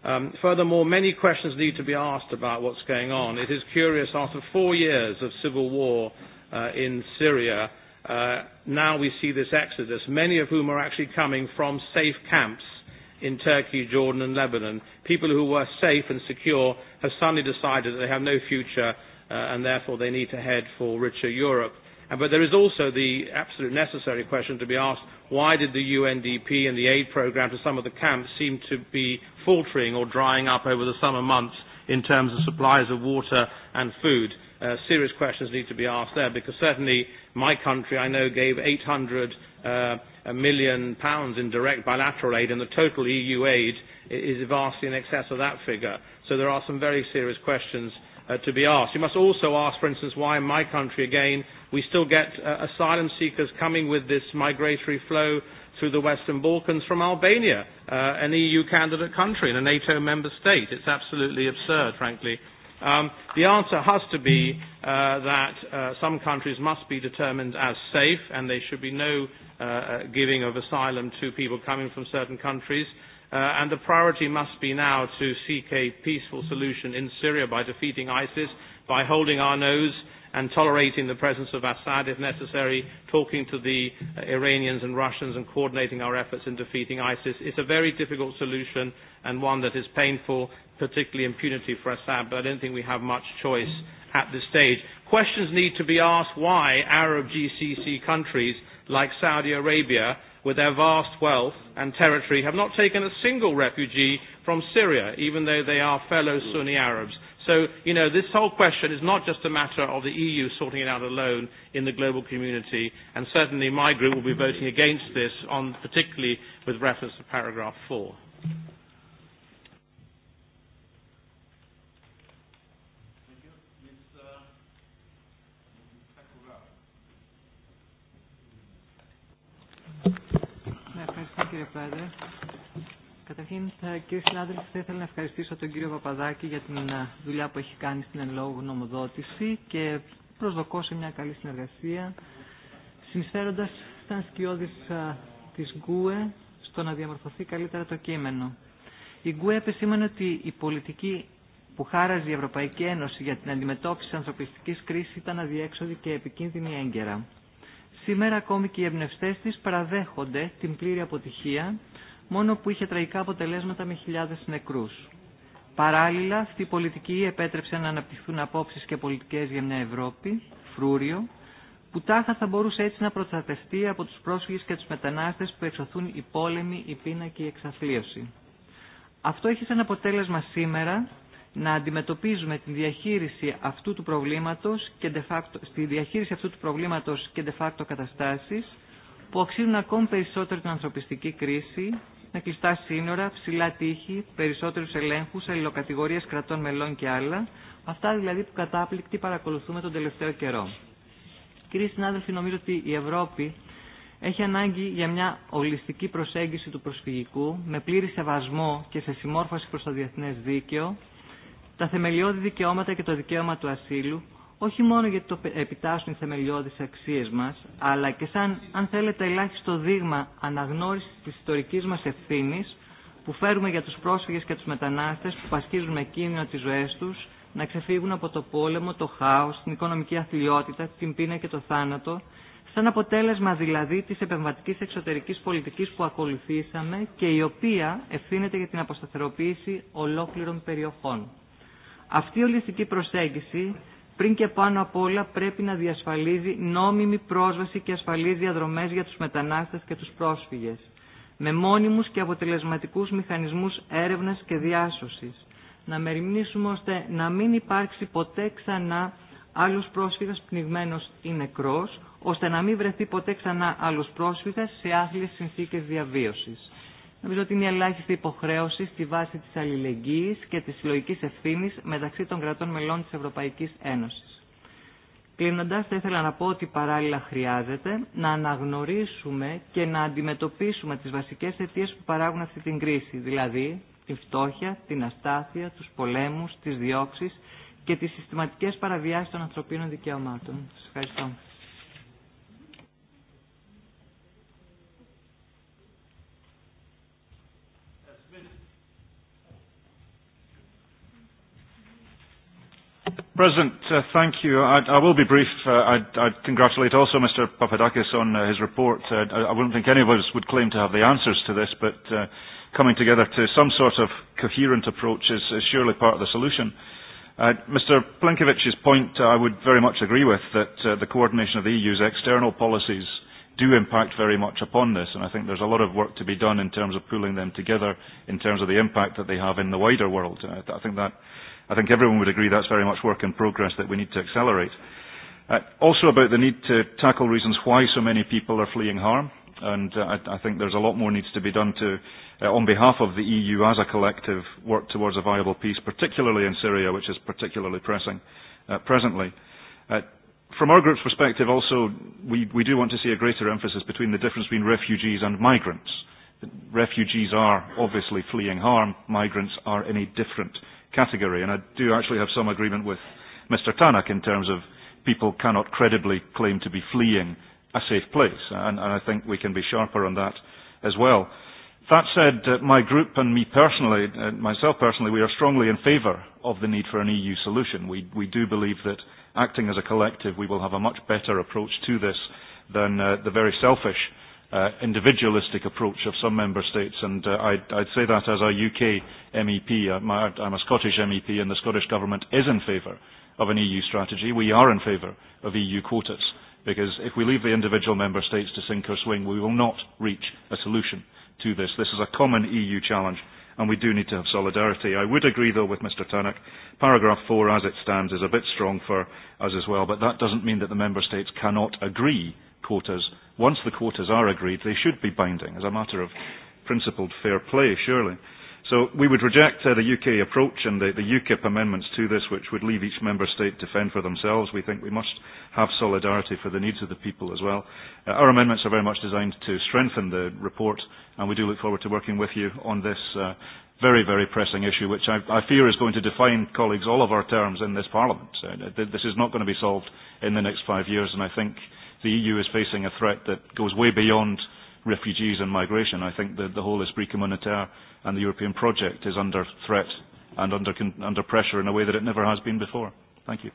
Um, furthermore, many questions need to be asked about what's going on. It is curious, after four years of civil war uh, in Syria, uh, now we see this exodus, many of whom are actually coming from safe camps in Turkey, Jordan and Lebanon. People who were safe and secure have suddenly decided that they have no future uh, and therefore they need to head for richer Europe. And, but there is also the absolute necessary question to be asked, why did the UNDP and the aid program to some of the camps seem to be faltering or drying up over the summer months in terms of supplies of water and food? Uh, serious questions need to be asked there because certainly my country, I know, gave 800 uh, a million pounds in direct bilateral aid and the total EU aid is vastly in excess of that figure. So there are some very serious questions uh, to be asked. You must also ask, for instance, why in my country, again, we still get uh, asylum seekers coming with this migratory flow through the Western Balkans from Albania, uh, an EU candidate country and a NATO member state. It's absolutely absurd, frankly. Um, the answer has to be uh, that uh, some countries must be determined as safe and there should be no uh, uh giving of asylum to people coming from certain countries. Uh, and the priority must be now to seek a peaceful solution in Syria by defeating ISIS, by holding our nose and tolerating the presence of Assad if necessary, talking to the uh, Iranians and Russians and coordinating our efforts in defeating ISIS. It's a very difficult solution and one that is painful, particularly impunity for Assad, but I don't think we have much choice at this stage. Questions need to be asked why Arab GCC countries like Saudi Arabia with their vast wealth and territory, have not taken a single refugee from Syria, even though they are fellow Sunni Arabs. So, you know, this whole question is not just a matter of the EU sorting it out alone in the global community, and certainly my group will be voting against this, on, particularly with reference to paragraph 4. Ευχαριστώ κύριε Πρόεδρε. Καταρχήν, κύριε συνάδελφοι, θα ήθελα να ευχαριστήσω τον κύριο Παπαδάκη για την δουλειά που έχει κάνει στην εν λόγω και προσδοκώ σε μια καλή συνεργασία, συνεισφέροντας σαν σκιώδης της ΓΚΟΕ στο να διαμορφωθεί καλύτερα το κείμενο. Η ΓΚΟΕ επεσήμανε ότι η πολιτική που χάραζε η Ευρωπαϊκή Ένωση για την αντιμετώπιση ανθρωπιστικής κρίσης ήταν αδιέξοδη και επικίνδυνη έγκαιρα. Σήμερα ακόμη και οι εμπνευστέ τη παραδέχονται την πλήρη αποτυχία, μόνο που είχε τραγικά αποτελέσματα με χιλιάδε νεκρού. Παράλληλα, αυτή η πολιτική επέτρεψε να αναπτυχθούν απόψει και πολιτικέ για μια Ευρώπη, φρούριο, που τάχα θα μπορούσε έτσι να προστατευτεί από του πρόσφυγε και του μετανάστε που εξωθούν οι πόλεμοι, η πείνα και η εξαθλίωση. Αυτό έχει σαν αποτέλεσμα σήμερα να αντιμετωπίζουμε τη διαχείριση αυτού του προβλήματος και de facto, στη διαχείριση αυτού του προβλήματος και de facto καταστάσεις που αξίζουν ακόμη περισσότερο την ανθρωπιστική κρίση με κλειστά σύνορα, ψηλά τείχη, περισσότερους ελέγχους, αλληλοκατηγορίες κρατών μελών και άλλα, αυτά δηλαδή που κατάπληκτοι παρακολουθούμε τον τελευταίο καιρό. Κύριοι συνάδελφοι, νομίζω ότι η Ευρώπη έχει ανάγκη για μια ολιστική προσέγγιση του προσφυγικού με πλήρη σεβασμό και σε συμμόρφωση προς το διεθνές δίκαιο, τα θεμελιώδη δικαιώματα και το δικαίωμα του ασύλου, όχι μόνο γιατί το επιτάσσουν οι θεμελιώδεις αξίες μας, αλλά και σαν, αν θέλετε, ελάχιστο δείγμα αναγνώρισης της ιστορικής μας ευθύνης που φέρουμε για τους πρόσφυγες και τους μετανάστες που πασχίζουν με κίνδυνο τις ζωές τους να ξεφύγουν από το πόλεμο, το χάος, την οικονομική αθλειότητα, την πείνα και το θάνατο, σαν αποτέλεσμα δηλαδή της επεμβατικής εξωτερικής πολιτικής που ακολουθήσαμε και η οποία ευθύνεται για την αποσταθεροποίηση ολόκληρων περιοχών. Αυτή η ολιστική προσέγγιση πριν και πάνω απ' όλα πρέπει να διασφαλίζει νόμιμη πρόσβαση και ασφαλείς διαδρομές για τους μετανάστες και τους πρόσφυγες, με μόνιμους και αποτελεσματικούς μηχανισμούς έρευνας και διάσωσης. Να μεριμνήσουμε ώστε να μην υπάρξει ποτέ ξανά άλλος πρόσφυγας πνιγμένος ή νεκρός, ώστε να μην βρεθεί ποτέ ξανά άλλος πρόσφυγας σε άθλιες συνθήκες διαβίωσης. Νομίζω ότι είναι η ελάχιστη υποχρέωση στη βάση της αλληλεγγύης και της συλλογικής ευθύνης μεταξύ των κρατών μελών της Ευρωπαϊκής Ένωσης. Κλείνοντας, θα ήθελα να πω ότι παράλληλα χρειάζεται να αναγνωρίσουμε και να αντιμετωπίσουμε τις βασικές αιτίες που παράγουν αυτή την κρίση, δηλαδή τη φτώχεια, την αστάθεια, τους πολέμους, τις διώξεις και τις συστηματικές παραβιάσεις των ανθρωπίνων δικαιωμάτων. Σας ευχαριστώ. President, uh, thank you. I, I will be brief. Uh, I, I congratulate also Mr. Papadakis on uh, his report. Uh, I, I wouldn't think any of us would claim to have the answers to this, but uh, coming together to some sort of coherent approach is, is surely part of the solution. Uh, Mr. Plinkovich's point uh, I would very much agree with, that uh, the coordination of the EU's external policies do impact very much upon this, and I think there's a lot of work to be done in terms of pooling them together, in terms of the impact that they have in the wider world. Uh, I, I think that I think everyone would agree that's very much work in progress that we need to accelerate. Uh, also about the need to tackle reasons why so many people are fleeing harm, and uh, I, I think there's a lot more needs to be done to, uh, on behalf of the EU as a collective, work towards a viable peace, particularly in Syria, which is particularly pressing uh, presently. Uh, from our group's perspective also, we, we do want to see a greater emphasis between the difference between refugees and migrants. Refugees are obviously fleeing harm, migrants are any different category. And I do actually have some agreement with Mr. Tanak in terms of people cannot credibly claim to be fleeing a safe place. And, and I think we can be sharper on that as well. That said, uh, my group and me personally, uh, myself personally, we are strongly in favour of the need for an EU solution. We, we do believe that acting as a collective, we will have a much better approach to this than uh, the very selfish uh, individualistic approach of some member states, and uh, I'd, I'd say that as a UK MEP, uh, my, I'm a Scottish MEP, and the Scottish Government is in favour of an EU strategy. We are in favour of EU quotas, because if we leave the individual member states to sink or swing, we will not reach a solution to this. This is a common EU challenge, and we do need to have solidarity. I would agree, though, with Mr Tannock, paragraph 4 as it stands is a bit strong for us as well, but that doesn't mean that the member states cannot agree quotas once the quotas are agreed, they should be binding as a matter of principled fair play, surely. So we would reject uh, the UK approach and the, the UKIP amendments to this, which would leave each member state to fend for themselves. We think we must have solidarity for the needs of the people as well. Uh, our amendments are very much designed to strengthen the report, and we do look forward to working with you on this uh, very, very pressing issue, which I, I fear is going to define, colleagues, all of our terms in this Parliament. Uh, this is not going to be solved in the next five years, and I think the EU is facing a threat that goes way beyond refugees and migration. I think that the whole esprit communautaire and the European project is under threat and under, under pressure in a way that it never has been before. Thank you.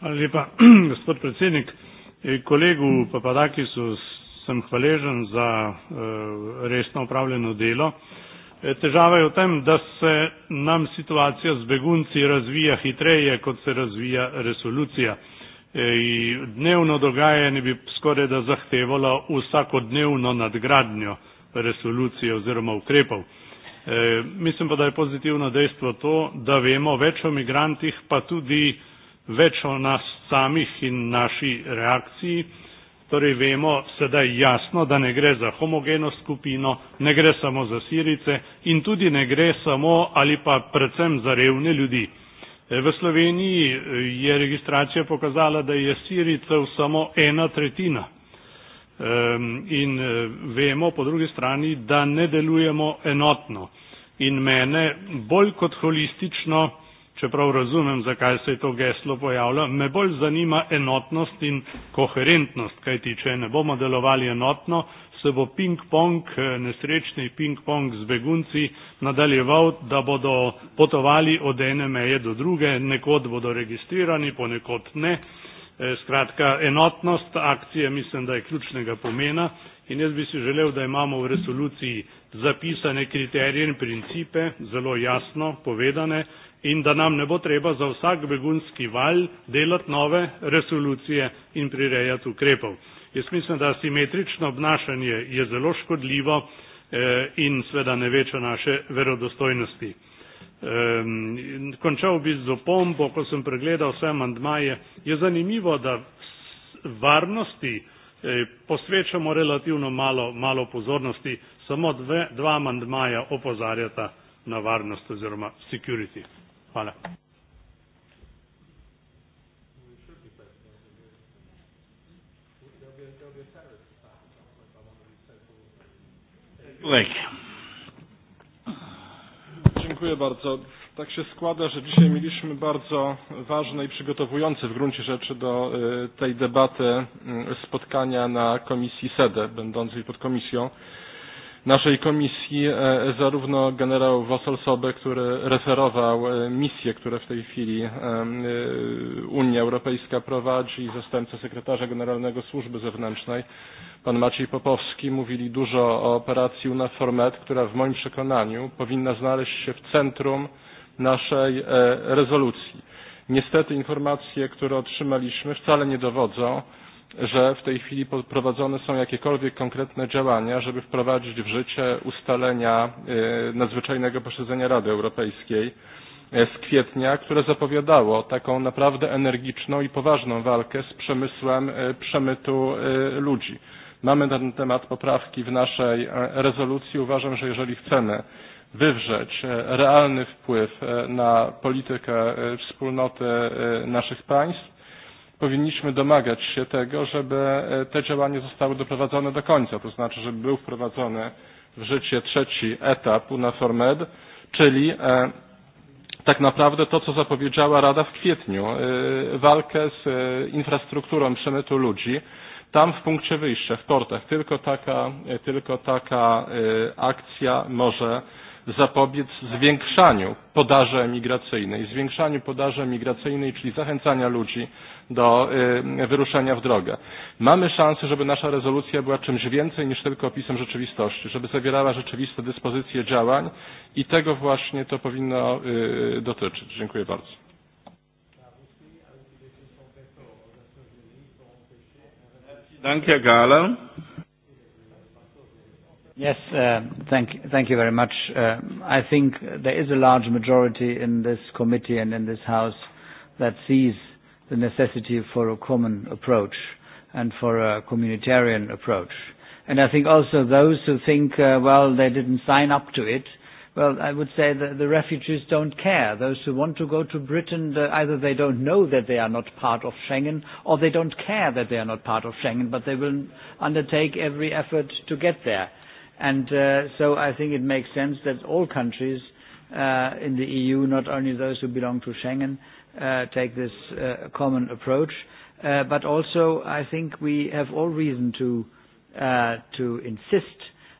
Hvala lepa, *clears throat* gospod predsednik. E, kolegu Papadakisu sem hvaležen za e, resno upravljeno delo. E, težava je v tem, da se nam situacija z begunci razvija hitreje, kot se razvija resolucija. E, I dnevno dogajanje bi skoraj da zahtevalo vsakodnevno nadgradnjo resolucije oziroma ukrepov. E, mislim pa, da je pozitivno dejstvo to, da vemo več o migrantih, pa tudi več o nas samih in naši reakciji Torej vemo sedaj jasno, da ne gre za homogeno skupino, ne gre samo za sirice in tudi ne gre samo ali pa predvsem za revne ljudi. E, v Sloveniji e, je registracija pokazala, da je siricev samo ena tretjina. In e, vemo po drugi strani, da ne delujemo enotno. In mene bolj kot holistično čeprav razumem, zakaj se to geslo pojavlja, me bolj zanima enotnost in koherentnost, kajti če ne bomo delovali enotno, se bo ping-pong, eh, nesrečni ping-pong z begunci nadaljeval, da bodo potovali od ene meje do druge, nekod bodo registrirani, ponekod ne. Eh, skratka, enotnost akcije mislim, da je ključnega pomena in jaz bi si želel, da imamo v resoluciji zapisane kriterije in principe, zelo jasno povedane in da nam ne bo treba za vsak begunski val delati nove resolucije in prirejati ukrepov. Jaz mislim, da simetrično obnašanje je zelo škodljivo eh, in sveda ne veča naše verodostojnosti. Ehm, končal bi z opombo, ko sem pregledal vse mandmaje Je zanimivo, da varnosti eh, posvečamo relativno malo, malo pozornosti, samo dve, dva mandmaja opozarjata na varnost oziroma security. Hvala. Dziękuję bardzo. Tak się składa, że dzisiaj mieliśmy bardzo ważne i przygotowujące w gruncie rzeczy do tej debaty spotkania na komisji SEDE, będącej pod komisją naszej komisji e, zarówno generał Wasol Sobe, który referował e, misje, które w tej chwili e, Unia Europejska prowadzi, zastępca sekretarza generalnego Służby Zewnętrznej, pan Maciej Popowski, mówili dużo o operacji UNAFORMET, która w moim przekonaniu powinna znaleźć się w centrum naszej rezolucji. Niestety informacje, które otrzymaliśmy wcale nie dowodzą, że w tej chwili prowadzone są jakiekolwiek konkretne działania, żeby wprowadzić w życie ustalenia e, nadzwyczajnego posiedzenia Rady Europejskiej e, z kwietnia, które zapowiadało taką naprawdę energiczną i poważną walkę z przemysłem e, przemytu ludzi. Mamy na ten temat poprawki w naszej rezolucji. Uważam, że jeżeli chcemy wywrzeć realny wpływ na politykę wspólnoty naszych państw, powinniśmy domagać się tego, żeby e, te działania zostały doprowadzone do końca, to znaczy, żeby był wprowadzony w życie trzeci etap UNAFORMED, czyli e, tak naprawdę to, co zapowiedziała Rada w kwietniu, e, walkę z e, infrastrukturą przemytu ludzi, tam w punkcie wyjścia, w portach, tylko taka, e, tylko taka e, akcja może zapobiec zwiększaniu podaży emigracyjnej, zwiększaniu podaży emigracyjnej, czyli zachęcania ludzi do wyruszenia w drogę. Mamy szansę, żeby nasza rezolucja była czymś więcej niż tylko opisem rzeczywistości, żeby zawierała rzeczywiste dyspozycje działań i tego właśnie to powinno dotyczyć. Dziękuję bardzo. Thank you, Gala. Yes, uh, thank, thank you very much. Uh, I think there is a large majority in this committee and in this House that sees uh, the necessity for a common approach and for a communitarian approach. And I think also those who think, uh, well, they didn't sign up to it, well, I would say that the refugees don't care. Those who want to go to Britain, the uh, either they don't know that they are not part of Schengen, or they don't care that they are not part of Schengen, but they will undertake every effort to get there. And uh, so I think it makes sense that all countries uh, in the EU, not only those who belong to Schengen, uh, take this uh, common approach. Uh, but also, I think we have all reason to, uh, to insist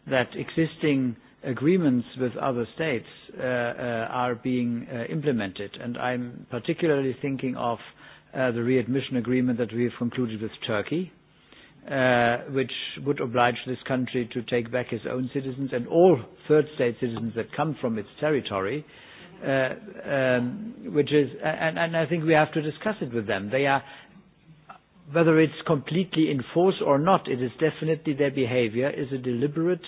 that existing agreements with other states uh, uh, are being uh, implemented. And I'm particularly thinking of uh, the readmission agreement that we have concluded with Turkey, uh, which would oblige this country to take back its own citizens and all third state citizens that come from its territory. Uh, uh, um, which is, and, and I think we have to discuss it with them. They are, whether it's completely in force or not, it is definitely their behavior is a deliberate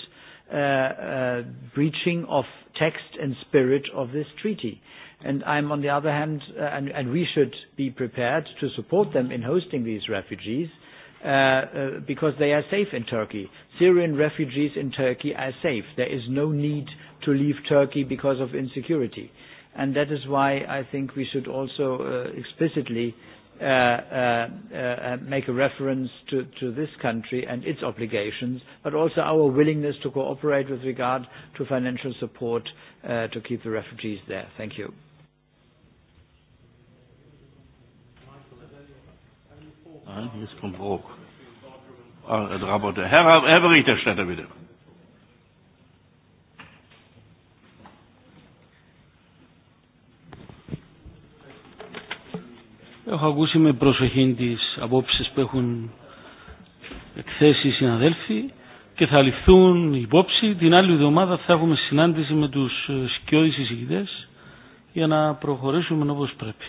uh, uh, breaching of text and spirit of this treaty. And I'm on the other hand, uh, and, and we should be prepared to support them in hosting these refugees uh, uh, because they are safe in Turkey. Syrian refugees in Turkey are safe. There is no need to leave Turkey because of insecurity. And that is why I think we should also uh, explicitly uh, uh, uh, make a reference to, to this country and its obligations, but also our willingness to cooperate with regard to financial support uh, to keep the refugees there. Thank you. Ah, Herr, Herr Berichterstatter, bitte. Έχω ακούσει με προσοχή τις απόψεις που έχουν εκθέσει οι συναδέλφοι και θα ληφθούν υπόψη. Την άλλη εβδομάδα θα έχουμε συνάντηση με τους σκιώδεις εισηγητές για να προχωρήσουμε όπως πρέπει.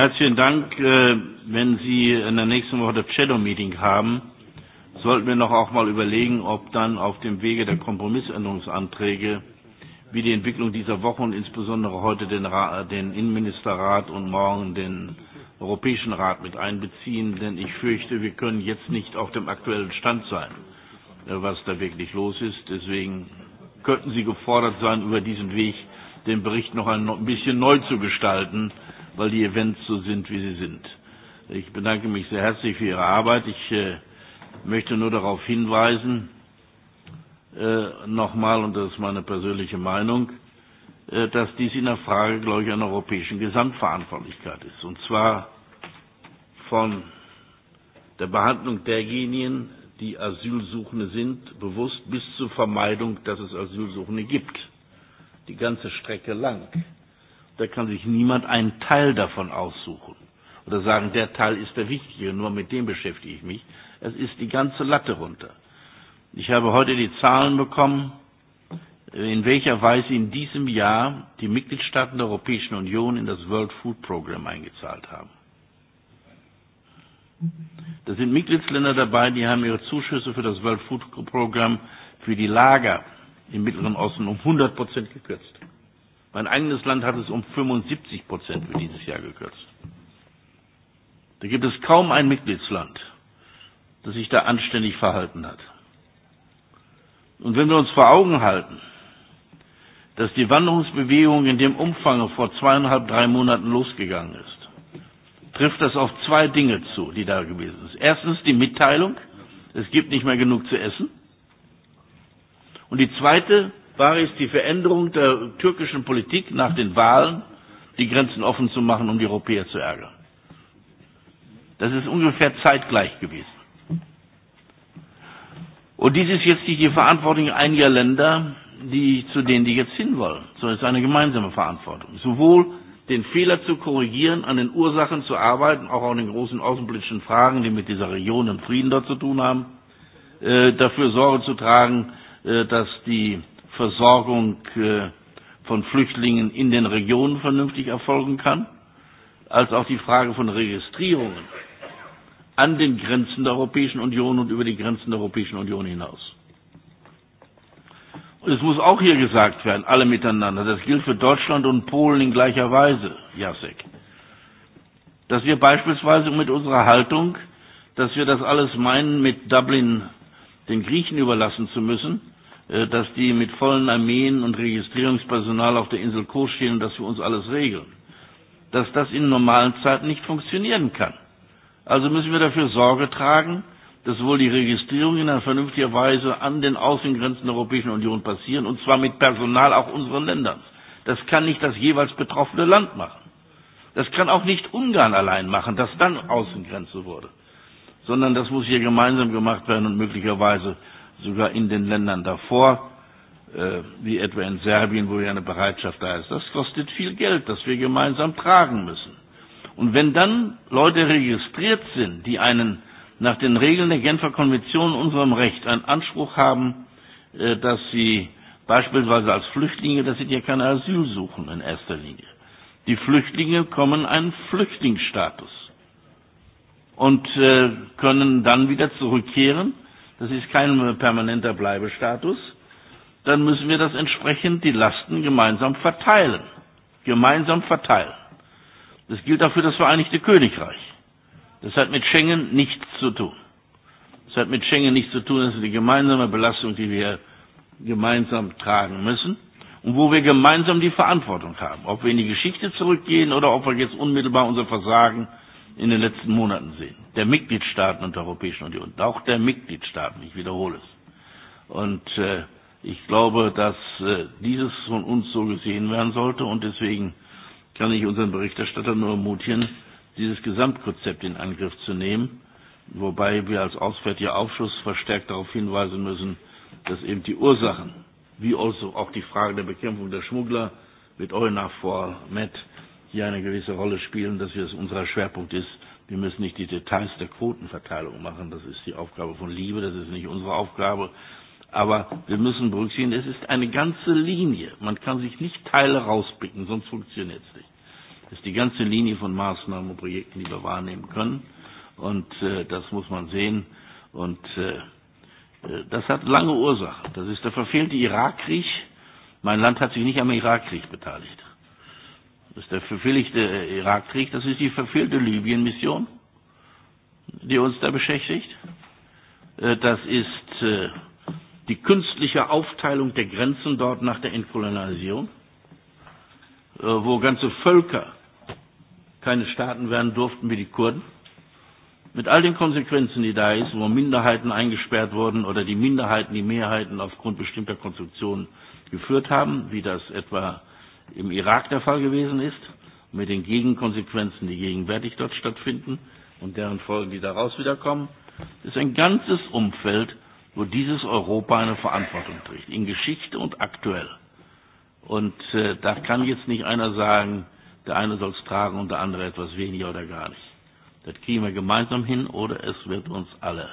Herzlichen Dank. Äh, wenn Sie in der nächsten Woche das Shadow Meeting haben, sollten wir noch auch mal überlegen, ob dann auf dem Wege der Kompromissänderungsanträge, wie die Entwicklung dieser Woche und insbesondere heute den, Ra den Innenministerrat und morgen den Europäischen Rat mit einbeziehen, denn ich fürchte, wir können jetzt nicht auf dem aktuellen Stand sein, äh, was da wirklich los ist. Deswegen könnten Sie gefordert sein, über diesen Weg den Bericht noch ein bisschen neu zu gestalten, weil die Events so sind, wie sie sind. Ich bedanke mich sehr herzlich für Ihre Arbeit. Ich äh, möchte nur darauf hinweisen, äh, nochmal, und das ist meine persönliche Meinung, äh, dass dies in der Frage, glaube ich, einer europäischen Gesamtverantwortlichkeit ist. Und zwar von der Behandlung derjenigen, die Asylsuchende sind, bewusst bis zur Vermeidung, dass es Asylsuchende gibt. Die ganze Strecke lang. Da kann sich niemand einen Teil davon aussuchen. Oder sagen, der Teil ist der wichtige, nur mit dem beschäftige ich mich. Es ist die ganze Latte runter. Ich habe heute die Zahlen bekommen, in welcher Weise in diesem Jahr die Mitgliedstaaten der Europäischen Union in das World Food Program eingezahlt haben. Da sind Mitgliedsländer dabei, die haben ihre Zuschüsse für das World Food Program für die Lager im Mittleren Osten um 100 Prozent gekürzt. Mein eigenes Land hat es um 75 Prozent für dieses Jahr gekürzt. Da gibt es kaum ein Mitgliedsland, dass sich da anständig verhalten hat. Und wenn wir uns vor Augen halten, dass die Wanderungsbewegung in dem Umfang vor zweieinhalb, drei Monaten losgegangen ist, trifft das auf zwei Dinge zu, die da gewesen sind. Erstens die Mitteilung, es gibt nicht mehr genug zu essen. Und die zweite war es, die Veränderung der türkischen Politik nach den Wahlen, die Grenzen offen zu machen, um die Europäer zu ärgern. Das ist ungefähr zeitgleich gewesen. Und dies ist jetzt nicht die Verantwortung einiger Länder, die, zu denen die jetzt hinwollen, sondern es ist eine gemeinsame Verantwortung. Sowohl den Fehler zu korrigieren, an den Ursachen zu arbeiten, auch an den großen außenpolitischen Fragen, die mit dieser Region und Frieden dort zu tun haben, äh, dafür Sorge zu tragen, äh, dass die Versorgung äh, von Flüchtlingen in den Regionen vernünftig erfolgen kann, als auch die Frage von Registrierungen an den Grenzen der Europäischen Union und über die Grenzen der Europäischen Union hinaus. Und es muss auch hier gesagt werden, alle miteinander, das gilt für Deutschland und Polen in gleicher Weise, Jacek, dass wir beispielsweise mit unserer Haltung, dass wir das alles meinen, mit Dublin den Griechen überlassen zu müssen, äh, dass die mit vollen Armeen und Registrierungspersonal auf der Insel Kos stehen und dass wir uns alles regeln, dass das in normalen Zeiten nicht funktionieren kann. Also müssen wir dafür Sorge tragen, dass wohl die Registrierung in einer vernünftigen Weise an den Außengrenzen der Europäischen Union passieren, und zwar mit Personal auch unseren Ländern. Das kann nicht das jeweils betroffene Land machen. Das kann auch nicht Ungarn allein machen, das dann Außengrenze wurde, sondern das muss hier gemeinsam gemacht werden und möglicherweise sogar in den Ländern davor, äh, wie etwa in Serbien, wo ja eine Bereitschaft da ist. Das kostet viel Geld, das wir gemeinsam tragen müssen. Und wenn dann Leute registriert sind, die einen nach den Regeln der Genfer Konvention unserem Recht einen Anspruch haben, äh, dass sie beispielsweise als Flüchtlinge, das sind ja keine Asylsuchen in erster Linie. Die Flüchtlinge kommen einen Flüchtlingsstatus und äh, können dann wieder zurückkehren. Das ist kein permanenter Bleibestatus. Dann müssen wir das entsprechend die Lasten gemeinsam verteilen. Gemeinsam verteilen. Das gilt auch für das Vereinigte Königreich. Das hat mit Schengen nichts zu tun. Das hat mit Schengen nichts zu tun. Das ist die gemeinsame Belastung, die wir gemeinsam tragen müssen und wo wir gemeinsam die Verantwortung haben. Ob wir in die Geschichte zurückgehen oder ob wir jetzt unmittelbar unser Versagen in den letzten Monaten sehen. Der Mitgliedstaaten und der Europäischen Union. Auch der Mitgliedstaaten, ich wiederhole es. Und äh, ich glaube, dass äh, dieses von uns so gesehen werden sollte und deswegen kann ich unseren Berichterstatter nur ermutigen, dieses Gesamtkonzept in Angriff zu nehmen, wobei wir als Auswärtiger Aufschluss verstärkt darauf hinweisen müssen, dass eben die Ursachen, wie also auch die Frage der Bekämpfung der Schmuggler mit vor MET, hier eine gewisse Rolle spielen, dass es unser Schwerpunkt ist. Wir müssen nicht die Details der Quotenverteilung machen, das ist die Aufgabe von Liebe, das ist nicht unsere Aufgabe, Aber wir müssen berücksichtigen, es ist eine ganze Linie. Man kann sich nicht Teile rauspicken, sonst funktioniert es nicht. Es ist die ganze Linie von Maßnahmen und Projekten, die wir wahrnehmen können. Und äh, das muss man sehen. Und äh, äh das hat lange Ursachen. Das ist der verfehlte Irakkrieg. Mein Land hat sich nicht am Irakkrieg beteiligt. Das ist der verfehlte äh, Irakkrieg. Das ist die verfehlte Libyen-Mission, die uns da beschäftigt. Äh, das ist... Äh, die künstliche Aufteilung der Grenzen dort nach der Entkolonialisierung, äh, wo ganze Völker keine Staaten werden durften wie die Kurden, mit all den Konsequenzen, die da ist, wo Minderheiten eingesperrt wurden oder die Minderheiten die Mehrheiten aufgrund bestimmter Konstruktionen geführt haben, wie das etwa im Irak der Fall gewesen ist, mit den Gegenkonsequenzen, die gegenwärtig dort stattfinden und deren Folgen, die daraus wiederkommen, ist ein ganzes Umfeld, wo dieses Europa eine Verantwortung trägt, in Geschichte und aktuell. Und äh, da kann jetzt nicht einer sagen, der eine soll es tragen und der andere etwas weniger oder gar nicht. Das kriegen wir gemeinsam hin oder es wird uns alle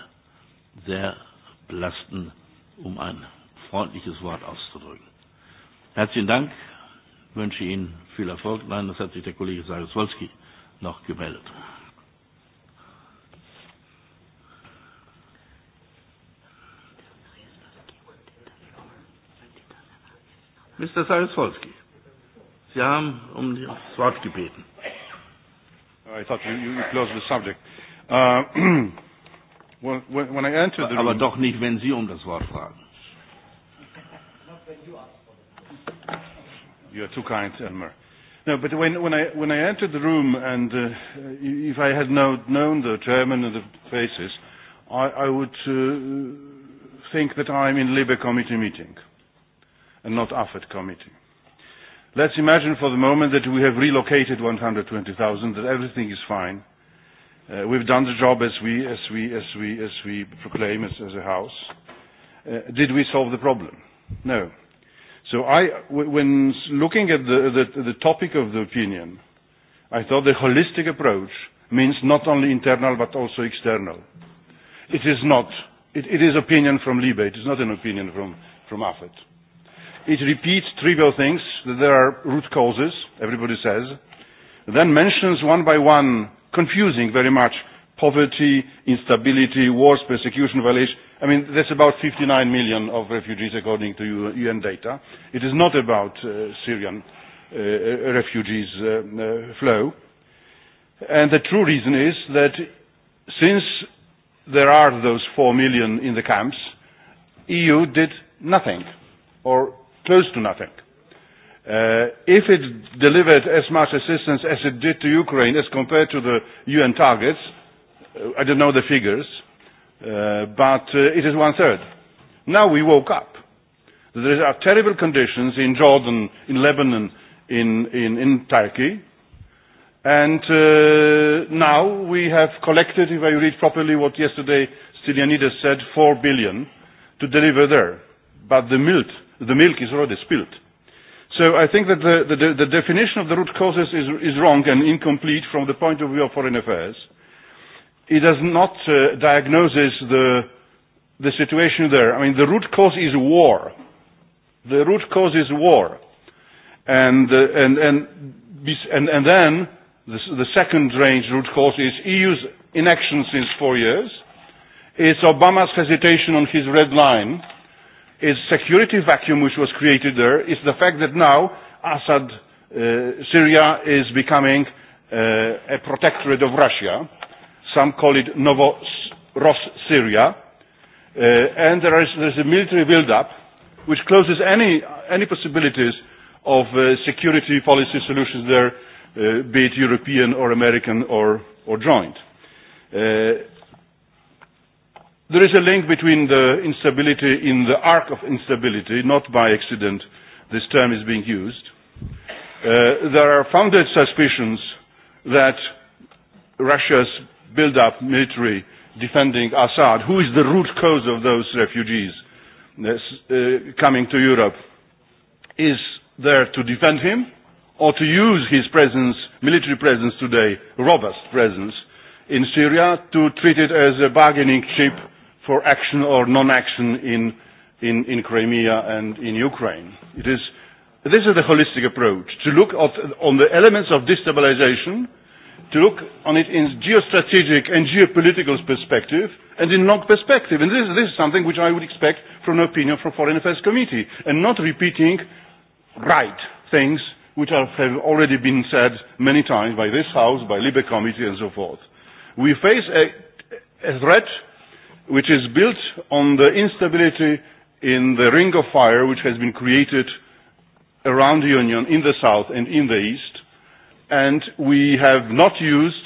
sehr belasten, um ein freundliches Wort auszudrücken. Herzlichen Dank, wünsche Ihnen viel Erfolg. Nein, das hat sich der Kollege Sargoswolski noch gemeldet. Mr. Sarasvolski, Sie haben um das Wort gebeten. I thought you, you closed the subject. Uh, *clears throat* when, when I entered the room, Aber doch nicht, wenn Sie um das Wort fragen. are too kind, Elmer. No, but when, when, I, when I entered the room and uh, if I had know, known the chairman and the faces, I, I would uh, think that I'm in Labour committee meeting. Uh, and not AFET committee. Let's imagine for the moment that we have relocated 120,000, that everything is fine. Uh, we've done the job as we, as we, as we, as we proclaim as, as a house. Uh, did we solve the problem? No. So I, w when looking at the, the, the topic of the opinion, I thought the holistic approach means not only internal but also external. It is not. It, it is opinion from Libe. It is not an opinion from, from AFET it repeats trivial things, that there are root causes, everybody says, then mentions one by one, confusing very much, poverty, instability, wars, persecution, violation. I mean, that's about 59 million of refugees according to UN data. It is not about uh, Syrian uh, uh, refugees uh, uh, flow. And the true reason is that since there are those 4 million in the camps, EU did nothing or close to nothing. Uh, if it delivered as much assistance as it did to Ukraine as compared to the UN targets, uh, I don't know the figures, uh, but uh, it is one third. Now we woke up. There are terrible conditions in Jordan, in Lebanon, in, in, in Turkey. And uh, now we have collected, if I read properly what yesterday Stylianides said, 4 billion to deliver there. But the MILT the milk is already spilled. So I think that the, the, the definition of the root causes is, is wrong and incomplete from the point of view of foreign affairs. It does not uh, diagnose the, the situation there. I mean, the root cause is war. The root cause is war. And, uh, and, and, and, and then the, the second range root cause is EU's inaction since four years. It's Obama's hesitation on his red line is security vacuum which was created there is the fact that now Assad, uh, Syria is becoming uh, a protectorate of Russia. Some call it Novoros Syria. Uh, and there is, there is a military build-up which closes any, any possibilities of uh, security policy solutions there, uh, be it European or American or, or joint. Uh, There is a link between the instability in the arc of instability, not by accident this term is being used. Uh, there are founded suspicions that Russia's build-up military defending Assad, who is the root cause of those refugees uh, uh coming to Europe, is there to defend him or to use his presence, military presence today, robust presence in Syria, to treat it as a bargaining chip for action or non-action in, in, in Crimea and in Ukraine. It is, this is the holistic approach, to look at, on the elements of destabilization, to look on it in geostrategic and geopolitical perspective and in long perspective. And this, this is something which I would expect from an opinion from Foreign Affairs Committee and not repeating right things which are, have already been said many times by this House, by Libe Committee and so forth. We face a, a threat which is built on the instability in the ring of fire which has been created around the Union in the south and in the east. And we have not used,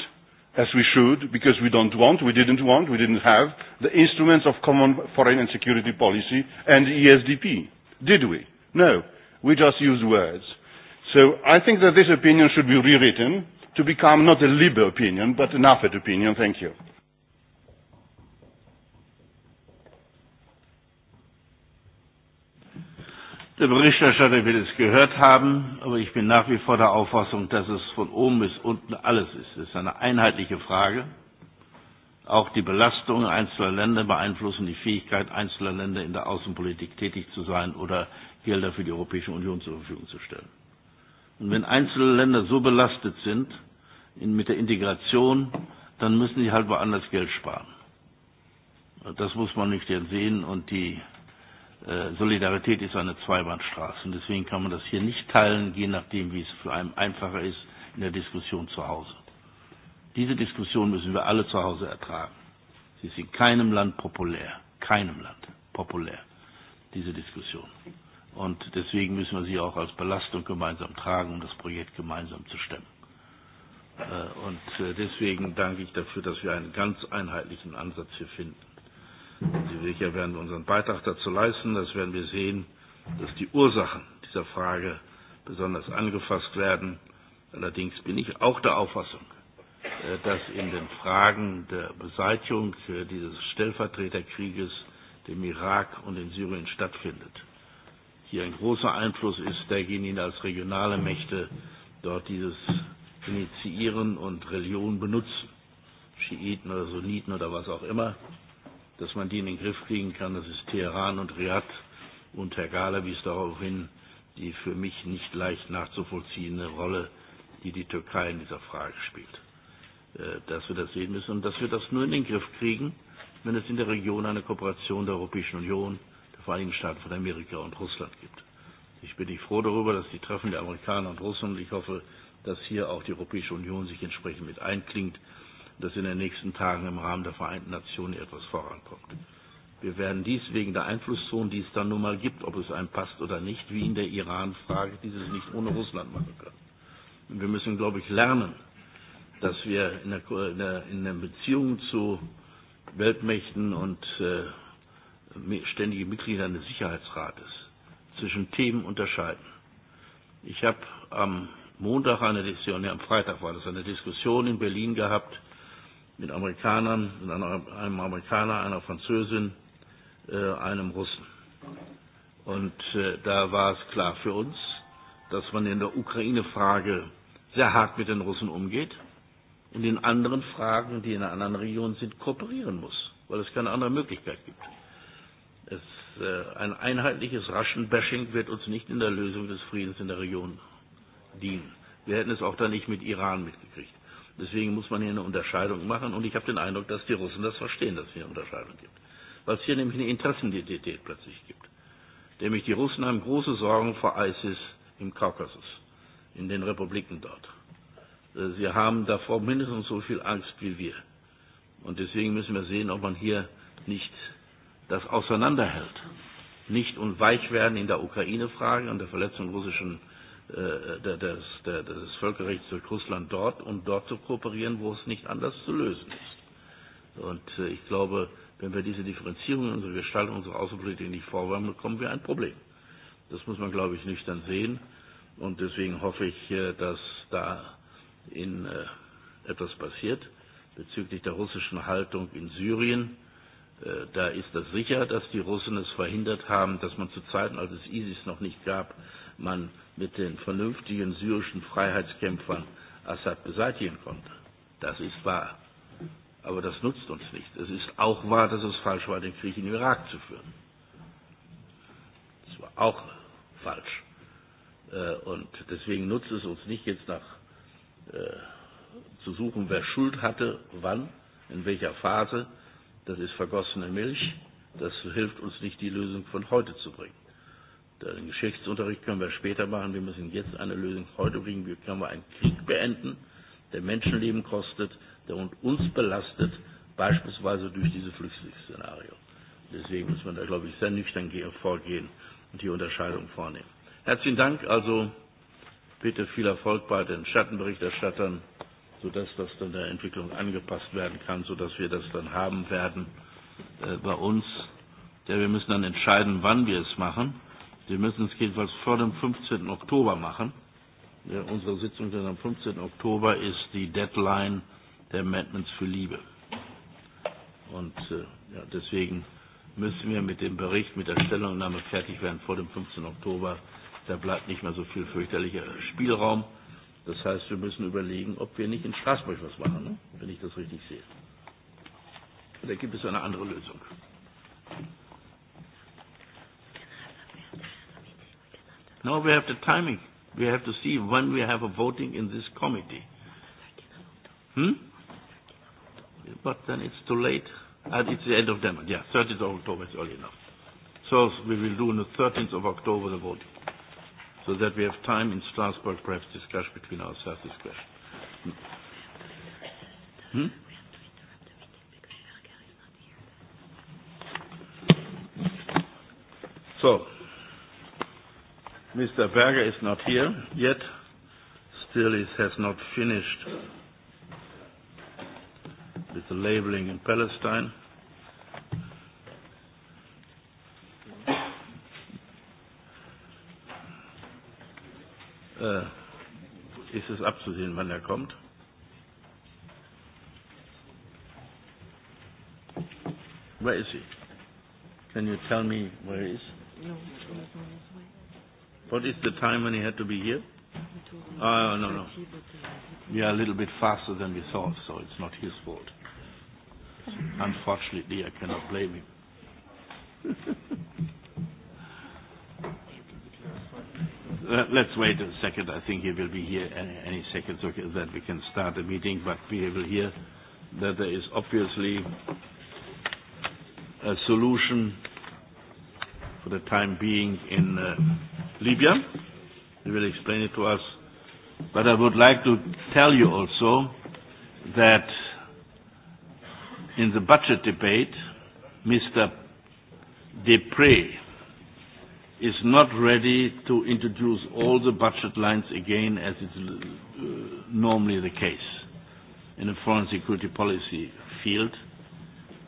as we should, because we don't want, we didn't want, we didn't have, the instruments of common foreign and security policy and ESDP. Did we? No. We just used words. So I think that this opinion should be rewritten to become not a liberal opinion, but an AFET opinion. Thank you. Der Berichterstatter wird es gehört haben, aber ich bin nach wie vor der Auffassung, dass es von oben bis unten alles ist. Es ist eine einheitliche Frage. Auch die Belastungen einzelner Länder beeinflussen die Fähigkeit einzelner Länder in der Außenpolitik tätig zu sein oder Gelder für die Europäische Union zur Verfügung zu stellen. Und wenn einzelne Länder so belastet sind in, mit der Integration, dann müssen sie halt woanders Geld sparen. Das muss man nicht sehen und die Äh, Solidarität ist eine Zweibahnstraße und deswegen kann man das hier nicht teilen, je nachdem, wie es für einen einfacher ist in der Diskussion zu Hause. Diese Diskussion müssen wir alle zu Hause ertragen. Sie ist in keinem Land populär, keinem Land populär, diese Diskussion. Und deswegen müssen wir sie auch als Belastung gemeinsam tragen, um das Projekt gemeinsam zu stemmen. Äh, und äh, deswegen danke ich dafür, dass wir einen ganz einheitlichen Ansatz hier finden. Hier werden wir unseren Beitrag dazu leisten, das werden wir sehen, dass die Ursachen dieser Frage besonders angefasst werden. Allerdings bin ich auch der Auffassung, äh, dass in den Fragen der Beseitigung dieses Stellvertreterkrieges, dem Irak und in Syrien stattfindet, hier ein großer Einfluss ist der ihnen als regionale Mächte dort dieses initiieren und Religion benutzen, Schiiten oder Sunniten oder was auch immer dass man die in den Griff kriegen kann. Das ist Teheran und Riyadh und Herr Gala wies darauf hin, die für mich nicht leicht nachzuvollziehende Rolle, die die Türkei in dieser Frage spielt. Äh, dass wir das sehen müssen und dass wir das nur in den Griff kriegen, wenn es in der Region eine Kooperation der Europäischen Union, der Vereinigten Staaten von Amerika und Russland gibt. Ich bin nicht froh darüber, dass die Treffen der Amerikaner und Russen, und ich hoffe, dass hier auch die Europäische Union sich entsprechend mit einklingt, dass in den nächsten Tagen im Rahmen der Vereinten Nationen etwas vorankommt. Wir werden dies wegen der Einflusszonen, die es dann nun mal gibt, ob es einem passt oder nicht, wie in der Iran-Frage, dieses nicht ohne Russland machen können. Und wir müssen, glaube ich, lernen, dass wir in der, in der Beziehung zu Weltmächten und äh, ständigen Mitgliedern des Sicherheitsrates zwischen Themen unterscheiden. Ich habe am Montag eine Diskussion, nee, am Freitag war das eine Diskussion in Berlin gehabt mit Amerikanern, mit einem Amerikaner, einer Französin, äh, einem Russen. Und äh, da war es klar für uns, dass man in der Ukraine-Frage sehr hart mit den Russen umgeht und in anderen Fragen, die in einer anderen Region sind, kooperieren muss, weil es keine andere Möglichkeit gibt. Es, äh, ein einheitliches Raschenbashing wird uns nicht in der Lösung des Friedens in der Region dienen. Wir hätten es auch da nicht mit Iran mitgekriegt. Deswegen muss man hier eine Unterscheidung machen und ich habe den Eindruck, dass die Russen das verstehen, dass es hier eine Unterscheidung gibt. Weil es hier nämlich eine Interessenidentität plötzlich gibt. Nämlich die Russen haben große Sorgen vor ISIS im Kaukasus, in den Republiken dort. Äh, sie haben davor mindestens so viel Angst wie wir. Und deswegen müssen wir sehen, ob man hier nicht das auseinanderhält. Nicht und weich werden in der Ukraine-Frage und der Verletzung russischen Äh, des, des Völkerrechts durch Russland dort, um dort zu kooperieren, wo es nicht anders zu lösen ist. Und äh, ich glaube, wenn wir diese Differenzierung in unserer Gestaltung unserer Außenpolitik nicht vorwärmen, bekommen wir ein Problem. Das muss man, glaube ich, nüchtern sehen. Und deswegen hoffe ich, äh, dass da in etwas passiert bezüglich der russischen Haltung in Syrien. Da ist das sicher, dass die Russen es verhindert haben, dass man zu Zeiten, als es ISIS noch nicht gab, man mit den vernünftigen syrischen Freiheitskämpfern Assad beseitigen konnte. Das ist wahr. Aber das nutzt uns nicht. Es ist auch wahr, dass es falsch war, den Krieg in Irak zu führen. Das war auch falsch. Äh, und deswegen nutzt es uns nicht, jetzt nach äh, zu suchen, wer Schuld hatte, wann, in welcher Phase. Das ist vergossene Milch. Das hilft uns nicht, die Lösung von heute zu bringen. Den Geschichtsunterricht können wir später machen. Wir müssen jetzt eine Lösung heute bringen. Wie können wir einen Krieg beenden, der Menschenleben kostet, der uns belastet, beispielsweise durch diese Flüchtlingsszenario. Deswegen muss man da, glaube ich, sehr nüchtern vorgehen und die Unterscheidung vornehmen. Herzlichen Dank. Also bitte viel Erfolg bei den Schattenberichterstattern, sodass das dann der Entwicklung angepasst werden kann, sodass wir das dann haben werden äh, bei uns. Ja, wir müssen dann entscheiden, wann wir es machen. Sie müssen es jedenfalls vor dem 15. Oktober machen. Ja, unsere Sitzung dann am 15. Oktober ist die Deadline der Amendments für Liebe. Und äh, ja, deswegen müssen wir mit dem Bericht, mit der Stellungnahme fertig werden vor dem 15. Oktober. Da bleibt nicht mehr so viel fürchterlicher Spielraum. Das heißt, wir müssen überlegen, ob wir nicht in Straßburg was machen, ne? wenn ich das richtig sehe. Da gibt es eine andere Lösung. No we have the timing. We have to see when we have a voting in this committee. Hmm? But then it's too late. And it's the end of Denmark. Yeah, 30th of October is early enough. So we will do on the 13th of October the voting. So that we have time in Strasbourg perhaps discuss between ourselves this question. Hmm? So. Mr. Berger is not here yet. Still, he has not finished with the labeling in Palestine. this uh, up to him wann er kommt? Where is he? Can you tell me where he is? No, no, No, What is the time when he had to be here? Oh, no, no. We are a little bit faster than we thought, so it's not his fault. Unfortunately, I cannot blame him. *laughs* Let's wait a second. I think he will be here any, any second so that we can start the meeting, but we will hear that there is obviously a solution for the time being in uh, Libya. he will explain it to us. But I would like to tell you also that in the budget debate, Mr. Depre is not ready to introduce all the budget lines again as is uh, normally the case in the foreign security policy field.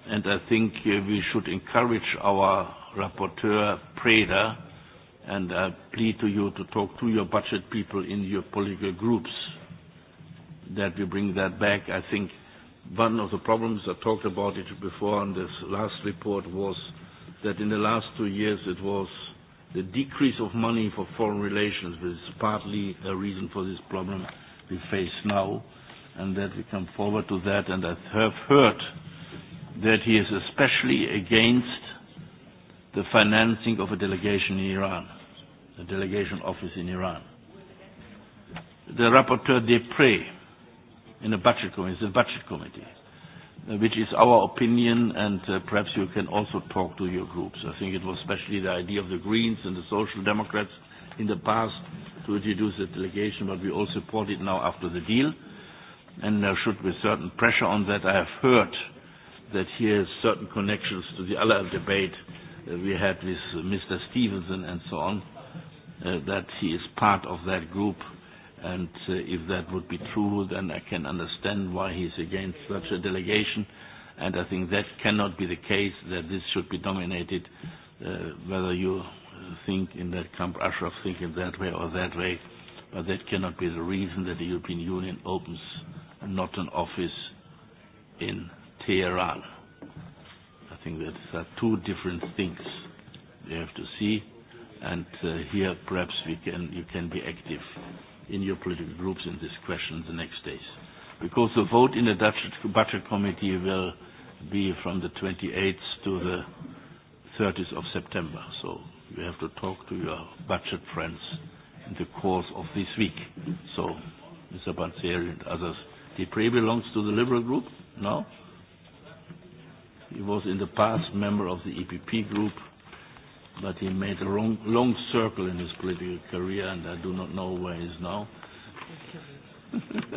And I think uh, we should encourage our rapporteur, Preda, and I plead to you to talk to your budget people in your political groups that we bring that back. I think one of the problems I talked about it before in this last report was that in the last two years it was the decrease of money for foreign relations, which is partly a reason for this problem we face now, and that we come forward to that. And I have heard that he is especially against the financing of a delegation in Iran, a delegation office in Iran. The rapporteur pre in the budget committee, the budget committee, uh, which is our opinion, and uh, perhaps you can also talk to your groups. I think it was especially the idea of the Greens and the Social Democrats in the past to introduce a delegation, but we all support it now after the deal. And there should be certain pressure on that. I have heard that here is certain connections to the other debate uh, we had with Mr. Stevenson and so on, uh, that he is part of that group. And uh, if that would be true, then I can understand why he is against such a delegation. And I think that cannot be the case, that this should be dominated, uh, whether you uh, think in that camp, Ashraf think in that way or that way. But that cannot be the reason that the European Union opens not an office in Tehran think that there are two different things you have to see, and uh, here perhaps we can, you can be active in your political groups in this question the next days. Because the vote in the Dutch Budget Committee will be from the 28th to the 30th of September, so you have to talk to your budget friends in the course of this week. So, Mr. Banzeri and others. pre belongs to the Liberal group? No? He was in the past member of the EPP group, but he made a long, long circle in his political career, and I do not know where he is now. *laughs*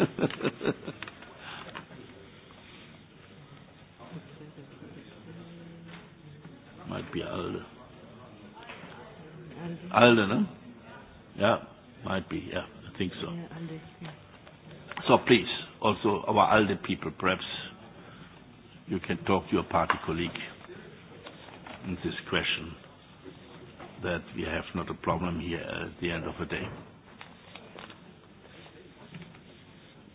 Might be Alde. Alde, no? Yeah, might be, yeah, I think so. So please, also our Alde people, perhaps you can talk to your party colleague in this question that we have not a problem here at the end of the day.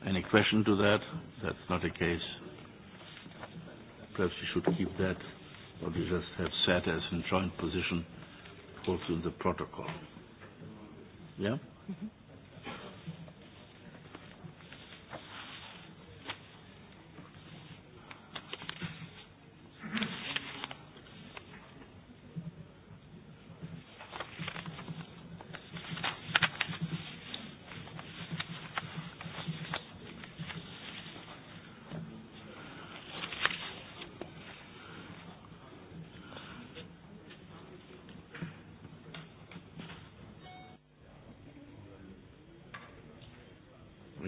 Any question to that? That's not the case. Perhaps you should keep that, what you just have said as in joint position also in the protocol. Yeah? Mm -hmm.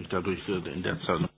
Ich you äh, in der Zahl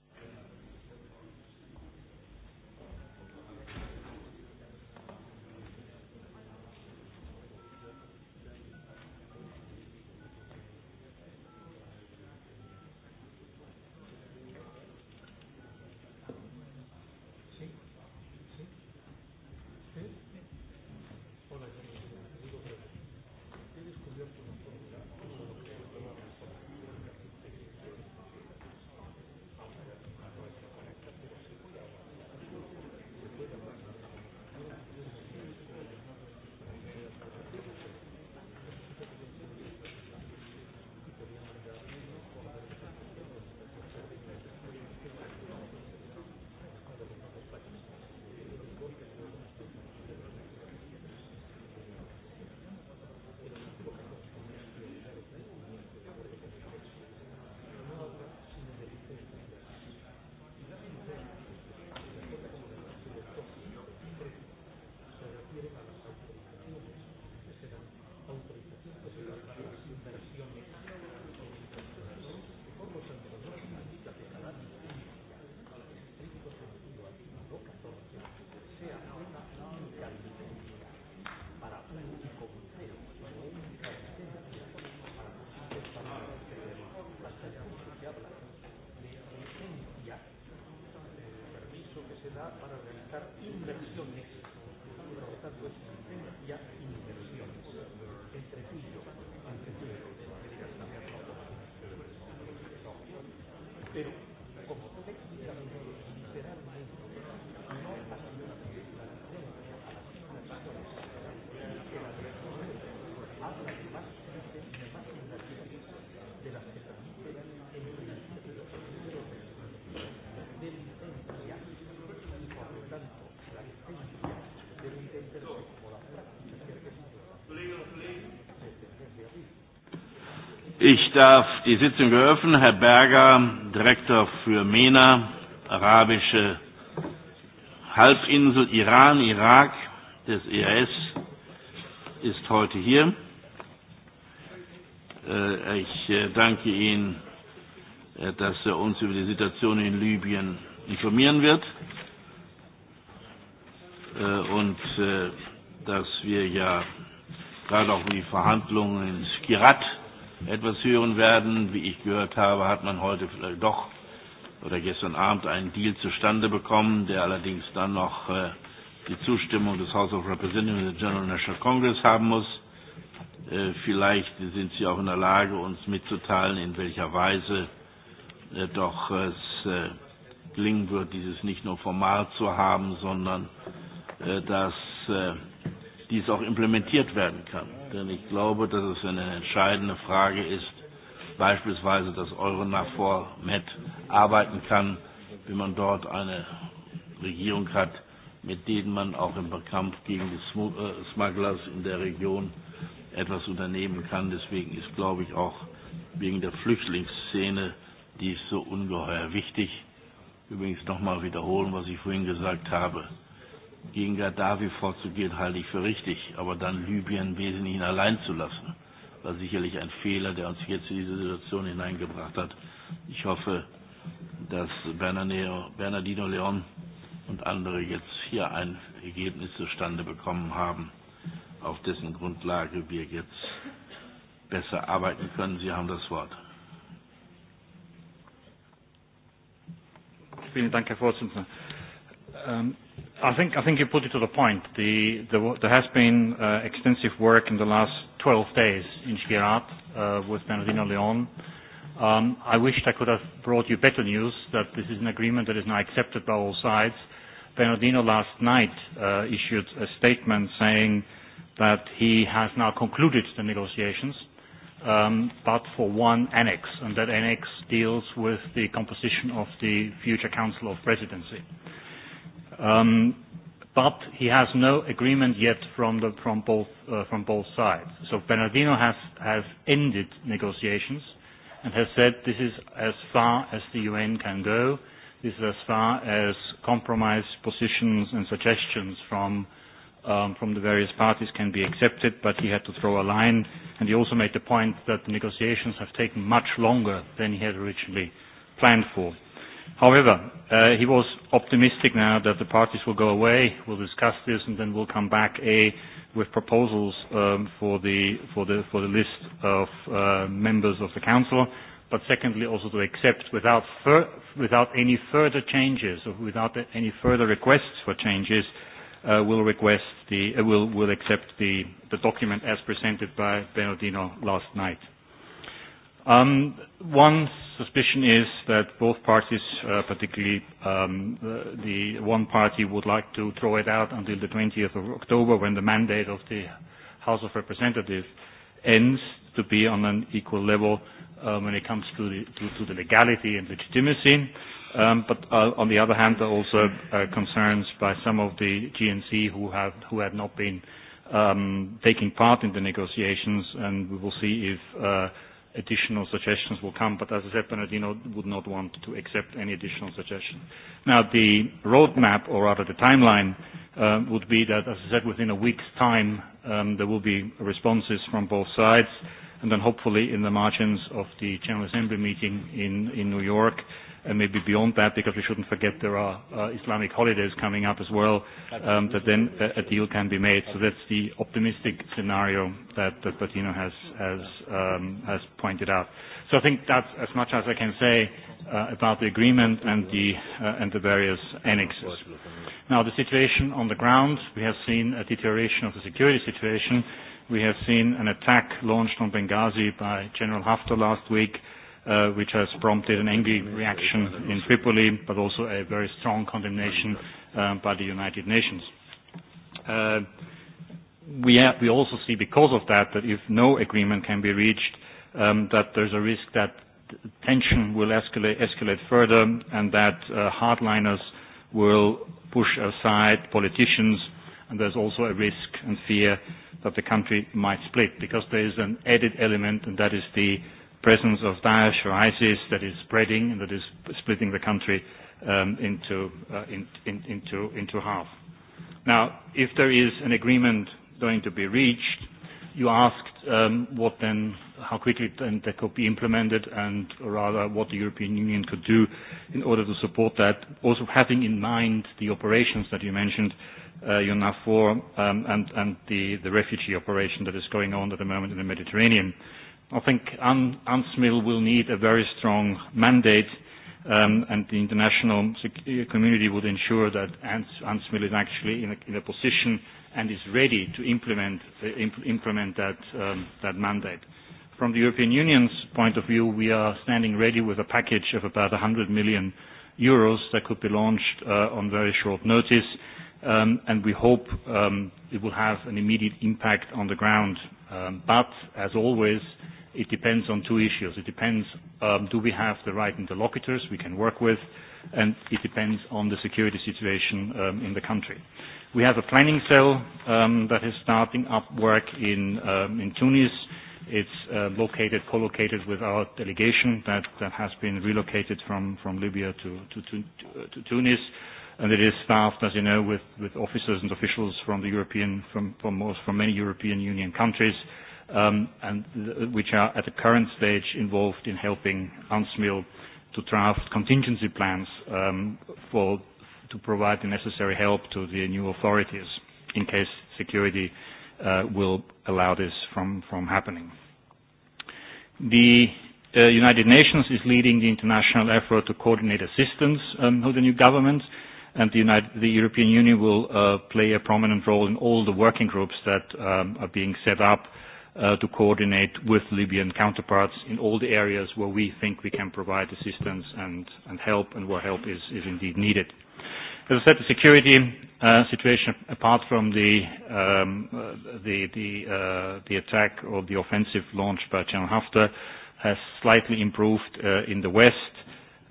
darf die Sitzung eröffnen. Herr Berger, Direktor für MENA, Arabische Halbinsel, Iran, Irak des EAS, ist heute hier. Äh, ich äh, danke Ihnen, äh, dass er uns über die Situation in Libyen informieren wird und dass wir ja gerade auch die Verhandlungen in Skirat etwas hören werden. Wie ich gehört habe, hat man heute vielleicht doch oder gestern Abend einen Deal zustande bekommen, der allerdings dann noch äh, die Zustimmung des House of Representatives des General National Congress haben muss. Äh, vielleicht sind Sie auch in der Lage, uns mitzuteilen, in welcher Weise äh, doch es äh, gelingen wird, dieses nicht nur formal zu haben, sondern äh, dass äh, dies auch implementiert werden kann. Denn ich glaube, dass es eine entscheidende Frage ist, beispielsweise, dass Euronafor mit arbeiten kann, wie man dort eine Regierung hat, mit denen man auch im Kampf gegen die äh, Smugglers in der Region etwas unternehmen kann. Deswegen ist, glaube ich, auch wegen der Flüchtlingsszene dies so ungeheuer wichtig. Übrigens nochmal wiederholen, was ich vorhin gesagt habe gegen Gaddafi vorzugehen, halte ich für richtig, aber dann Libyen wesentlich allein zu lassen, war sicherlich ein Fehler, der uns jetzt in diese Situation hineingebracht hat. Ich hoffe, dass Bernardino Leon und andere jetzt hier ein Ergebnis zustande bekommen haben, auf dessen Grundlage wir jetzt besser arbeiten können. Sie haben das Wort. Vielen Dank, Herr Vorsitzender. Ähm, I think, I think you put it to the point. The, the, there has been uh, extensive work in the last 12 days in Shkirat uh, with Bernardino Leon. Um, I wished I could have brought you better news that this is an agreement that is now accepted by all sides. Bernardino last night uh, issued a statement saying that he has now concluded the negotiations, um, but for one annex, and that annex deals with the composition of the future Council of Presidency. Um, but he has no agreement yet from, the, from, both, uh, from both sides. So Bernardino has, has ended negotiations and has said this is as far as the UN can go. This is as far as compromise positions and suggestions from, um, from the various parties can be accepted, but he had to throw a line. And he also made the point that the negotiations have taken much longer than he had originally planned for. However, uh, he was optimistic now that the parties will go away, we'll discuss this, and then we'll come back a, with proposals um, for, the, for, the, for the list of uh, members of the Council, but secondly also to accept without, fur without any further changes or without any further requests for changes, uh, we'll, request the, uh, will, we'll accept the, the document as presented by Bernardino last night. Um, one suspicion is that both parties, uh, particularly um, the, the one party, would like to throw it out until the 20th of October when the mandate of the House of Representatives ends to be on an equal level um, when it comes to the, to, to the legality and legitimacy. Um, but uh, on the other hand, there are also uh, concerns by some of the GNC who, have, who had not been um, taking part in the negotiations, and we will see if uh, additional suggestions will come, but as I said, Bernardino would not want to accept any additional suggestion. Now, the roadmap, or rather the timeline, um, would be that, as I said, within a week's time, um, there will be responses from both sides, and then hopefully in the margins of the General Assembly meeting in, in New York, and maybe beyond that, because we shouldn't forget there are uh, Islamic holidays coming up as well, um, that then a, a deal can be made. So that's the optimistic scenario that, that Bertino has, has, um, has pointed out. So I think that's as much as I can say uh, about the agreement and the, uh, and the various annexes. Now, the situation on the ground, we have seen a deterioration of the security situation. We have seen an attack launched on Benghazi by General Haftar last week uh, which has prompted an angry reaction in Tripoli, but also a very strong condemnation um, by the United Nations. Uh, we, have, we also see because of that that if no agreement can be reached, um, that there's a risk that tension will escalate, escalate further and that uh, hardliners will push aside politicians and there's also a risk and fear that the country might split because there is an added element and that is the presence of Daesh or ISIS that is spreading and that is splitting the country um, into, uh, in, in, into, into half. Now, if there is an agreement going to be reached, you asked um, what then, how quickly then that could be implemented and or rather what the European Union could do in order to support that, also having in mind the operations that you mentioned, uh, UNAFOR um, and, and the, the refugee operation that is going on at the moment in the Mediterranean. I think UNSMIL will need a very strong mandate um, and the international uh, community would ensure that UNSMIL is actually in a, in a position and is ready to implement, uh, imp implement that, um, that mandate. From the European Union's point of view, we are standing ready with a package of about 100 million euros that could be launched uh, on very short notice, um, and we hope um, it will have an immediate impact on the ground. Um, but, as always, it depends on two issues. It depends, um, do we have the right interlocutors we can work with, and it depends on the security situation um, in the country. We have a planning cell um, that is starting up work in, um, in Tunis. It's uh, located, co-located with our delegation that, that has been relocated from, from Libya to, to, to, to Tunis. And it is staffed, as you know, with, with officers and officials from the European, from, from, most, from many European Union countries um, and th which are at the current stage involved in helping Ansmil to draft contingency plans um, for, to provide the necessary help to the new authorities in case security uh, will allow this from, from happening. The uh, United Nations is leading the international effort to coordinate assistance um, to the new government, and the, United, the European Union will uh, play a prominent role in all the working groups that um, are being set up uh, to coordinate with Libyan counterparts in all the areas where we think we can provide assistance and, and help and where help is, is indeed needed. As I said, the security uh, situation, apart from the, um, uh, the, the, uh, the attack or the offensive launched by General Haftar, has slightly improved uh, in the West,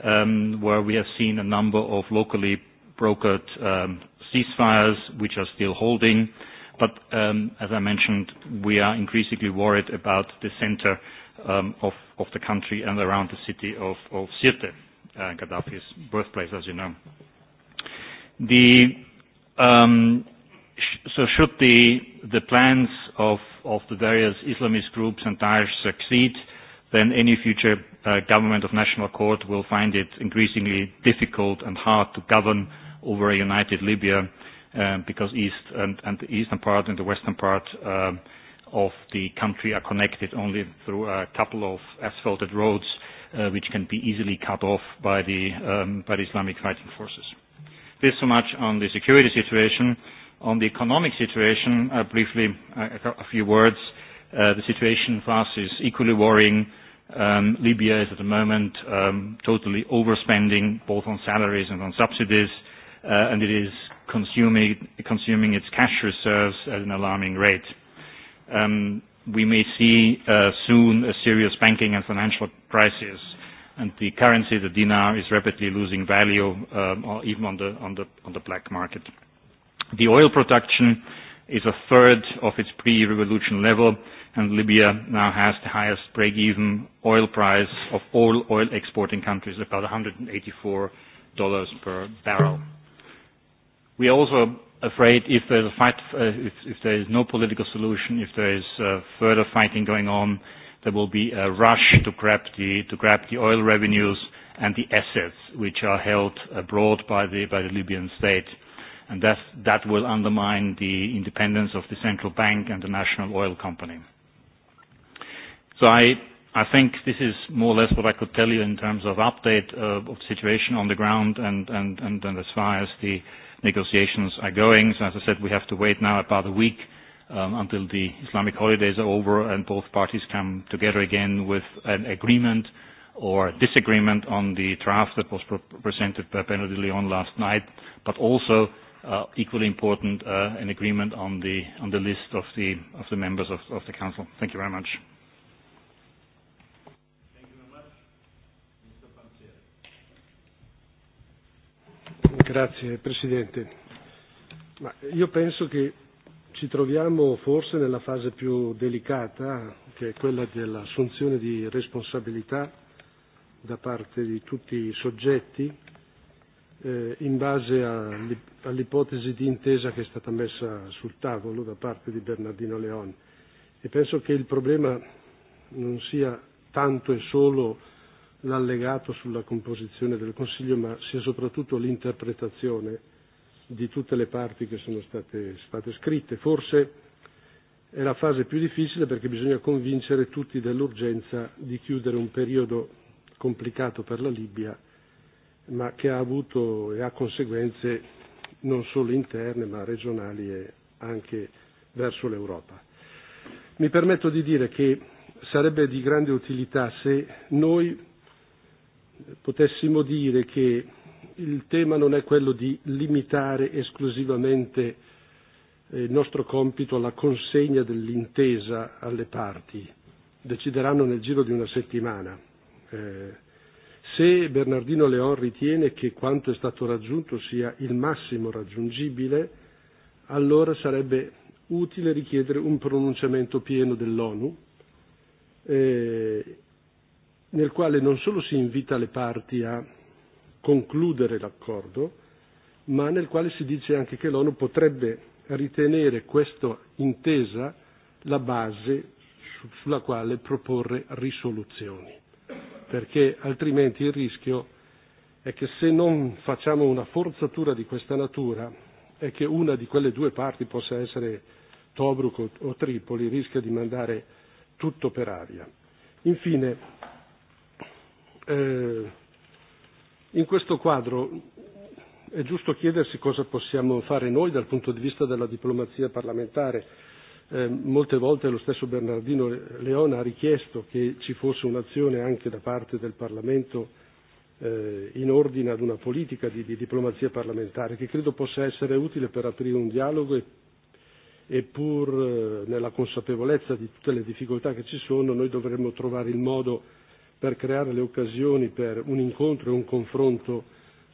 um, where we have seen a number of locally brokered um, ceasefires, which are still holding. Uh, But um, as I mentioned, we are increasingly worried about the center um, of, of the country and around the city of, of Sirte, uh, Gaddafi's birthplace, as you know. The, um, sh so should the, the plans of, of the various Islamist groups and Daesh succeed, then any future uh, government of national court will find it increasingly difficult and hard to govern over a united Libya um, because east and, and the eastern part and the western part um, of the country are connected only through a couple of asphalted roads uh, which can be easily cut off by the, um, by the Islamic fighting forces. This so much on the security situation. On the economic situation, uh, briefly, uh, a few words. Uh, the situation for us is equally worrying. Um, Libya is at the moment um, totally overspending both on salaries and on subsidies, uh, and it is consuming, consuming its cash reserves at an alarming rate. Um, we may see uh, soon a serious banking and financial crisis, and the currency, the dinar, is rapidly losing value, um, or even on the, on, the, on the black market. The oil production is a third of its pre-revolution level, and Libya now has the highest break-even oil price of all oil exporting countries, about $184 per barrel. We are also afraid if there's a fight, uh, if, if there is no political solution, if there is uh, further fighting going on, there will be a rush to grab the, to grab the oil revenues and the assets which are held abroad by the, by the Libyan state. And that, that will undermine the independence of the central bank and the national oil company. So I, I think this is more or less what I could tell you in terms of update uh, of the situation on the ground and, and, and, and as far as the, negotiations are going. So as I said, we have to wait now about a week um, until the Islamic holidays are over and both parties come together again with an agreement or disagreement on the draft that was pr presented by Bernard de Leon last night, but also uh, equally important, uh, an agreement on the, on the list of the, of the members of, of the Council. Thank you very much. Grazie Presidente. Ma io penso che ci troviamo forse nella fase più delicata, che è quella dell'assunzione di responsabilità da parte di tutti i soggetti eh, in base all'ipotesi di intesa che è stata messa sul tavolo da parte di Bernardino Leone. E penso che il problema non sia tanto e solo l'allegato sulla composizione del Consiglio, ma sia soprattutto l'interpretazione di tutte le parti che sono state, state scritte. Forse è la fase più difficile perché bisogna convincere tutti dell'urgenza di chiudere un periodo complicato per la Libia, ma che ha avuto e ha conseguenze non solo interne ma regionali e anche verso l'Europa. Mi permetto di dire che sarebbe di grande utilità se noi potessimo dire che il tema non è quello di limitare esclusivamente eh, il nostro compito alla consegna dell'intesa alle parti. Decideranno nel giro di una settimana. Eh, se Bernardino Leon ritiene che quanto è stato raggiunto sia il massimo raggiungibile, allora sarebbe utile richiedere un pronunciamento pieno dell'ONU eh, nel quale non solo si invita le parti a concludere l'accordo, ma nel quale si dice anche che l'ONU potrebbe ritenere questa intesa la base sulla quale proporre risoluzioni, perché altrimenti il rischio è che se non facciamo una forzatura di questa natura è e che una di quelle due parti possa essere Tobruk o Tripoli rischia di mandare tutto per aria. Infine, eh, in questo quadro è giusto chiedersi cosa possiamo fare noi dal punto di vista della diplomazia parlamentare. Eh, molte volte lo stesso Bernardino Leona ha richiesto che ci fosse un'azione anche da parte del Parlamento eh, in ordine ad una politica di, di diplomazia parlamentare che credo possa essere utile per aprire un dialogo e, e pur eh, nella consapevolezza di tutte le difficoltà che ci sono noi dovremmo trovare il modo per creare le occasioni per un incontro e un confronto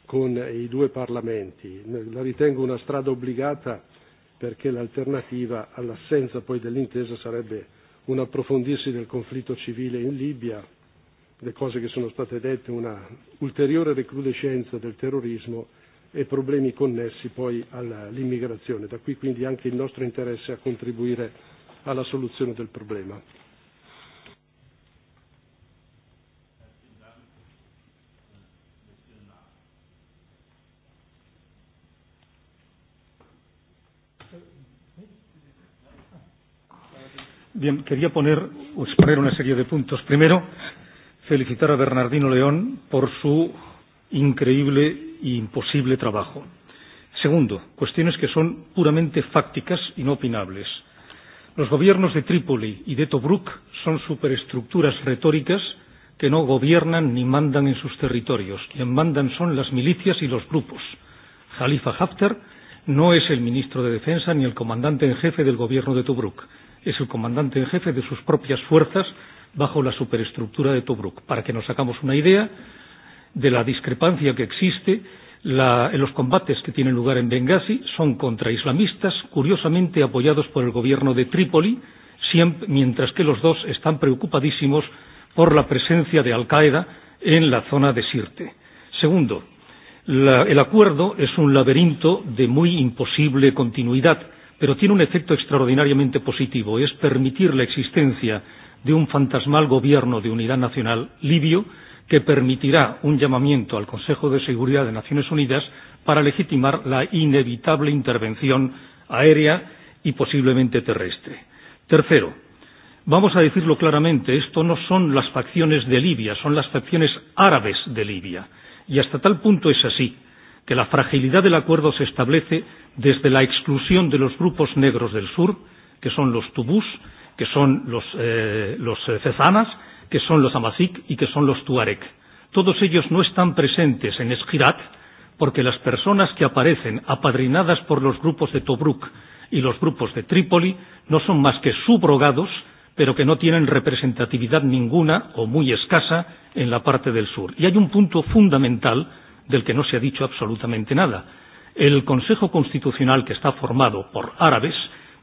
con i due Parlamenti. La ritengo una strada obbligata perché l'alternativa all'assenza poi dell'intesa sarebbe un approfondirsi del conflitto civile in Libia, le cose che sono state dette, una ulteriore recrudescenza del terrorismo e problemi connessi poi all'immigrazione. Da qui quindi anche il nostro interesse a contribuire alla soluzione del problema. Bien, quería poner o exponer una serie de puntos. Primero, felicitar a Bernardino León por su increíble e imposible trabajo. Segundo, cuestiones que son puramente fácticas y no opinables. Los gobiernos de Trípoli y de Tobruk son superestructuras retóricas que no gobiernan ni mandan en sus territorios. Quien mandan son las milicias y los grupos. Jalifa Haftar no es el ministro de Defensa ni el comandante en jefe del gobierno de Tobruk es el comandante en jefe de sus propias fuerzas bajo la superestructura de Tobruk. Para que nos sacamos una idea de la discrepancia que existe, la, los combates que tienen lugar en Benghazi son contra islamistas, curiosamente apoyados por el gobierno de Trípoli, siempre, mientras que los dos están preocupadísimos por la presencia de Al-Qaeda en la zona de Sirte. Segundo, la, el acuerdo es un laberinto de muy imposible continuidad pero tiene un efecto extraordinariamente positivo, es permitir la existencia de un fantasmal gobierno de unidad nacional libio que permitirá un llamamiento al Consejo de Seguridad de Naciones Unidas para legitimar la inevitable intervención aérea y posiblemente terrestre. Tercero, vamos a decirlo claramente, esto no son las facciones de Libia, son las facciones árabes de Libia. Y hasta tal punto es así que la fragilidad del acuerdo se establece desde la exclusión de los grupos negros del sur, que son los tubús, que son los, eh, los eh, cezanas, que son los Amazic y que son los tuareg. Todos ellos no están presentes en Esquirat porque las personas que aparecen apadrinadas por los grupos de Tobruk y los grupos de Trípoli no son más que subrogados, pero que no tienen representatividad ninguna o muy escasa en la parte del sur. Y hay un punto fundamental del que no se ha dicho absolutamente nada. El Consejo Constitucional, que está formado por árabes,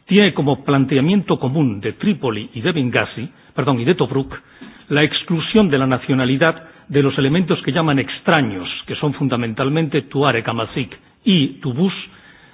tiene como planteamiento común de Trípoli y de Benghazi, perdón, y de Tobruk, la exclusión de la nacionalidad de los elementos que llaman extraños, que son fundamentalmente Tuareg, Amazigh y Tubús,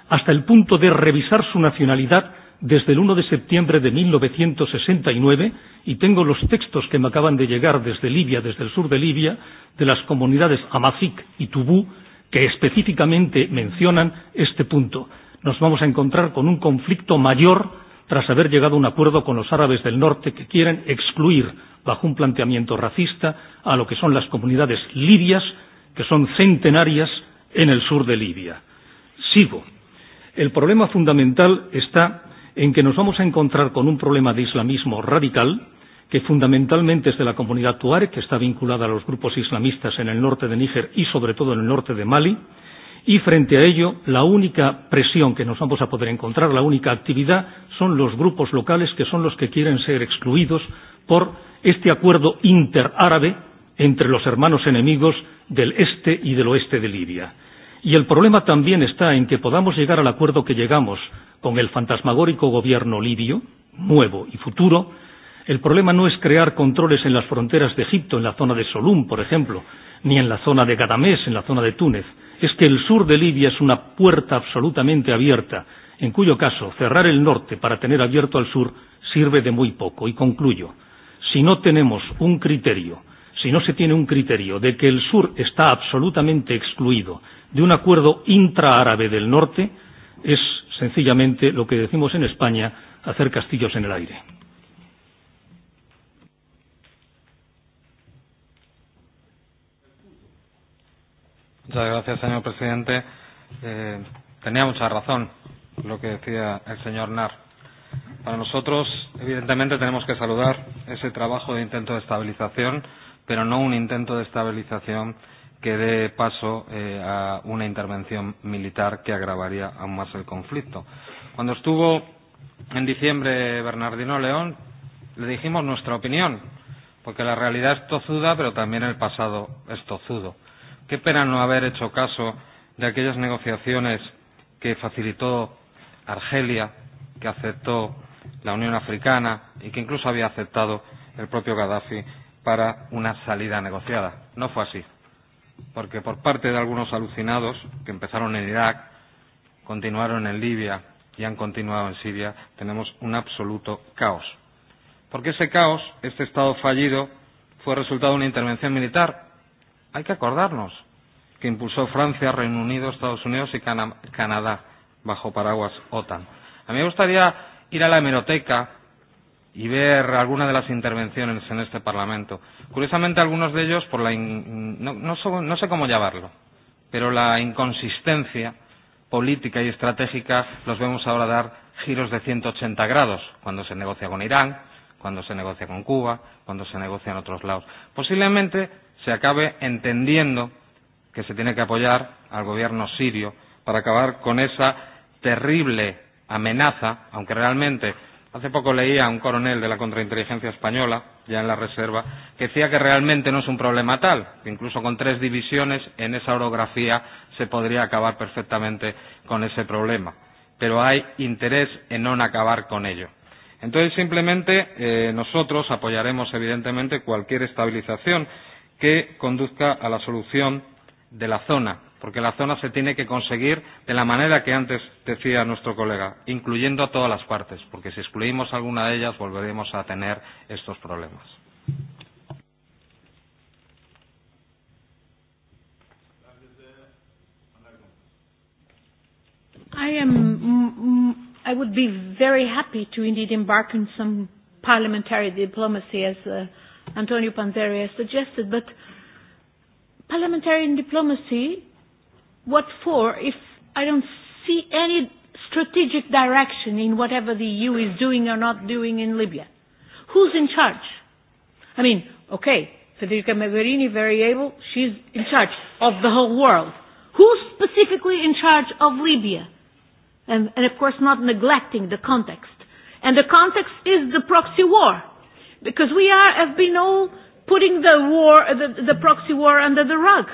hasta el punto de revisar su nacionalidad desde el 1 de septiembre de 1969 y tengo los textos que me acaban de llegar desde Libia, desde el sur de Libia, de las comunidades Amazic y Tubú, que específicamente mencionan este punto. Nos vamos a encontrar con un conflicto mayor tras haber llegado a un acuerdo con los árabes del norte que quieren excluir, bajo un planteamiento racista, a lo que son las comunidades libias, que son centenarias en el sur de Libia. Sigo. El problema fundamental está en que nos vamos a encontrar con un problema de islamismo radical que fundamentalmente es de la comunidad tuareg, que está vinculada a los grupos islamistas en el norte de Níger y sobre todo en el norte de Mali, y frente a ello la única presión que nos vamos a poder encontrar, la única actividad, son los grupos locales que son los que quieren ser excluidos por este acuerdo interárabe entre los hermanos enemigos del este y del oeste de Libia. Y el problema también está en que podamos llegar al acuerdo que llegamos con el fantasmagórico gobierno libio, nuevo y futuro, el problema no es crear controles en las fronteras de Egipto, en la zona de Solún, por ejemplo, ni en la zona de Gadamés, en la zona de Túnez. Es que el sur de Libia es una puerta absolutamente abierta, en cuyo caso cerrar el norte para tener abierto al sur sirve de muy poco. Y concluyo, si no tenemos un criterio, si no se tiene un criterio de que el sur está absolutamente excluido de un acuerdo intraárabe del norte, es sencillamente lo que decimos en España, hacer castillos en el aire. Muchas gracias, señor presidente. Eh, tenía mucha razón lo que decía el señor Nar. Para nosotros, evidentemente, tenemos que saludar ese trabajo de intento de estabilización, pero no un intento de estabilización que dé paso eh, a una intervención militar que agravaría aún más el conflicto. Cuando estuvo en diciembre Bernardino León, le dijimos nuestra opinión, porque la realidad es tozuda, pero también el pasado es tozudo. Qué pena no haber hecho caso de aquellas negociaciones que facilitó Argelia, que aceptó la Unión Africana y que incluso había aceptado el propio Gaddafi para una salida negociada. No fue así porque por parte de algunos alucinados que empezaron en Irak, continuaron en Libia y han continuado en Siria, tenemos un absoluto caos. Porque ese caos, este Estado fallido, fue resultado de una intervención militar. Hay que acordarnos que impulsó Francia, Reino Unido, Estados Unidos y Cana Canadá bajo paraguas OTAN. A mí me gustaría ir a la hemeroteca y ver algunas de las intervenciones en este Parlamento. Curiosamente, algunos de ellos, por la in, no, no, so, no sé cómo llamarlo, pero la inconsistencia política y estratégica los vemos ahora dar giros de 180 grados cuando se negocia con Irán, cuando se negocia con Cuba, cuando se negocia en otros lados. Posiblemente se acabe entendiendo que se tiene que apoyar al gobierno sirio para acabar con esa terrible amenaza, aunque realmente Hace poco leía a un coronel de la contrainteligencia española, ya en la reserva, que decía que realmente no es un problema tal, que incluso con tres divisiones en esa orografía se podría acabar perfectamente con ese problema. Pero hay interés en no acabar con ello. Entonces, simplemente eh, nosotros apoyaremos, evidentemente, cualquier estabilización que conduzca a la solución de la zona porque la zona se tiene que conseguir de la manera que antes decía nuestro colega, incluyendo a todas las partes, porque si excluimos alguna de ellas volveremos a tener estos problemas. I am mm, mm, I would be very happy to indeed embark on in some parliamentary diplomacy as uh, Antonio Panzeri has suggested, but parliamentarian diplomacy What for if I don't see any strategic direction in whatever the EU is doing or not doing in Libya? Who's in charge? I mean, okay, Federica Mogherini, very able, she's in charge of the whole world. Who's specifically in charge of Libya? And, and of course not neglecting the context. And the context is the proxy war. Because we are, have been all putting the war, the, the proxy war under the rug.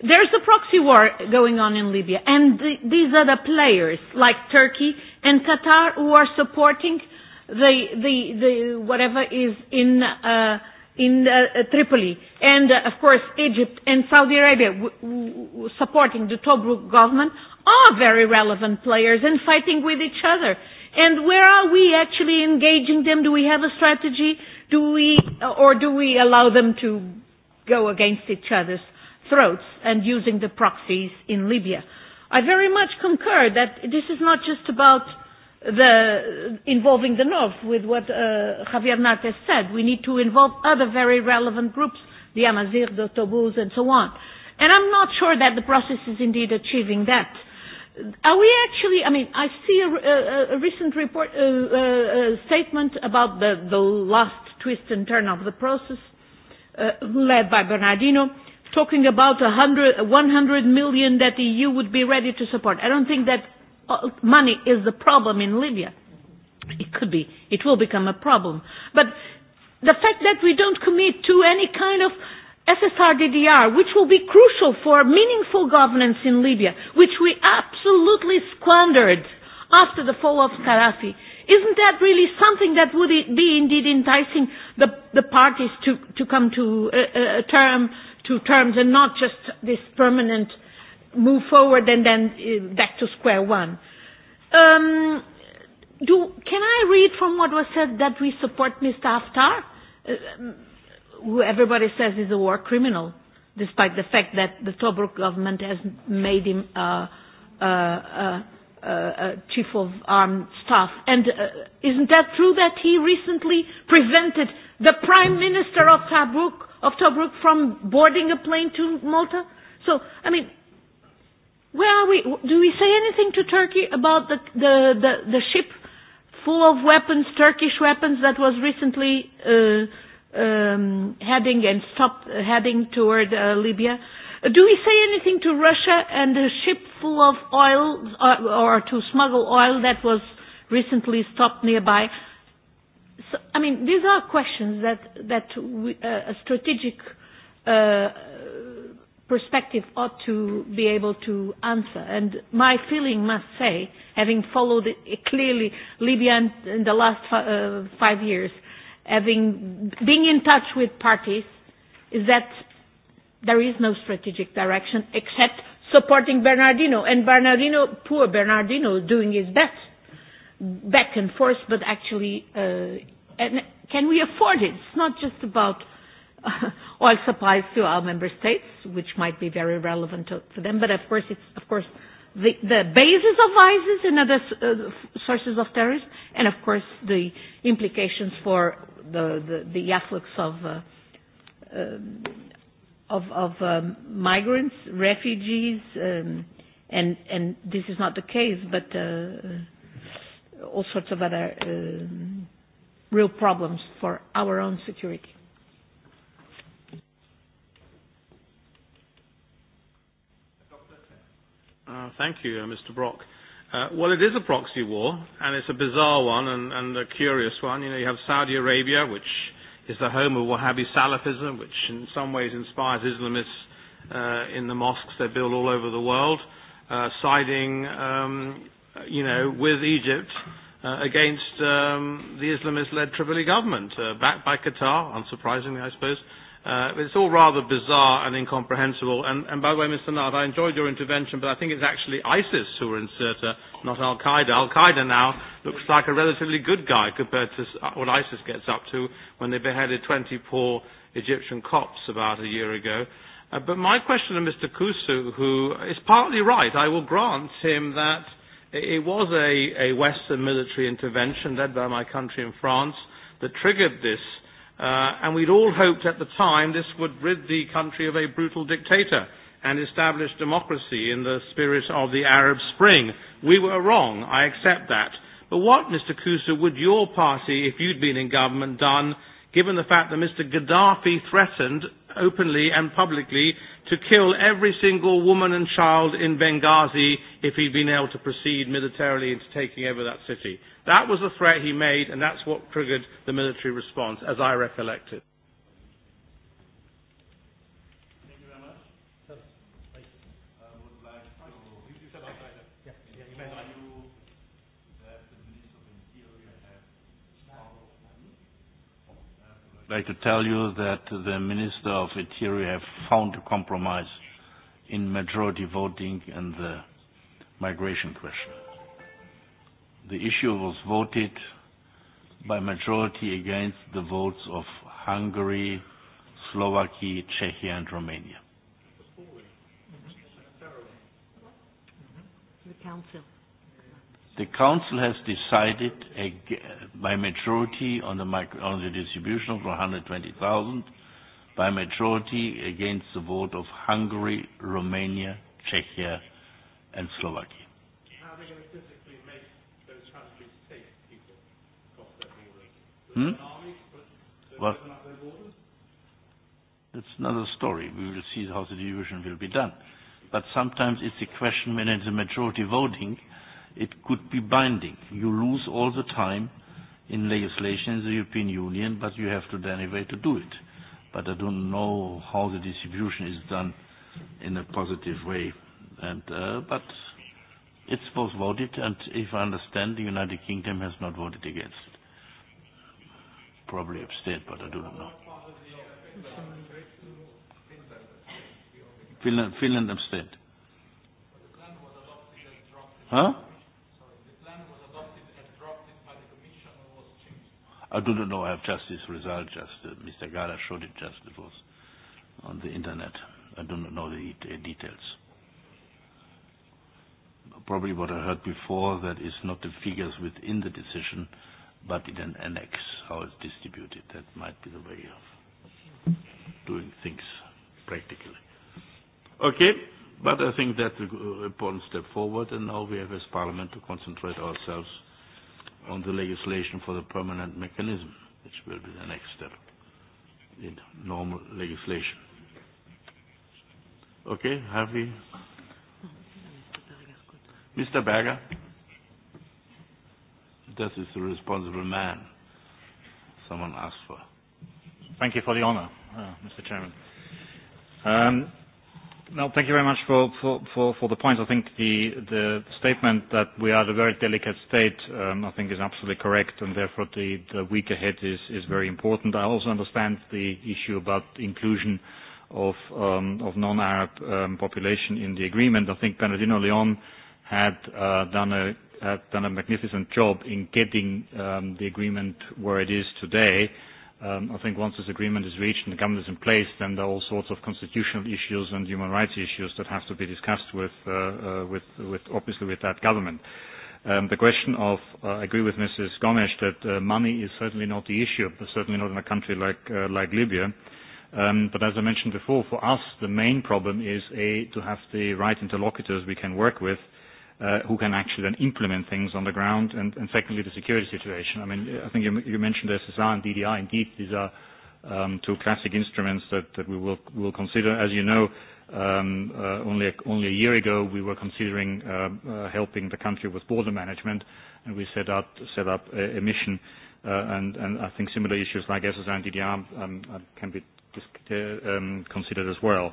There's a proxy war going on in Libya, and th these are the players like Turkey and Qatar who are supporting the, the, the whatever is in, uh, in uh, Tripoli, and uh, of course Egypt and Saudi Arabia w w supporting the Tobruk government are very relevant players and fighting with each other. And where are we actually engaging them? Do we have a strategy? Do we, or do we allow them to go against each other? throats and using the proxies in Libya. I very much concur that this is not just about the involving the North with what uh, Javier Nates said. We need to involve other very relevant groups, the Amazigh, the Tobus, and so on. And I'm not sure that the process is indeed achieving that. Are we actually, I mean, I see a, a, a recent report, uh, uh, statement about the, the last twist and turn of the process uh, led by Bernardino talking about a hundred, 100 million that the EU would be ready to support. I don't think that uh, money is the problem in Libya. It could be. It will become a problem. But the fact that we don't commit to any kind of SSRDDR, which will be crucial for meaningful governance in Libya, which we absolutely squandered after the fall of Gaddafi, isn't that really something that would be indeed enticing the, the parties to, to come to a, a term two terms and not just this permanent move forward and then uh, back to square one. Um, do, can I read from what was said that we support Mr. Haftar, uh, who everybody says is a war criminal, despite the fact that the Tobruk government has made him uh, uh, uh, uh, uh, chief of armed staff. And uh, isn't that true that he recently prevented the prime minister of Tobruk of Tobruk from boarding a plane to Malta? So, I mean, where are we? Do we say anything to Turkey about the, the, the, the ship full of weapons, Turkish weapons, that was recently uh, um, heading and stopped uh, heading toward uh, Libya? Uh, do we say anything to Russia and the ship full of oil or, uh, or to smuggle oil that was recently stopped nearby? so, I mean, these are questions that, that we, uh, a strategic uh, perspective ought to be able to answer. And my feeling, must say, having followed it, clearly Libya in, in the last fi uh, five years, having being in touch with parties, is that there is no strategic direction except supporting Bernardino. And Bernardino, poor Bernardino, doing his best back and forth, but actually, uh, and can we afford it? It's not just about uh, *laughs* oil supplies to our member states, which might be very relevant to, for them, but of course, it's of course the, the basis of ISIS and other uh, sources of terrorism, and of course the implications for the the, the afflux of. Uh, uh of, of um, migrants, refugees, um, and, and this is not the case, but uh, all sorts of other um, real problems for our own security. Uh, thank you, uh, Mr. Brock. Uh, well, it is a proxy war, and it's a bizarre one and, and a curious one. You know, you have Saudi Arabia, which is the home of Wahhabi Salafism, which in some ways inspires Islamists uh, in the mosques they build all over the world, uh, siding um, Uh, you know, with Egypt uh, against um, the Islamist-led Tripoli government, uh, backed by Qatar, unsurprisingly, I suppose. Uh, it's all rather bizarre and incomprehensible. And, and by the way, Mr. Nard, I enjoyed your intervention, but I think it's actually ISIS who are in Sirte, not Al-Qaeda. Al-Qaeda now looks like a relatively good guy compared to uh, what ISIS gets up to when they beheaded 20 poor Egyptian Copts about a year ago. Uh, but my question to Mr. Kusu, who is partly right, I will grant him that It was a, a Western military intervention led by my country in France that triggered this, uh, and we'd all hoped at the time this would rid the country of a brutal dictator and establish democracy in the spirit of the Arab Spring. We were wrong, I accept that. But what, Mr. Kusa, would your party, if you'd been in government, done, given the fact that Mr. Gaddafi threatened openly and publicly to kill every single woman and child in Benghazi if he'd been able to proceed militarily into taking over that city. That was the threat he made, and that's what triggered the military response, as I recollected. like to tell you that the Minister of Interior have found a compromise in majority voting and the migration question. The issue was voted by majority against the votes of Hungary, Slovakia, Czechia and Romania. The council the Council has decided by majority on the, micro, on the distribution of 120,000 by majority against the vote of Hungary, Romania, Czechia and Slovakia. How make those countries people their Hmm? well, that's another story. We will see how the division will be done. But sometimes it's a question when it's a majority voting it could be binding. You lose all the time in legislation in the European Union, but you have to then anyway to do it. But I don't know how the distribution is done in a positive way. And, uh, but it's both voted, and if I understand, the United Kingdom has not voted against it. Probably abstained, but I don't know. Finland, Finland abstained. Huh? I do not know I have just this result, just uh, Mr. Gala showed it just, it was on the internet. I do not know the uh, details. Probably what I heard before, that is not the figures within the decision, but in an annex, how it's distributed. That might be the way of doing things practically. Okay, but I think that's an uh, important step forward, and now we have as Parliament to concentrate ourselves on the legislation for the permanent mechanism, which will be the next step in normal legislation. Okay, have we? Mr. Berger, That is the responsible man someone asked for. Thank you for the honor, uh, Mr. Chairman. Um, No, thank you very much for, for, for, for the points. I think the, the statement that we are at a very delicate state, um, I think is absolutely correct, and therefore the, the week ahead is, is very important. I also understand the issue about inclusion of, um, of non-Arab um, population in the agreement. I think Bernardino Leon had uh, done, a, had done a magnificent job in getting um, the agreement where it is today um, I think once this agreement is reached and the government is in place, then there are all sorts of constitutional issues and human rights issues that have to be discussed with, uh, uh, with, with obviously with that government. Um, the question of, uh, I agree with Mrs. Gomes that uh, money is certainly not the issue, but certainly not in a country like, uh, like Libya. Um, but as I mentioned before, for us, the main problem is, A, to have the right interlocutors we can work with, uh, who can actually then implement things on the ground, and, and secondly, the security situation. I mean, I think you, you mentioned SSR and DDI. Indeed, these are um, two classic instruments that, that we will, will consider. As you know, um, uh, only, a, only a year ago, we were considering uh, uh, helping the country with border management, and we set up, set up a, a mission. Uh, and, and I think similar issues like SSR and DDR um, uh, can be uh, um, considered as well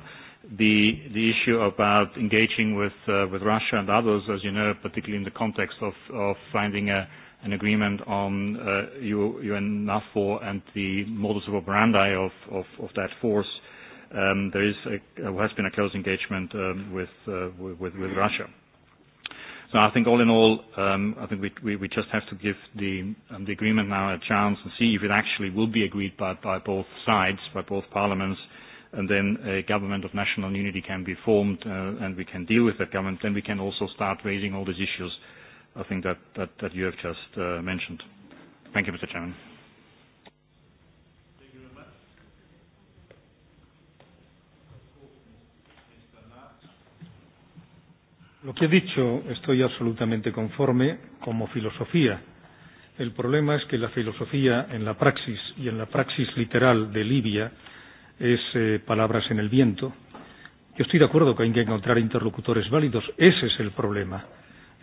the, the issue about engaging with, uh, with Russia and others, as you know, particularly in the context of, of finding a, an agreement on uh, UN NAFO and the modus of operandi of, of, of that force, um, there is a, uh, has been a close engagement um, with, uh, with with, with Russia. So I think all in all, um, I think we, we, we just have to give the, um, the agreement now a chance and see if it actually will be agreed by, by both sides, by both parliaments, and then a government of national unity can be formed uh, and we can deal with that government, then we can also start raising all these issues I think that, that, that you have just uh, mentioned. Thank you, Mr. Chairman. Lo que he dicho estoy absolutamente conforme como filosofía. El problema es que la filosofía en la praxis y en la praxis literal de Libia es eh, palabras en el viento. Yo estoy de acuerdo que hay que encontrar interlocutores válidos. Ese es el problema.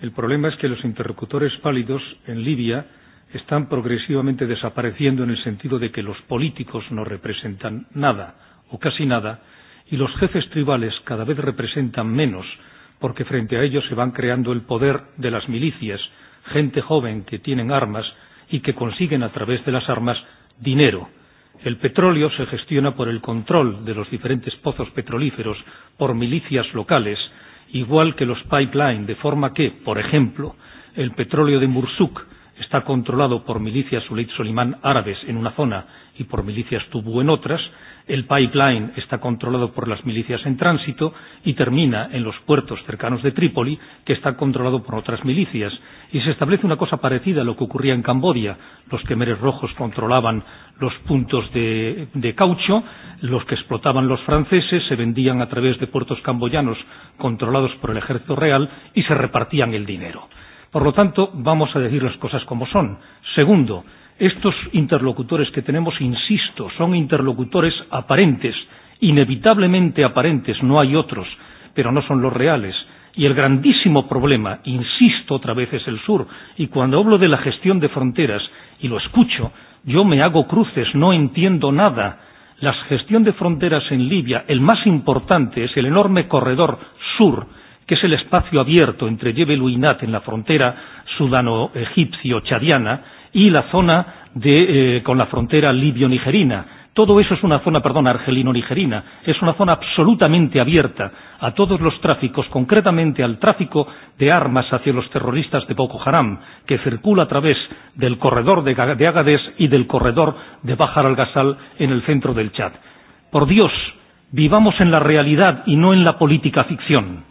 El problema es que los interlocutores válidos en Libia están progresivamente desapareciendo en el sentido de que los políticos no representan nada o casi nada y los jefes tribales cada vez representan menos porque frente a ellos se van creando el poder de las milicias, gente joven que tienen armas y que consiguen a través de las armas dinero El petróleo se gestiona por el control de los diferentes pozos petrolíferos por milicias locales, igual que los pipelines, de forma que, por ejemplo, el petróleo de Mursuk está controlado por milicias Uleit Solimán árabes en una zona y por milicias Tubú en otras, el pipeline está controlado por las milicias en tránsito y termina en los puertos cercanos de Trípoli, que está controlado por otras milicias. Y se establece una cosa parecida a lo que ocurría en Camboya. Los quemeres rojos controlaban los puntos de, de caucho, los que explotaban los franceses se vendían a través de puertos camboyanos controlados por el ejército real y se repartían el dinero. Por lo tanto, vamos a decir las cosas como son. Segundo, Estos interlocutores que tenemos, insisto, son interlocutores aparentes, inevitablemente aparentes, no hay otros, pero no son los reales. Y el grandísimo problema, insisto otra vez, es el sur. Y cuando hablo de la gestión de fronteras, y lo escucho, yo me hago cruces, no entiendo nada. La gestión de fronteras en Libia, el más importante es el enorme corredor sur, que es el espacio abierto entre Jebel Uinat en la frontera sudano-egipcio-chadiana y la zona de, eh, con la frontera libio-nigerina. Todo eso es una zona, perdón, argelino-nigerina, es una zona absolutamente abierta a todos los tráficos, concretamente al tráfico de armas hacia los terroristas de Boko Haram, que circula a través del corredor de Agadez y del corredor de Bajar al-Ghazal en el centro del Chad. Por Dios, vivamos en la realidad y no en la política ficción.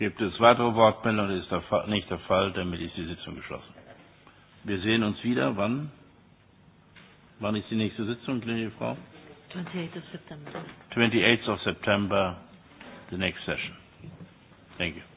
Gibt es weitere Wortmeldungen? Das ist der Fall, nicht der Fall. Damit ist die Sitzung geschlossen. Wir sehen uns wieder. Wann? Wann ist die nächste Sitzung, liebe Frau? 28th of September. 28th of September, the next session. Thank you.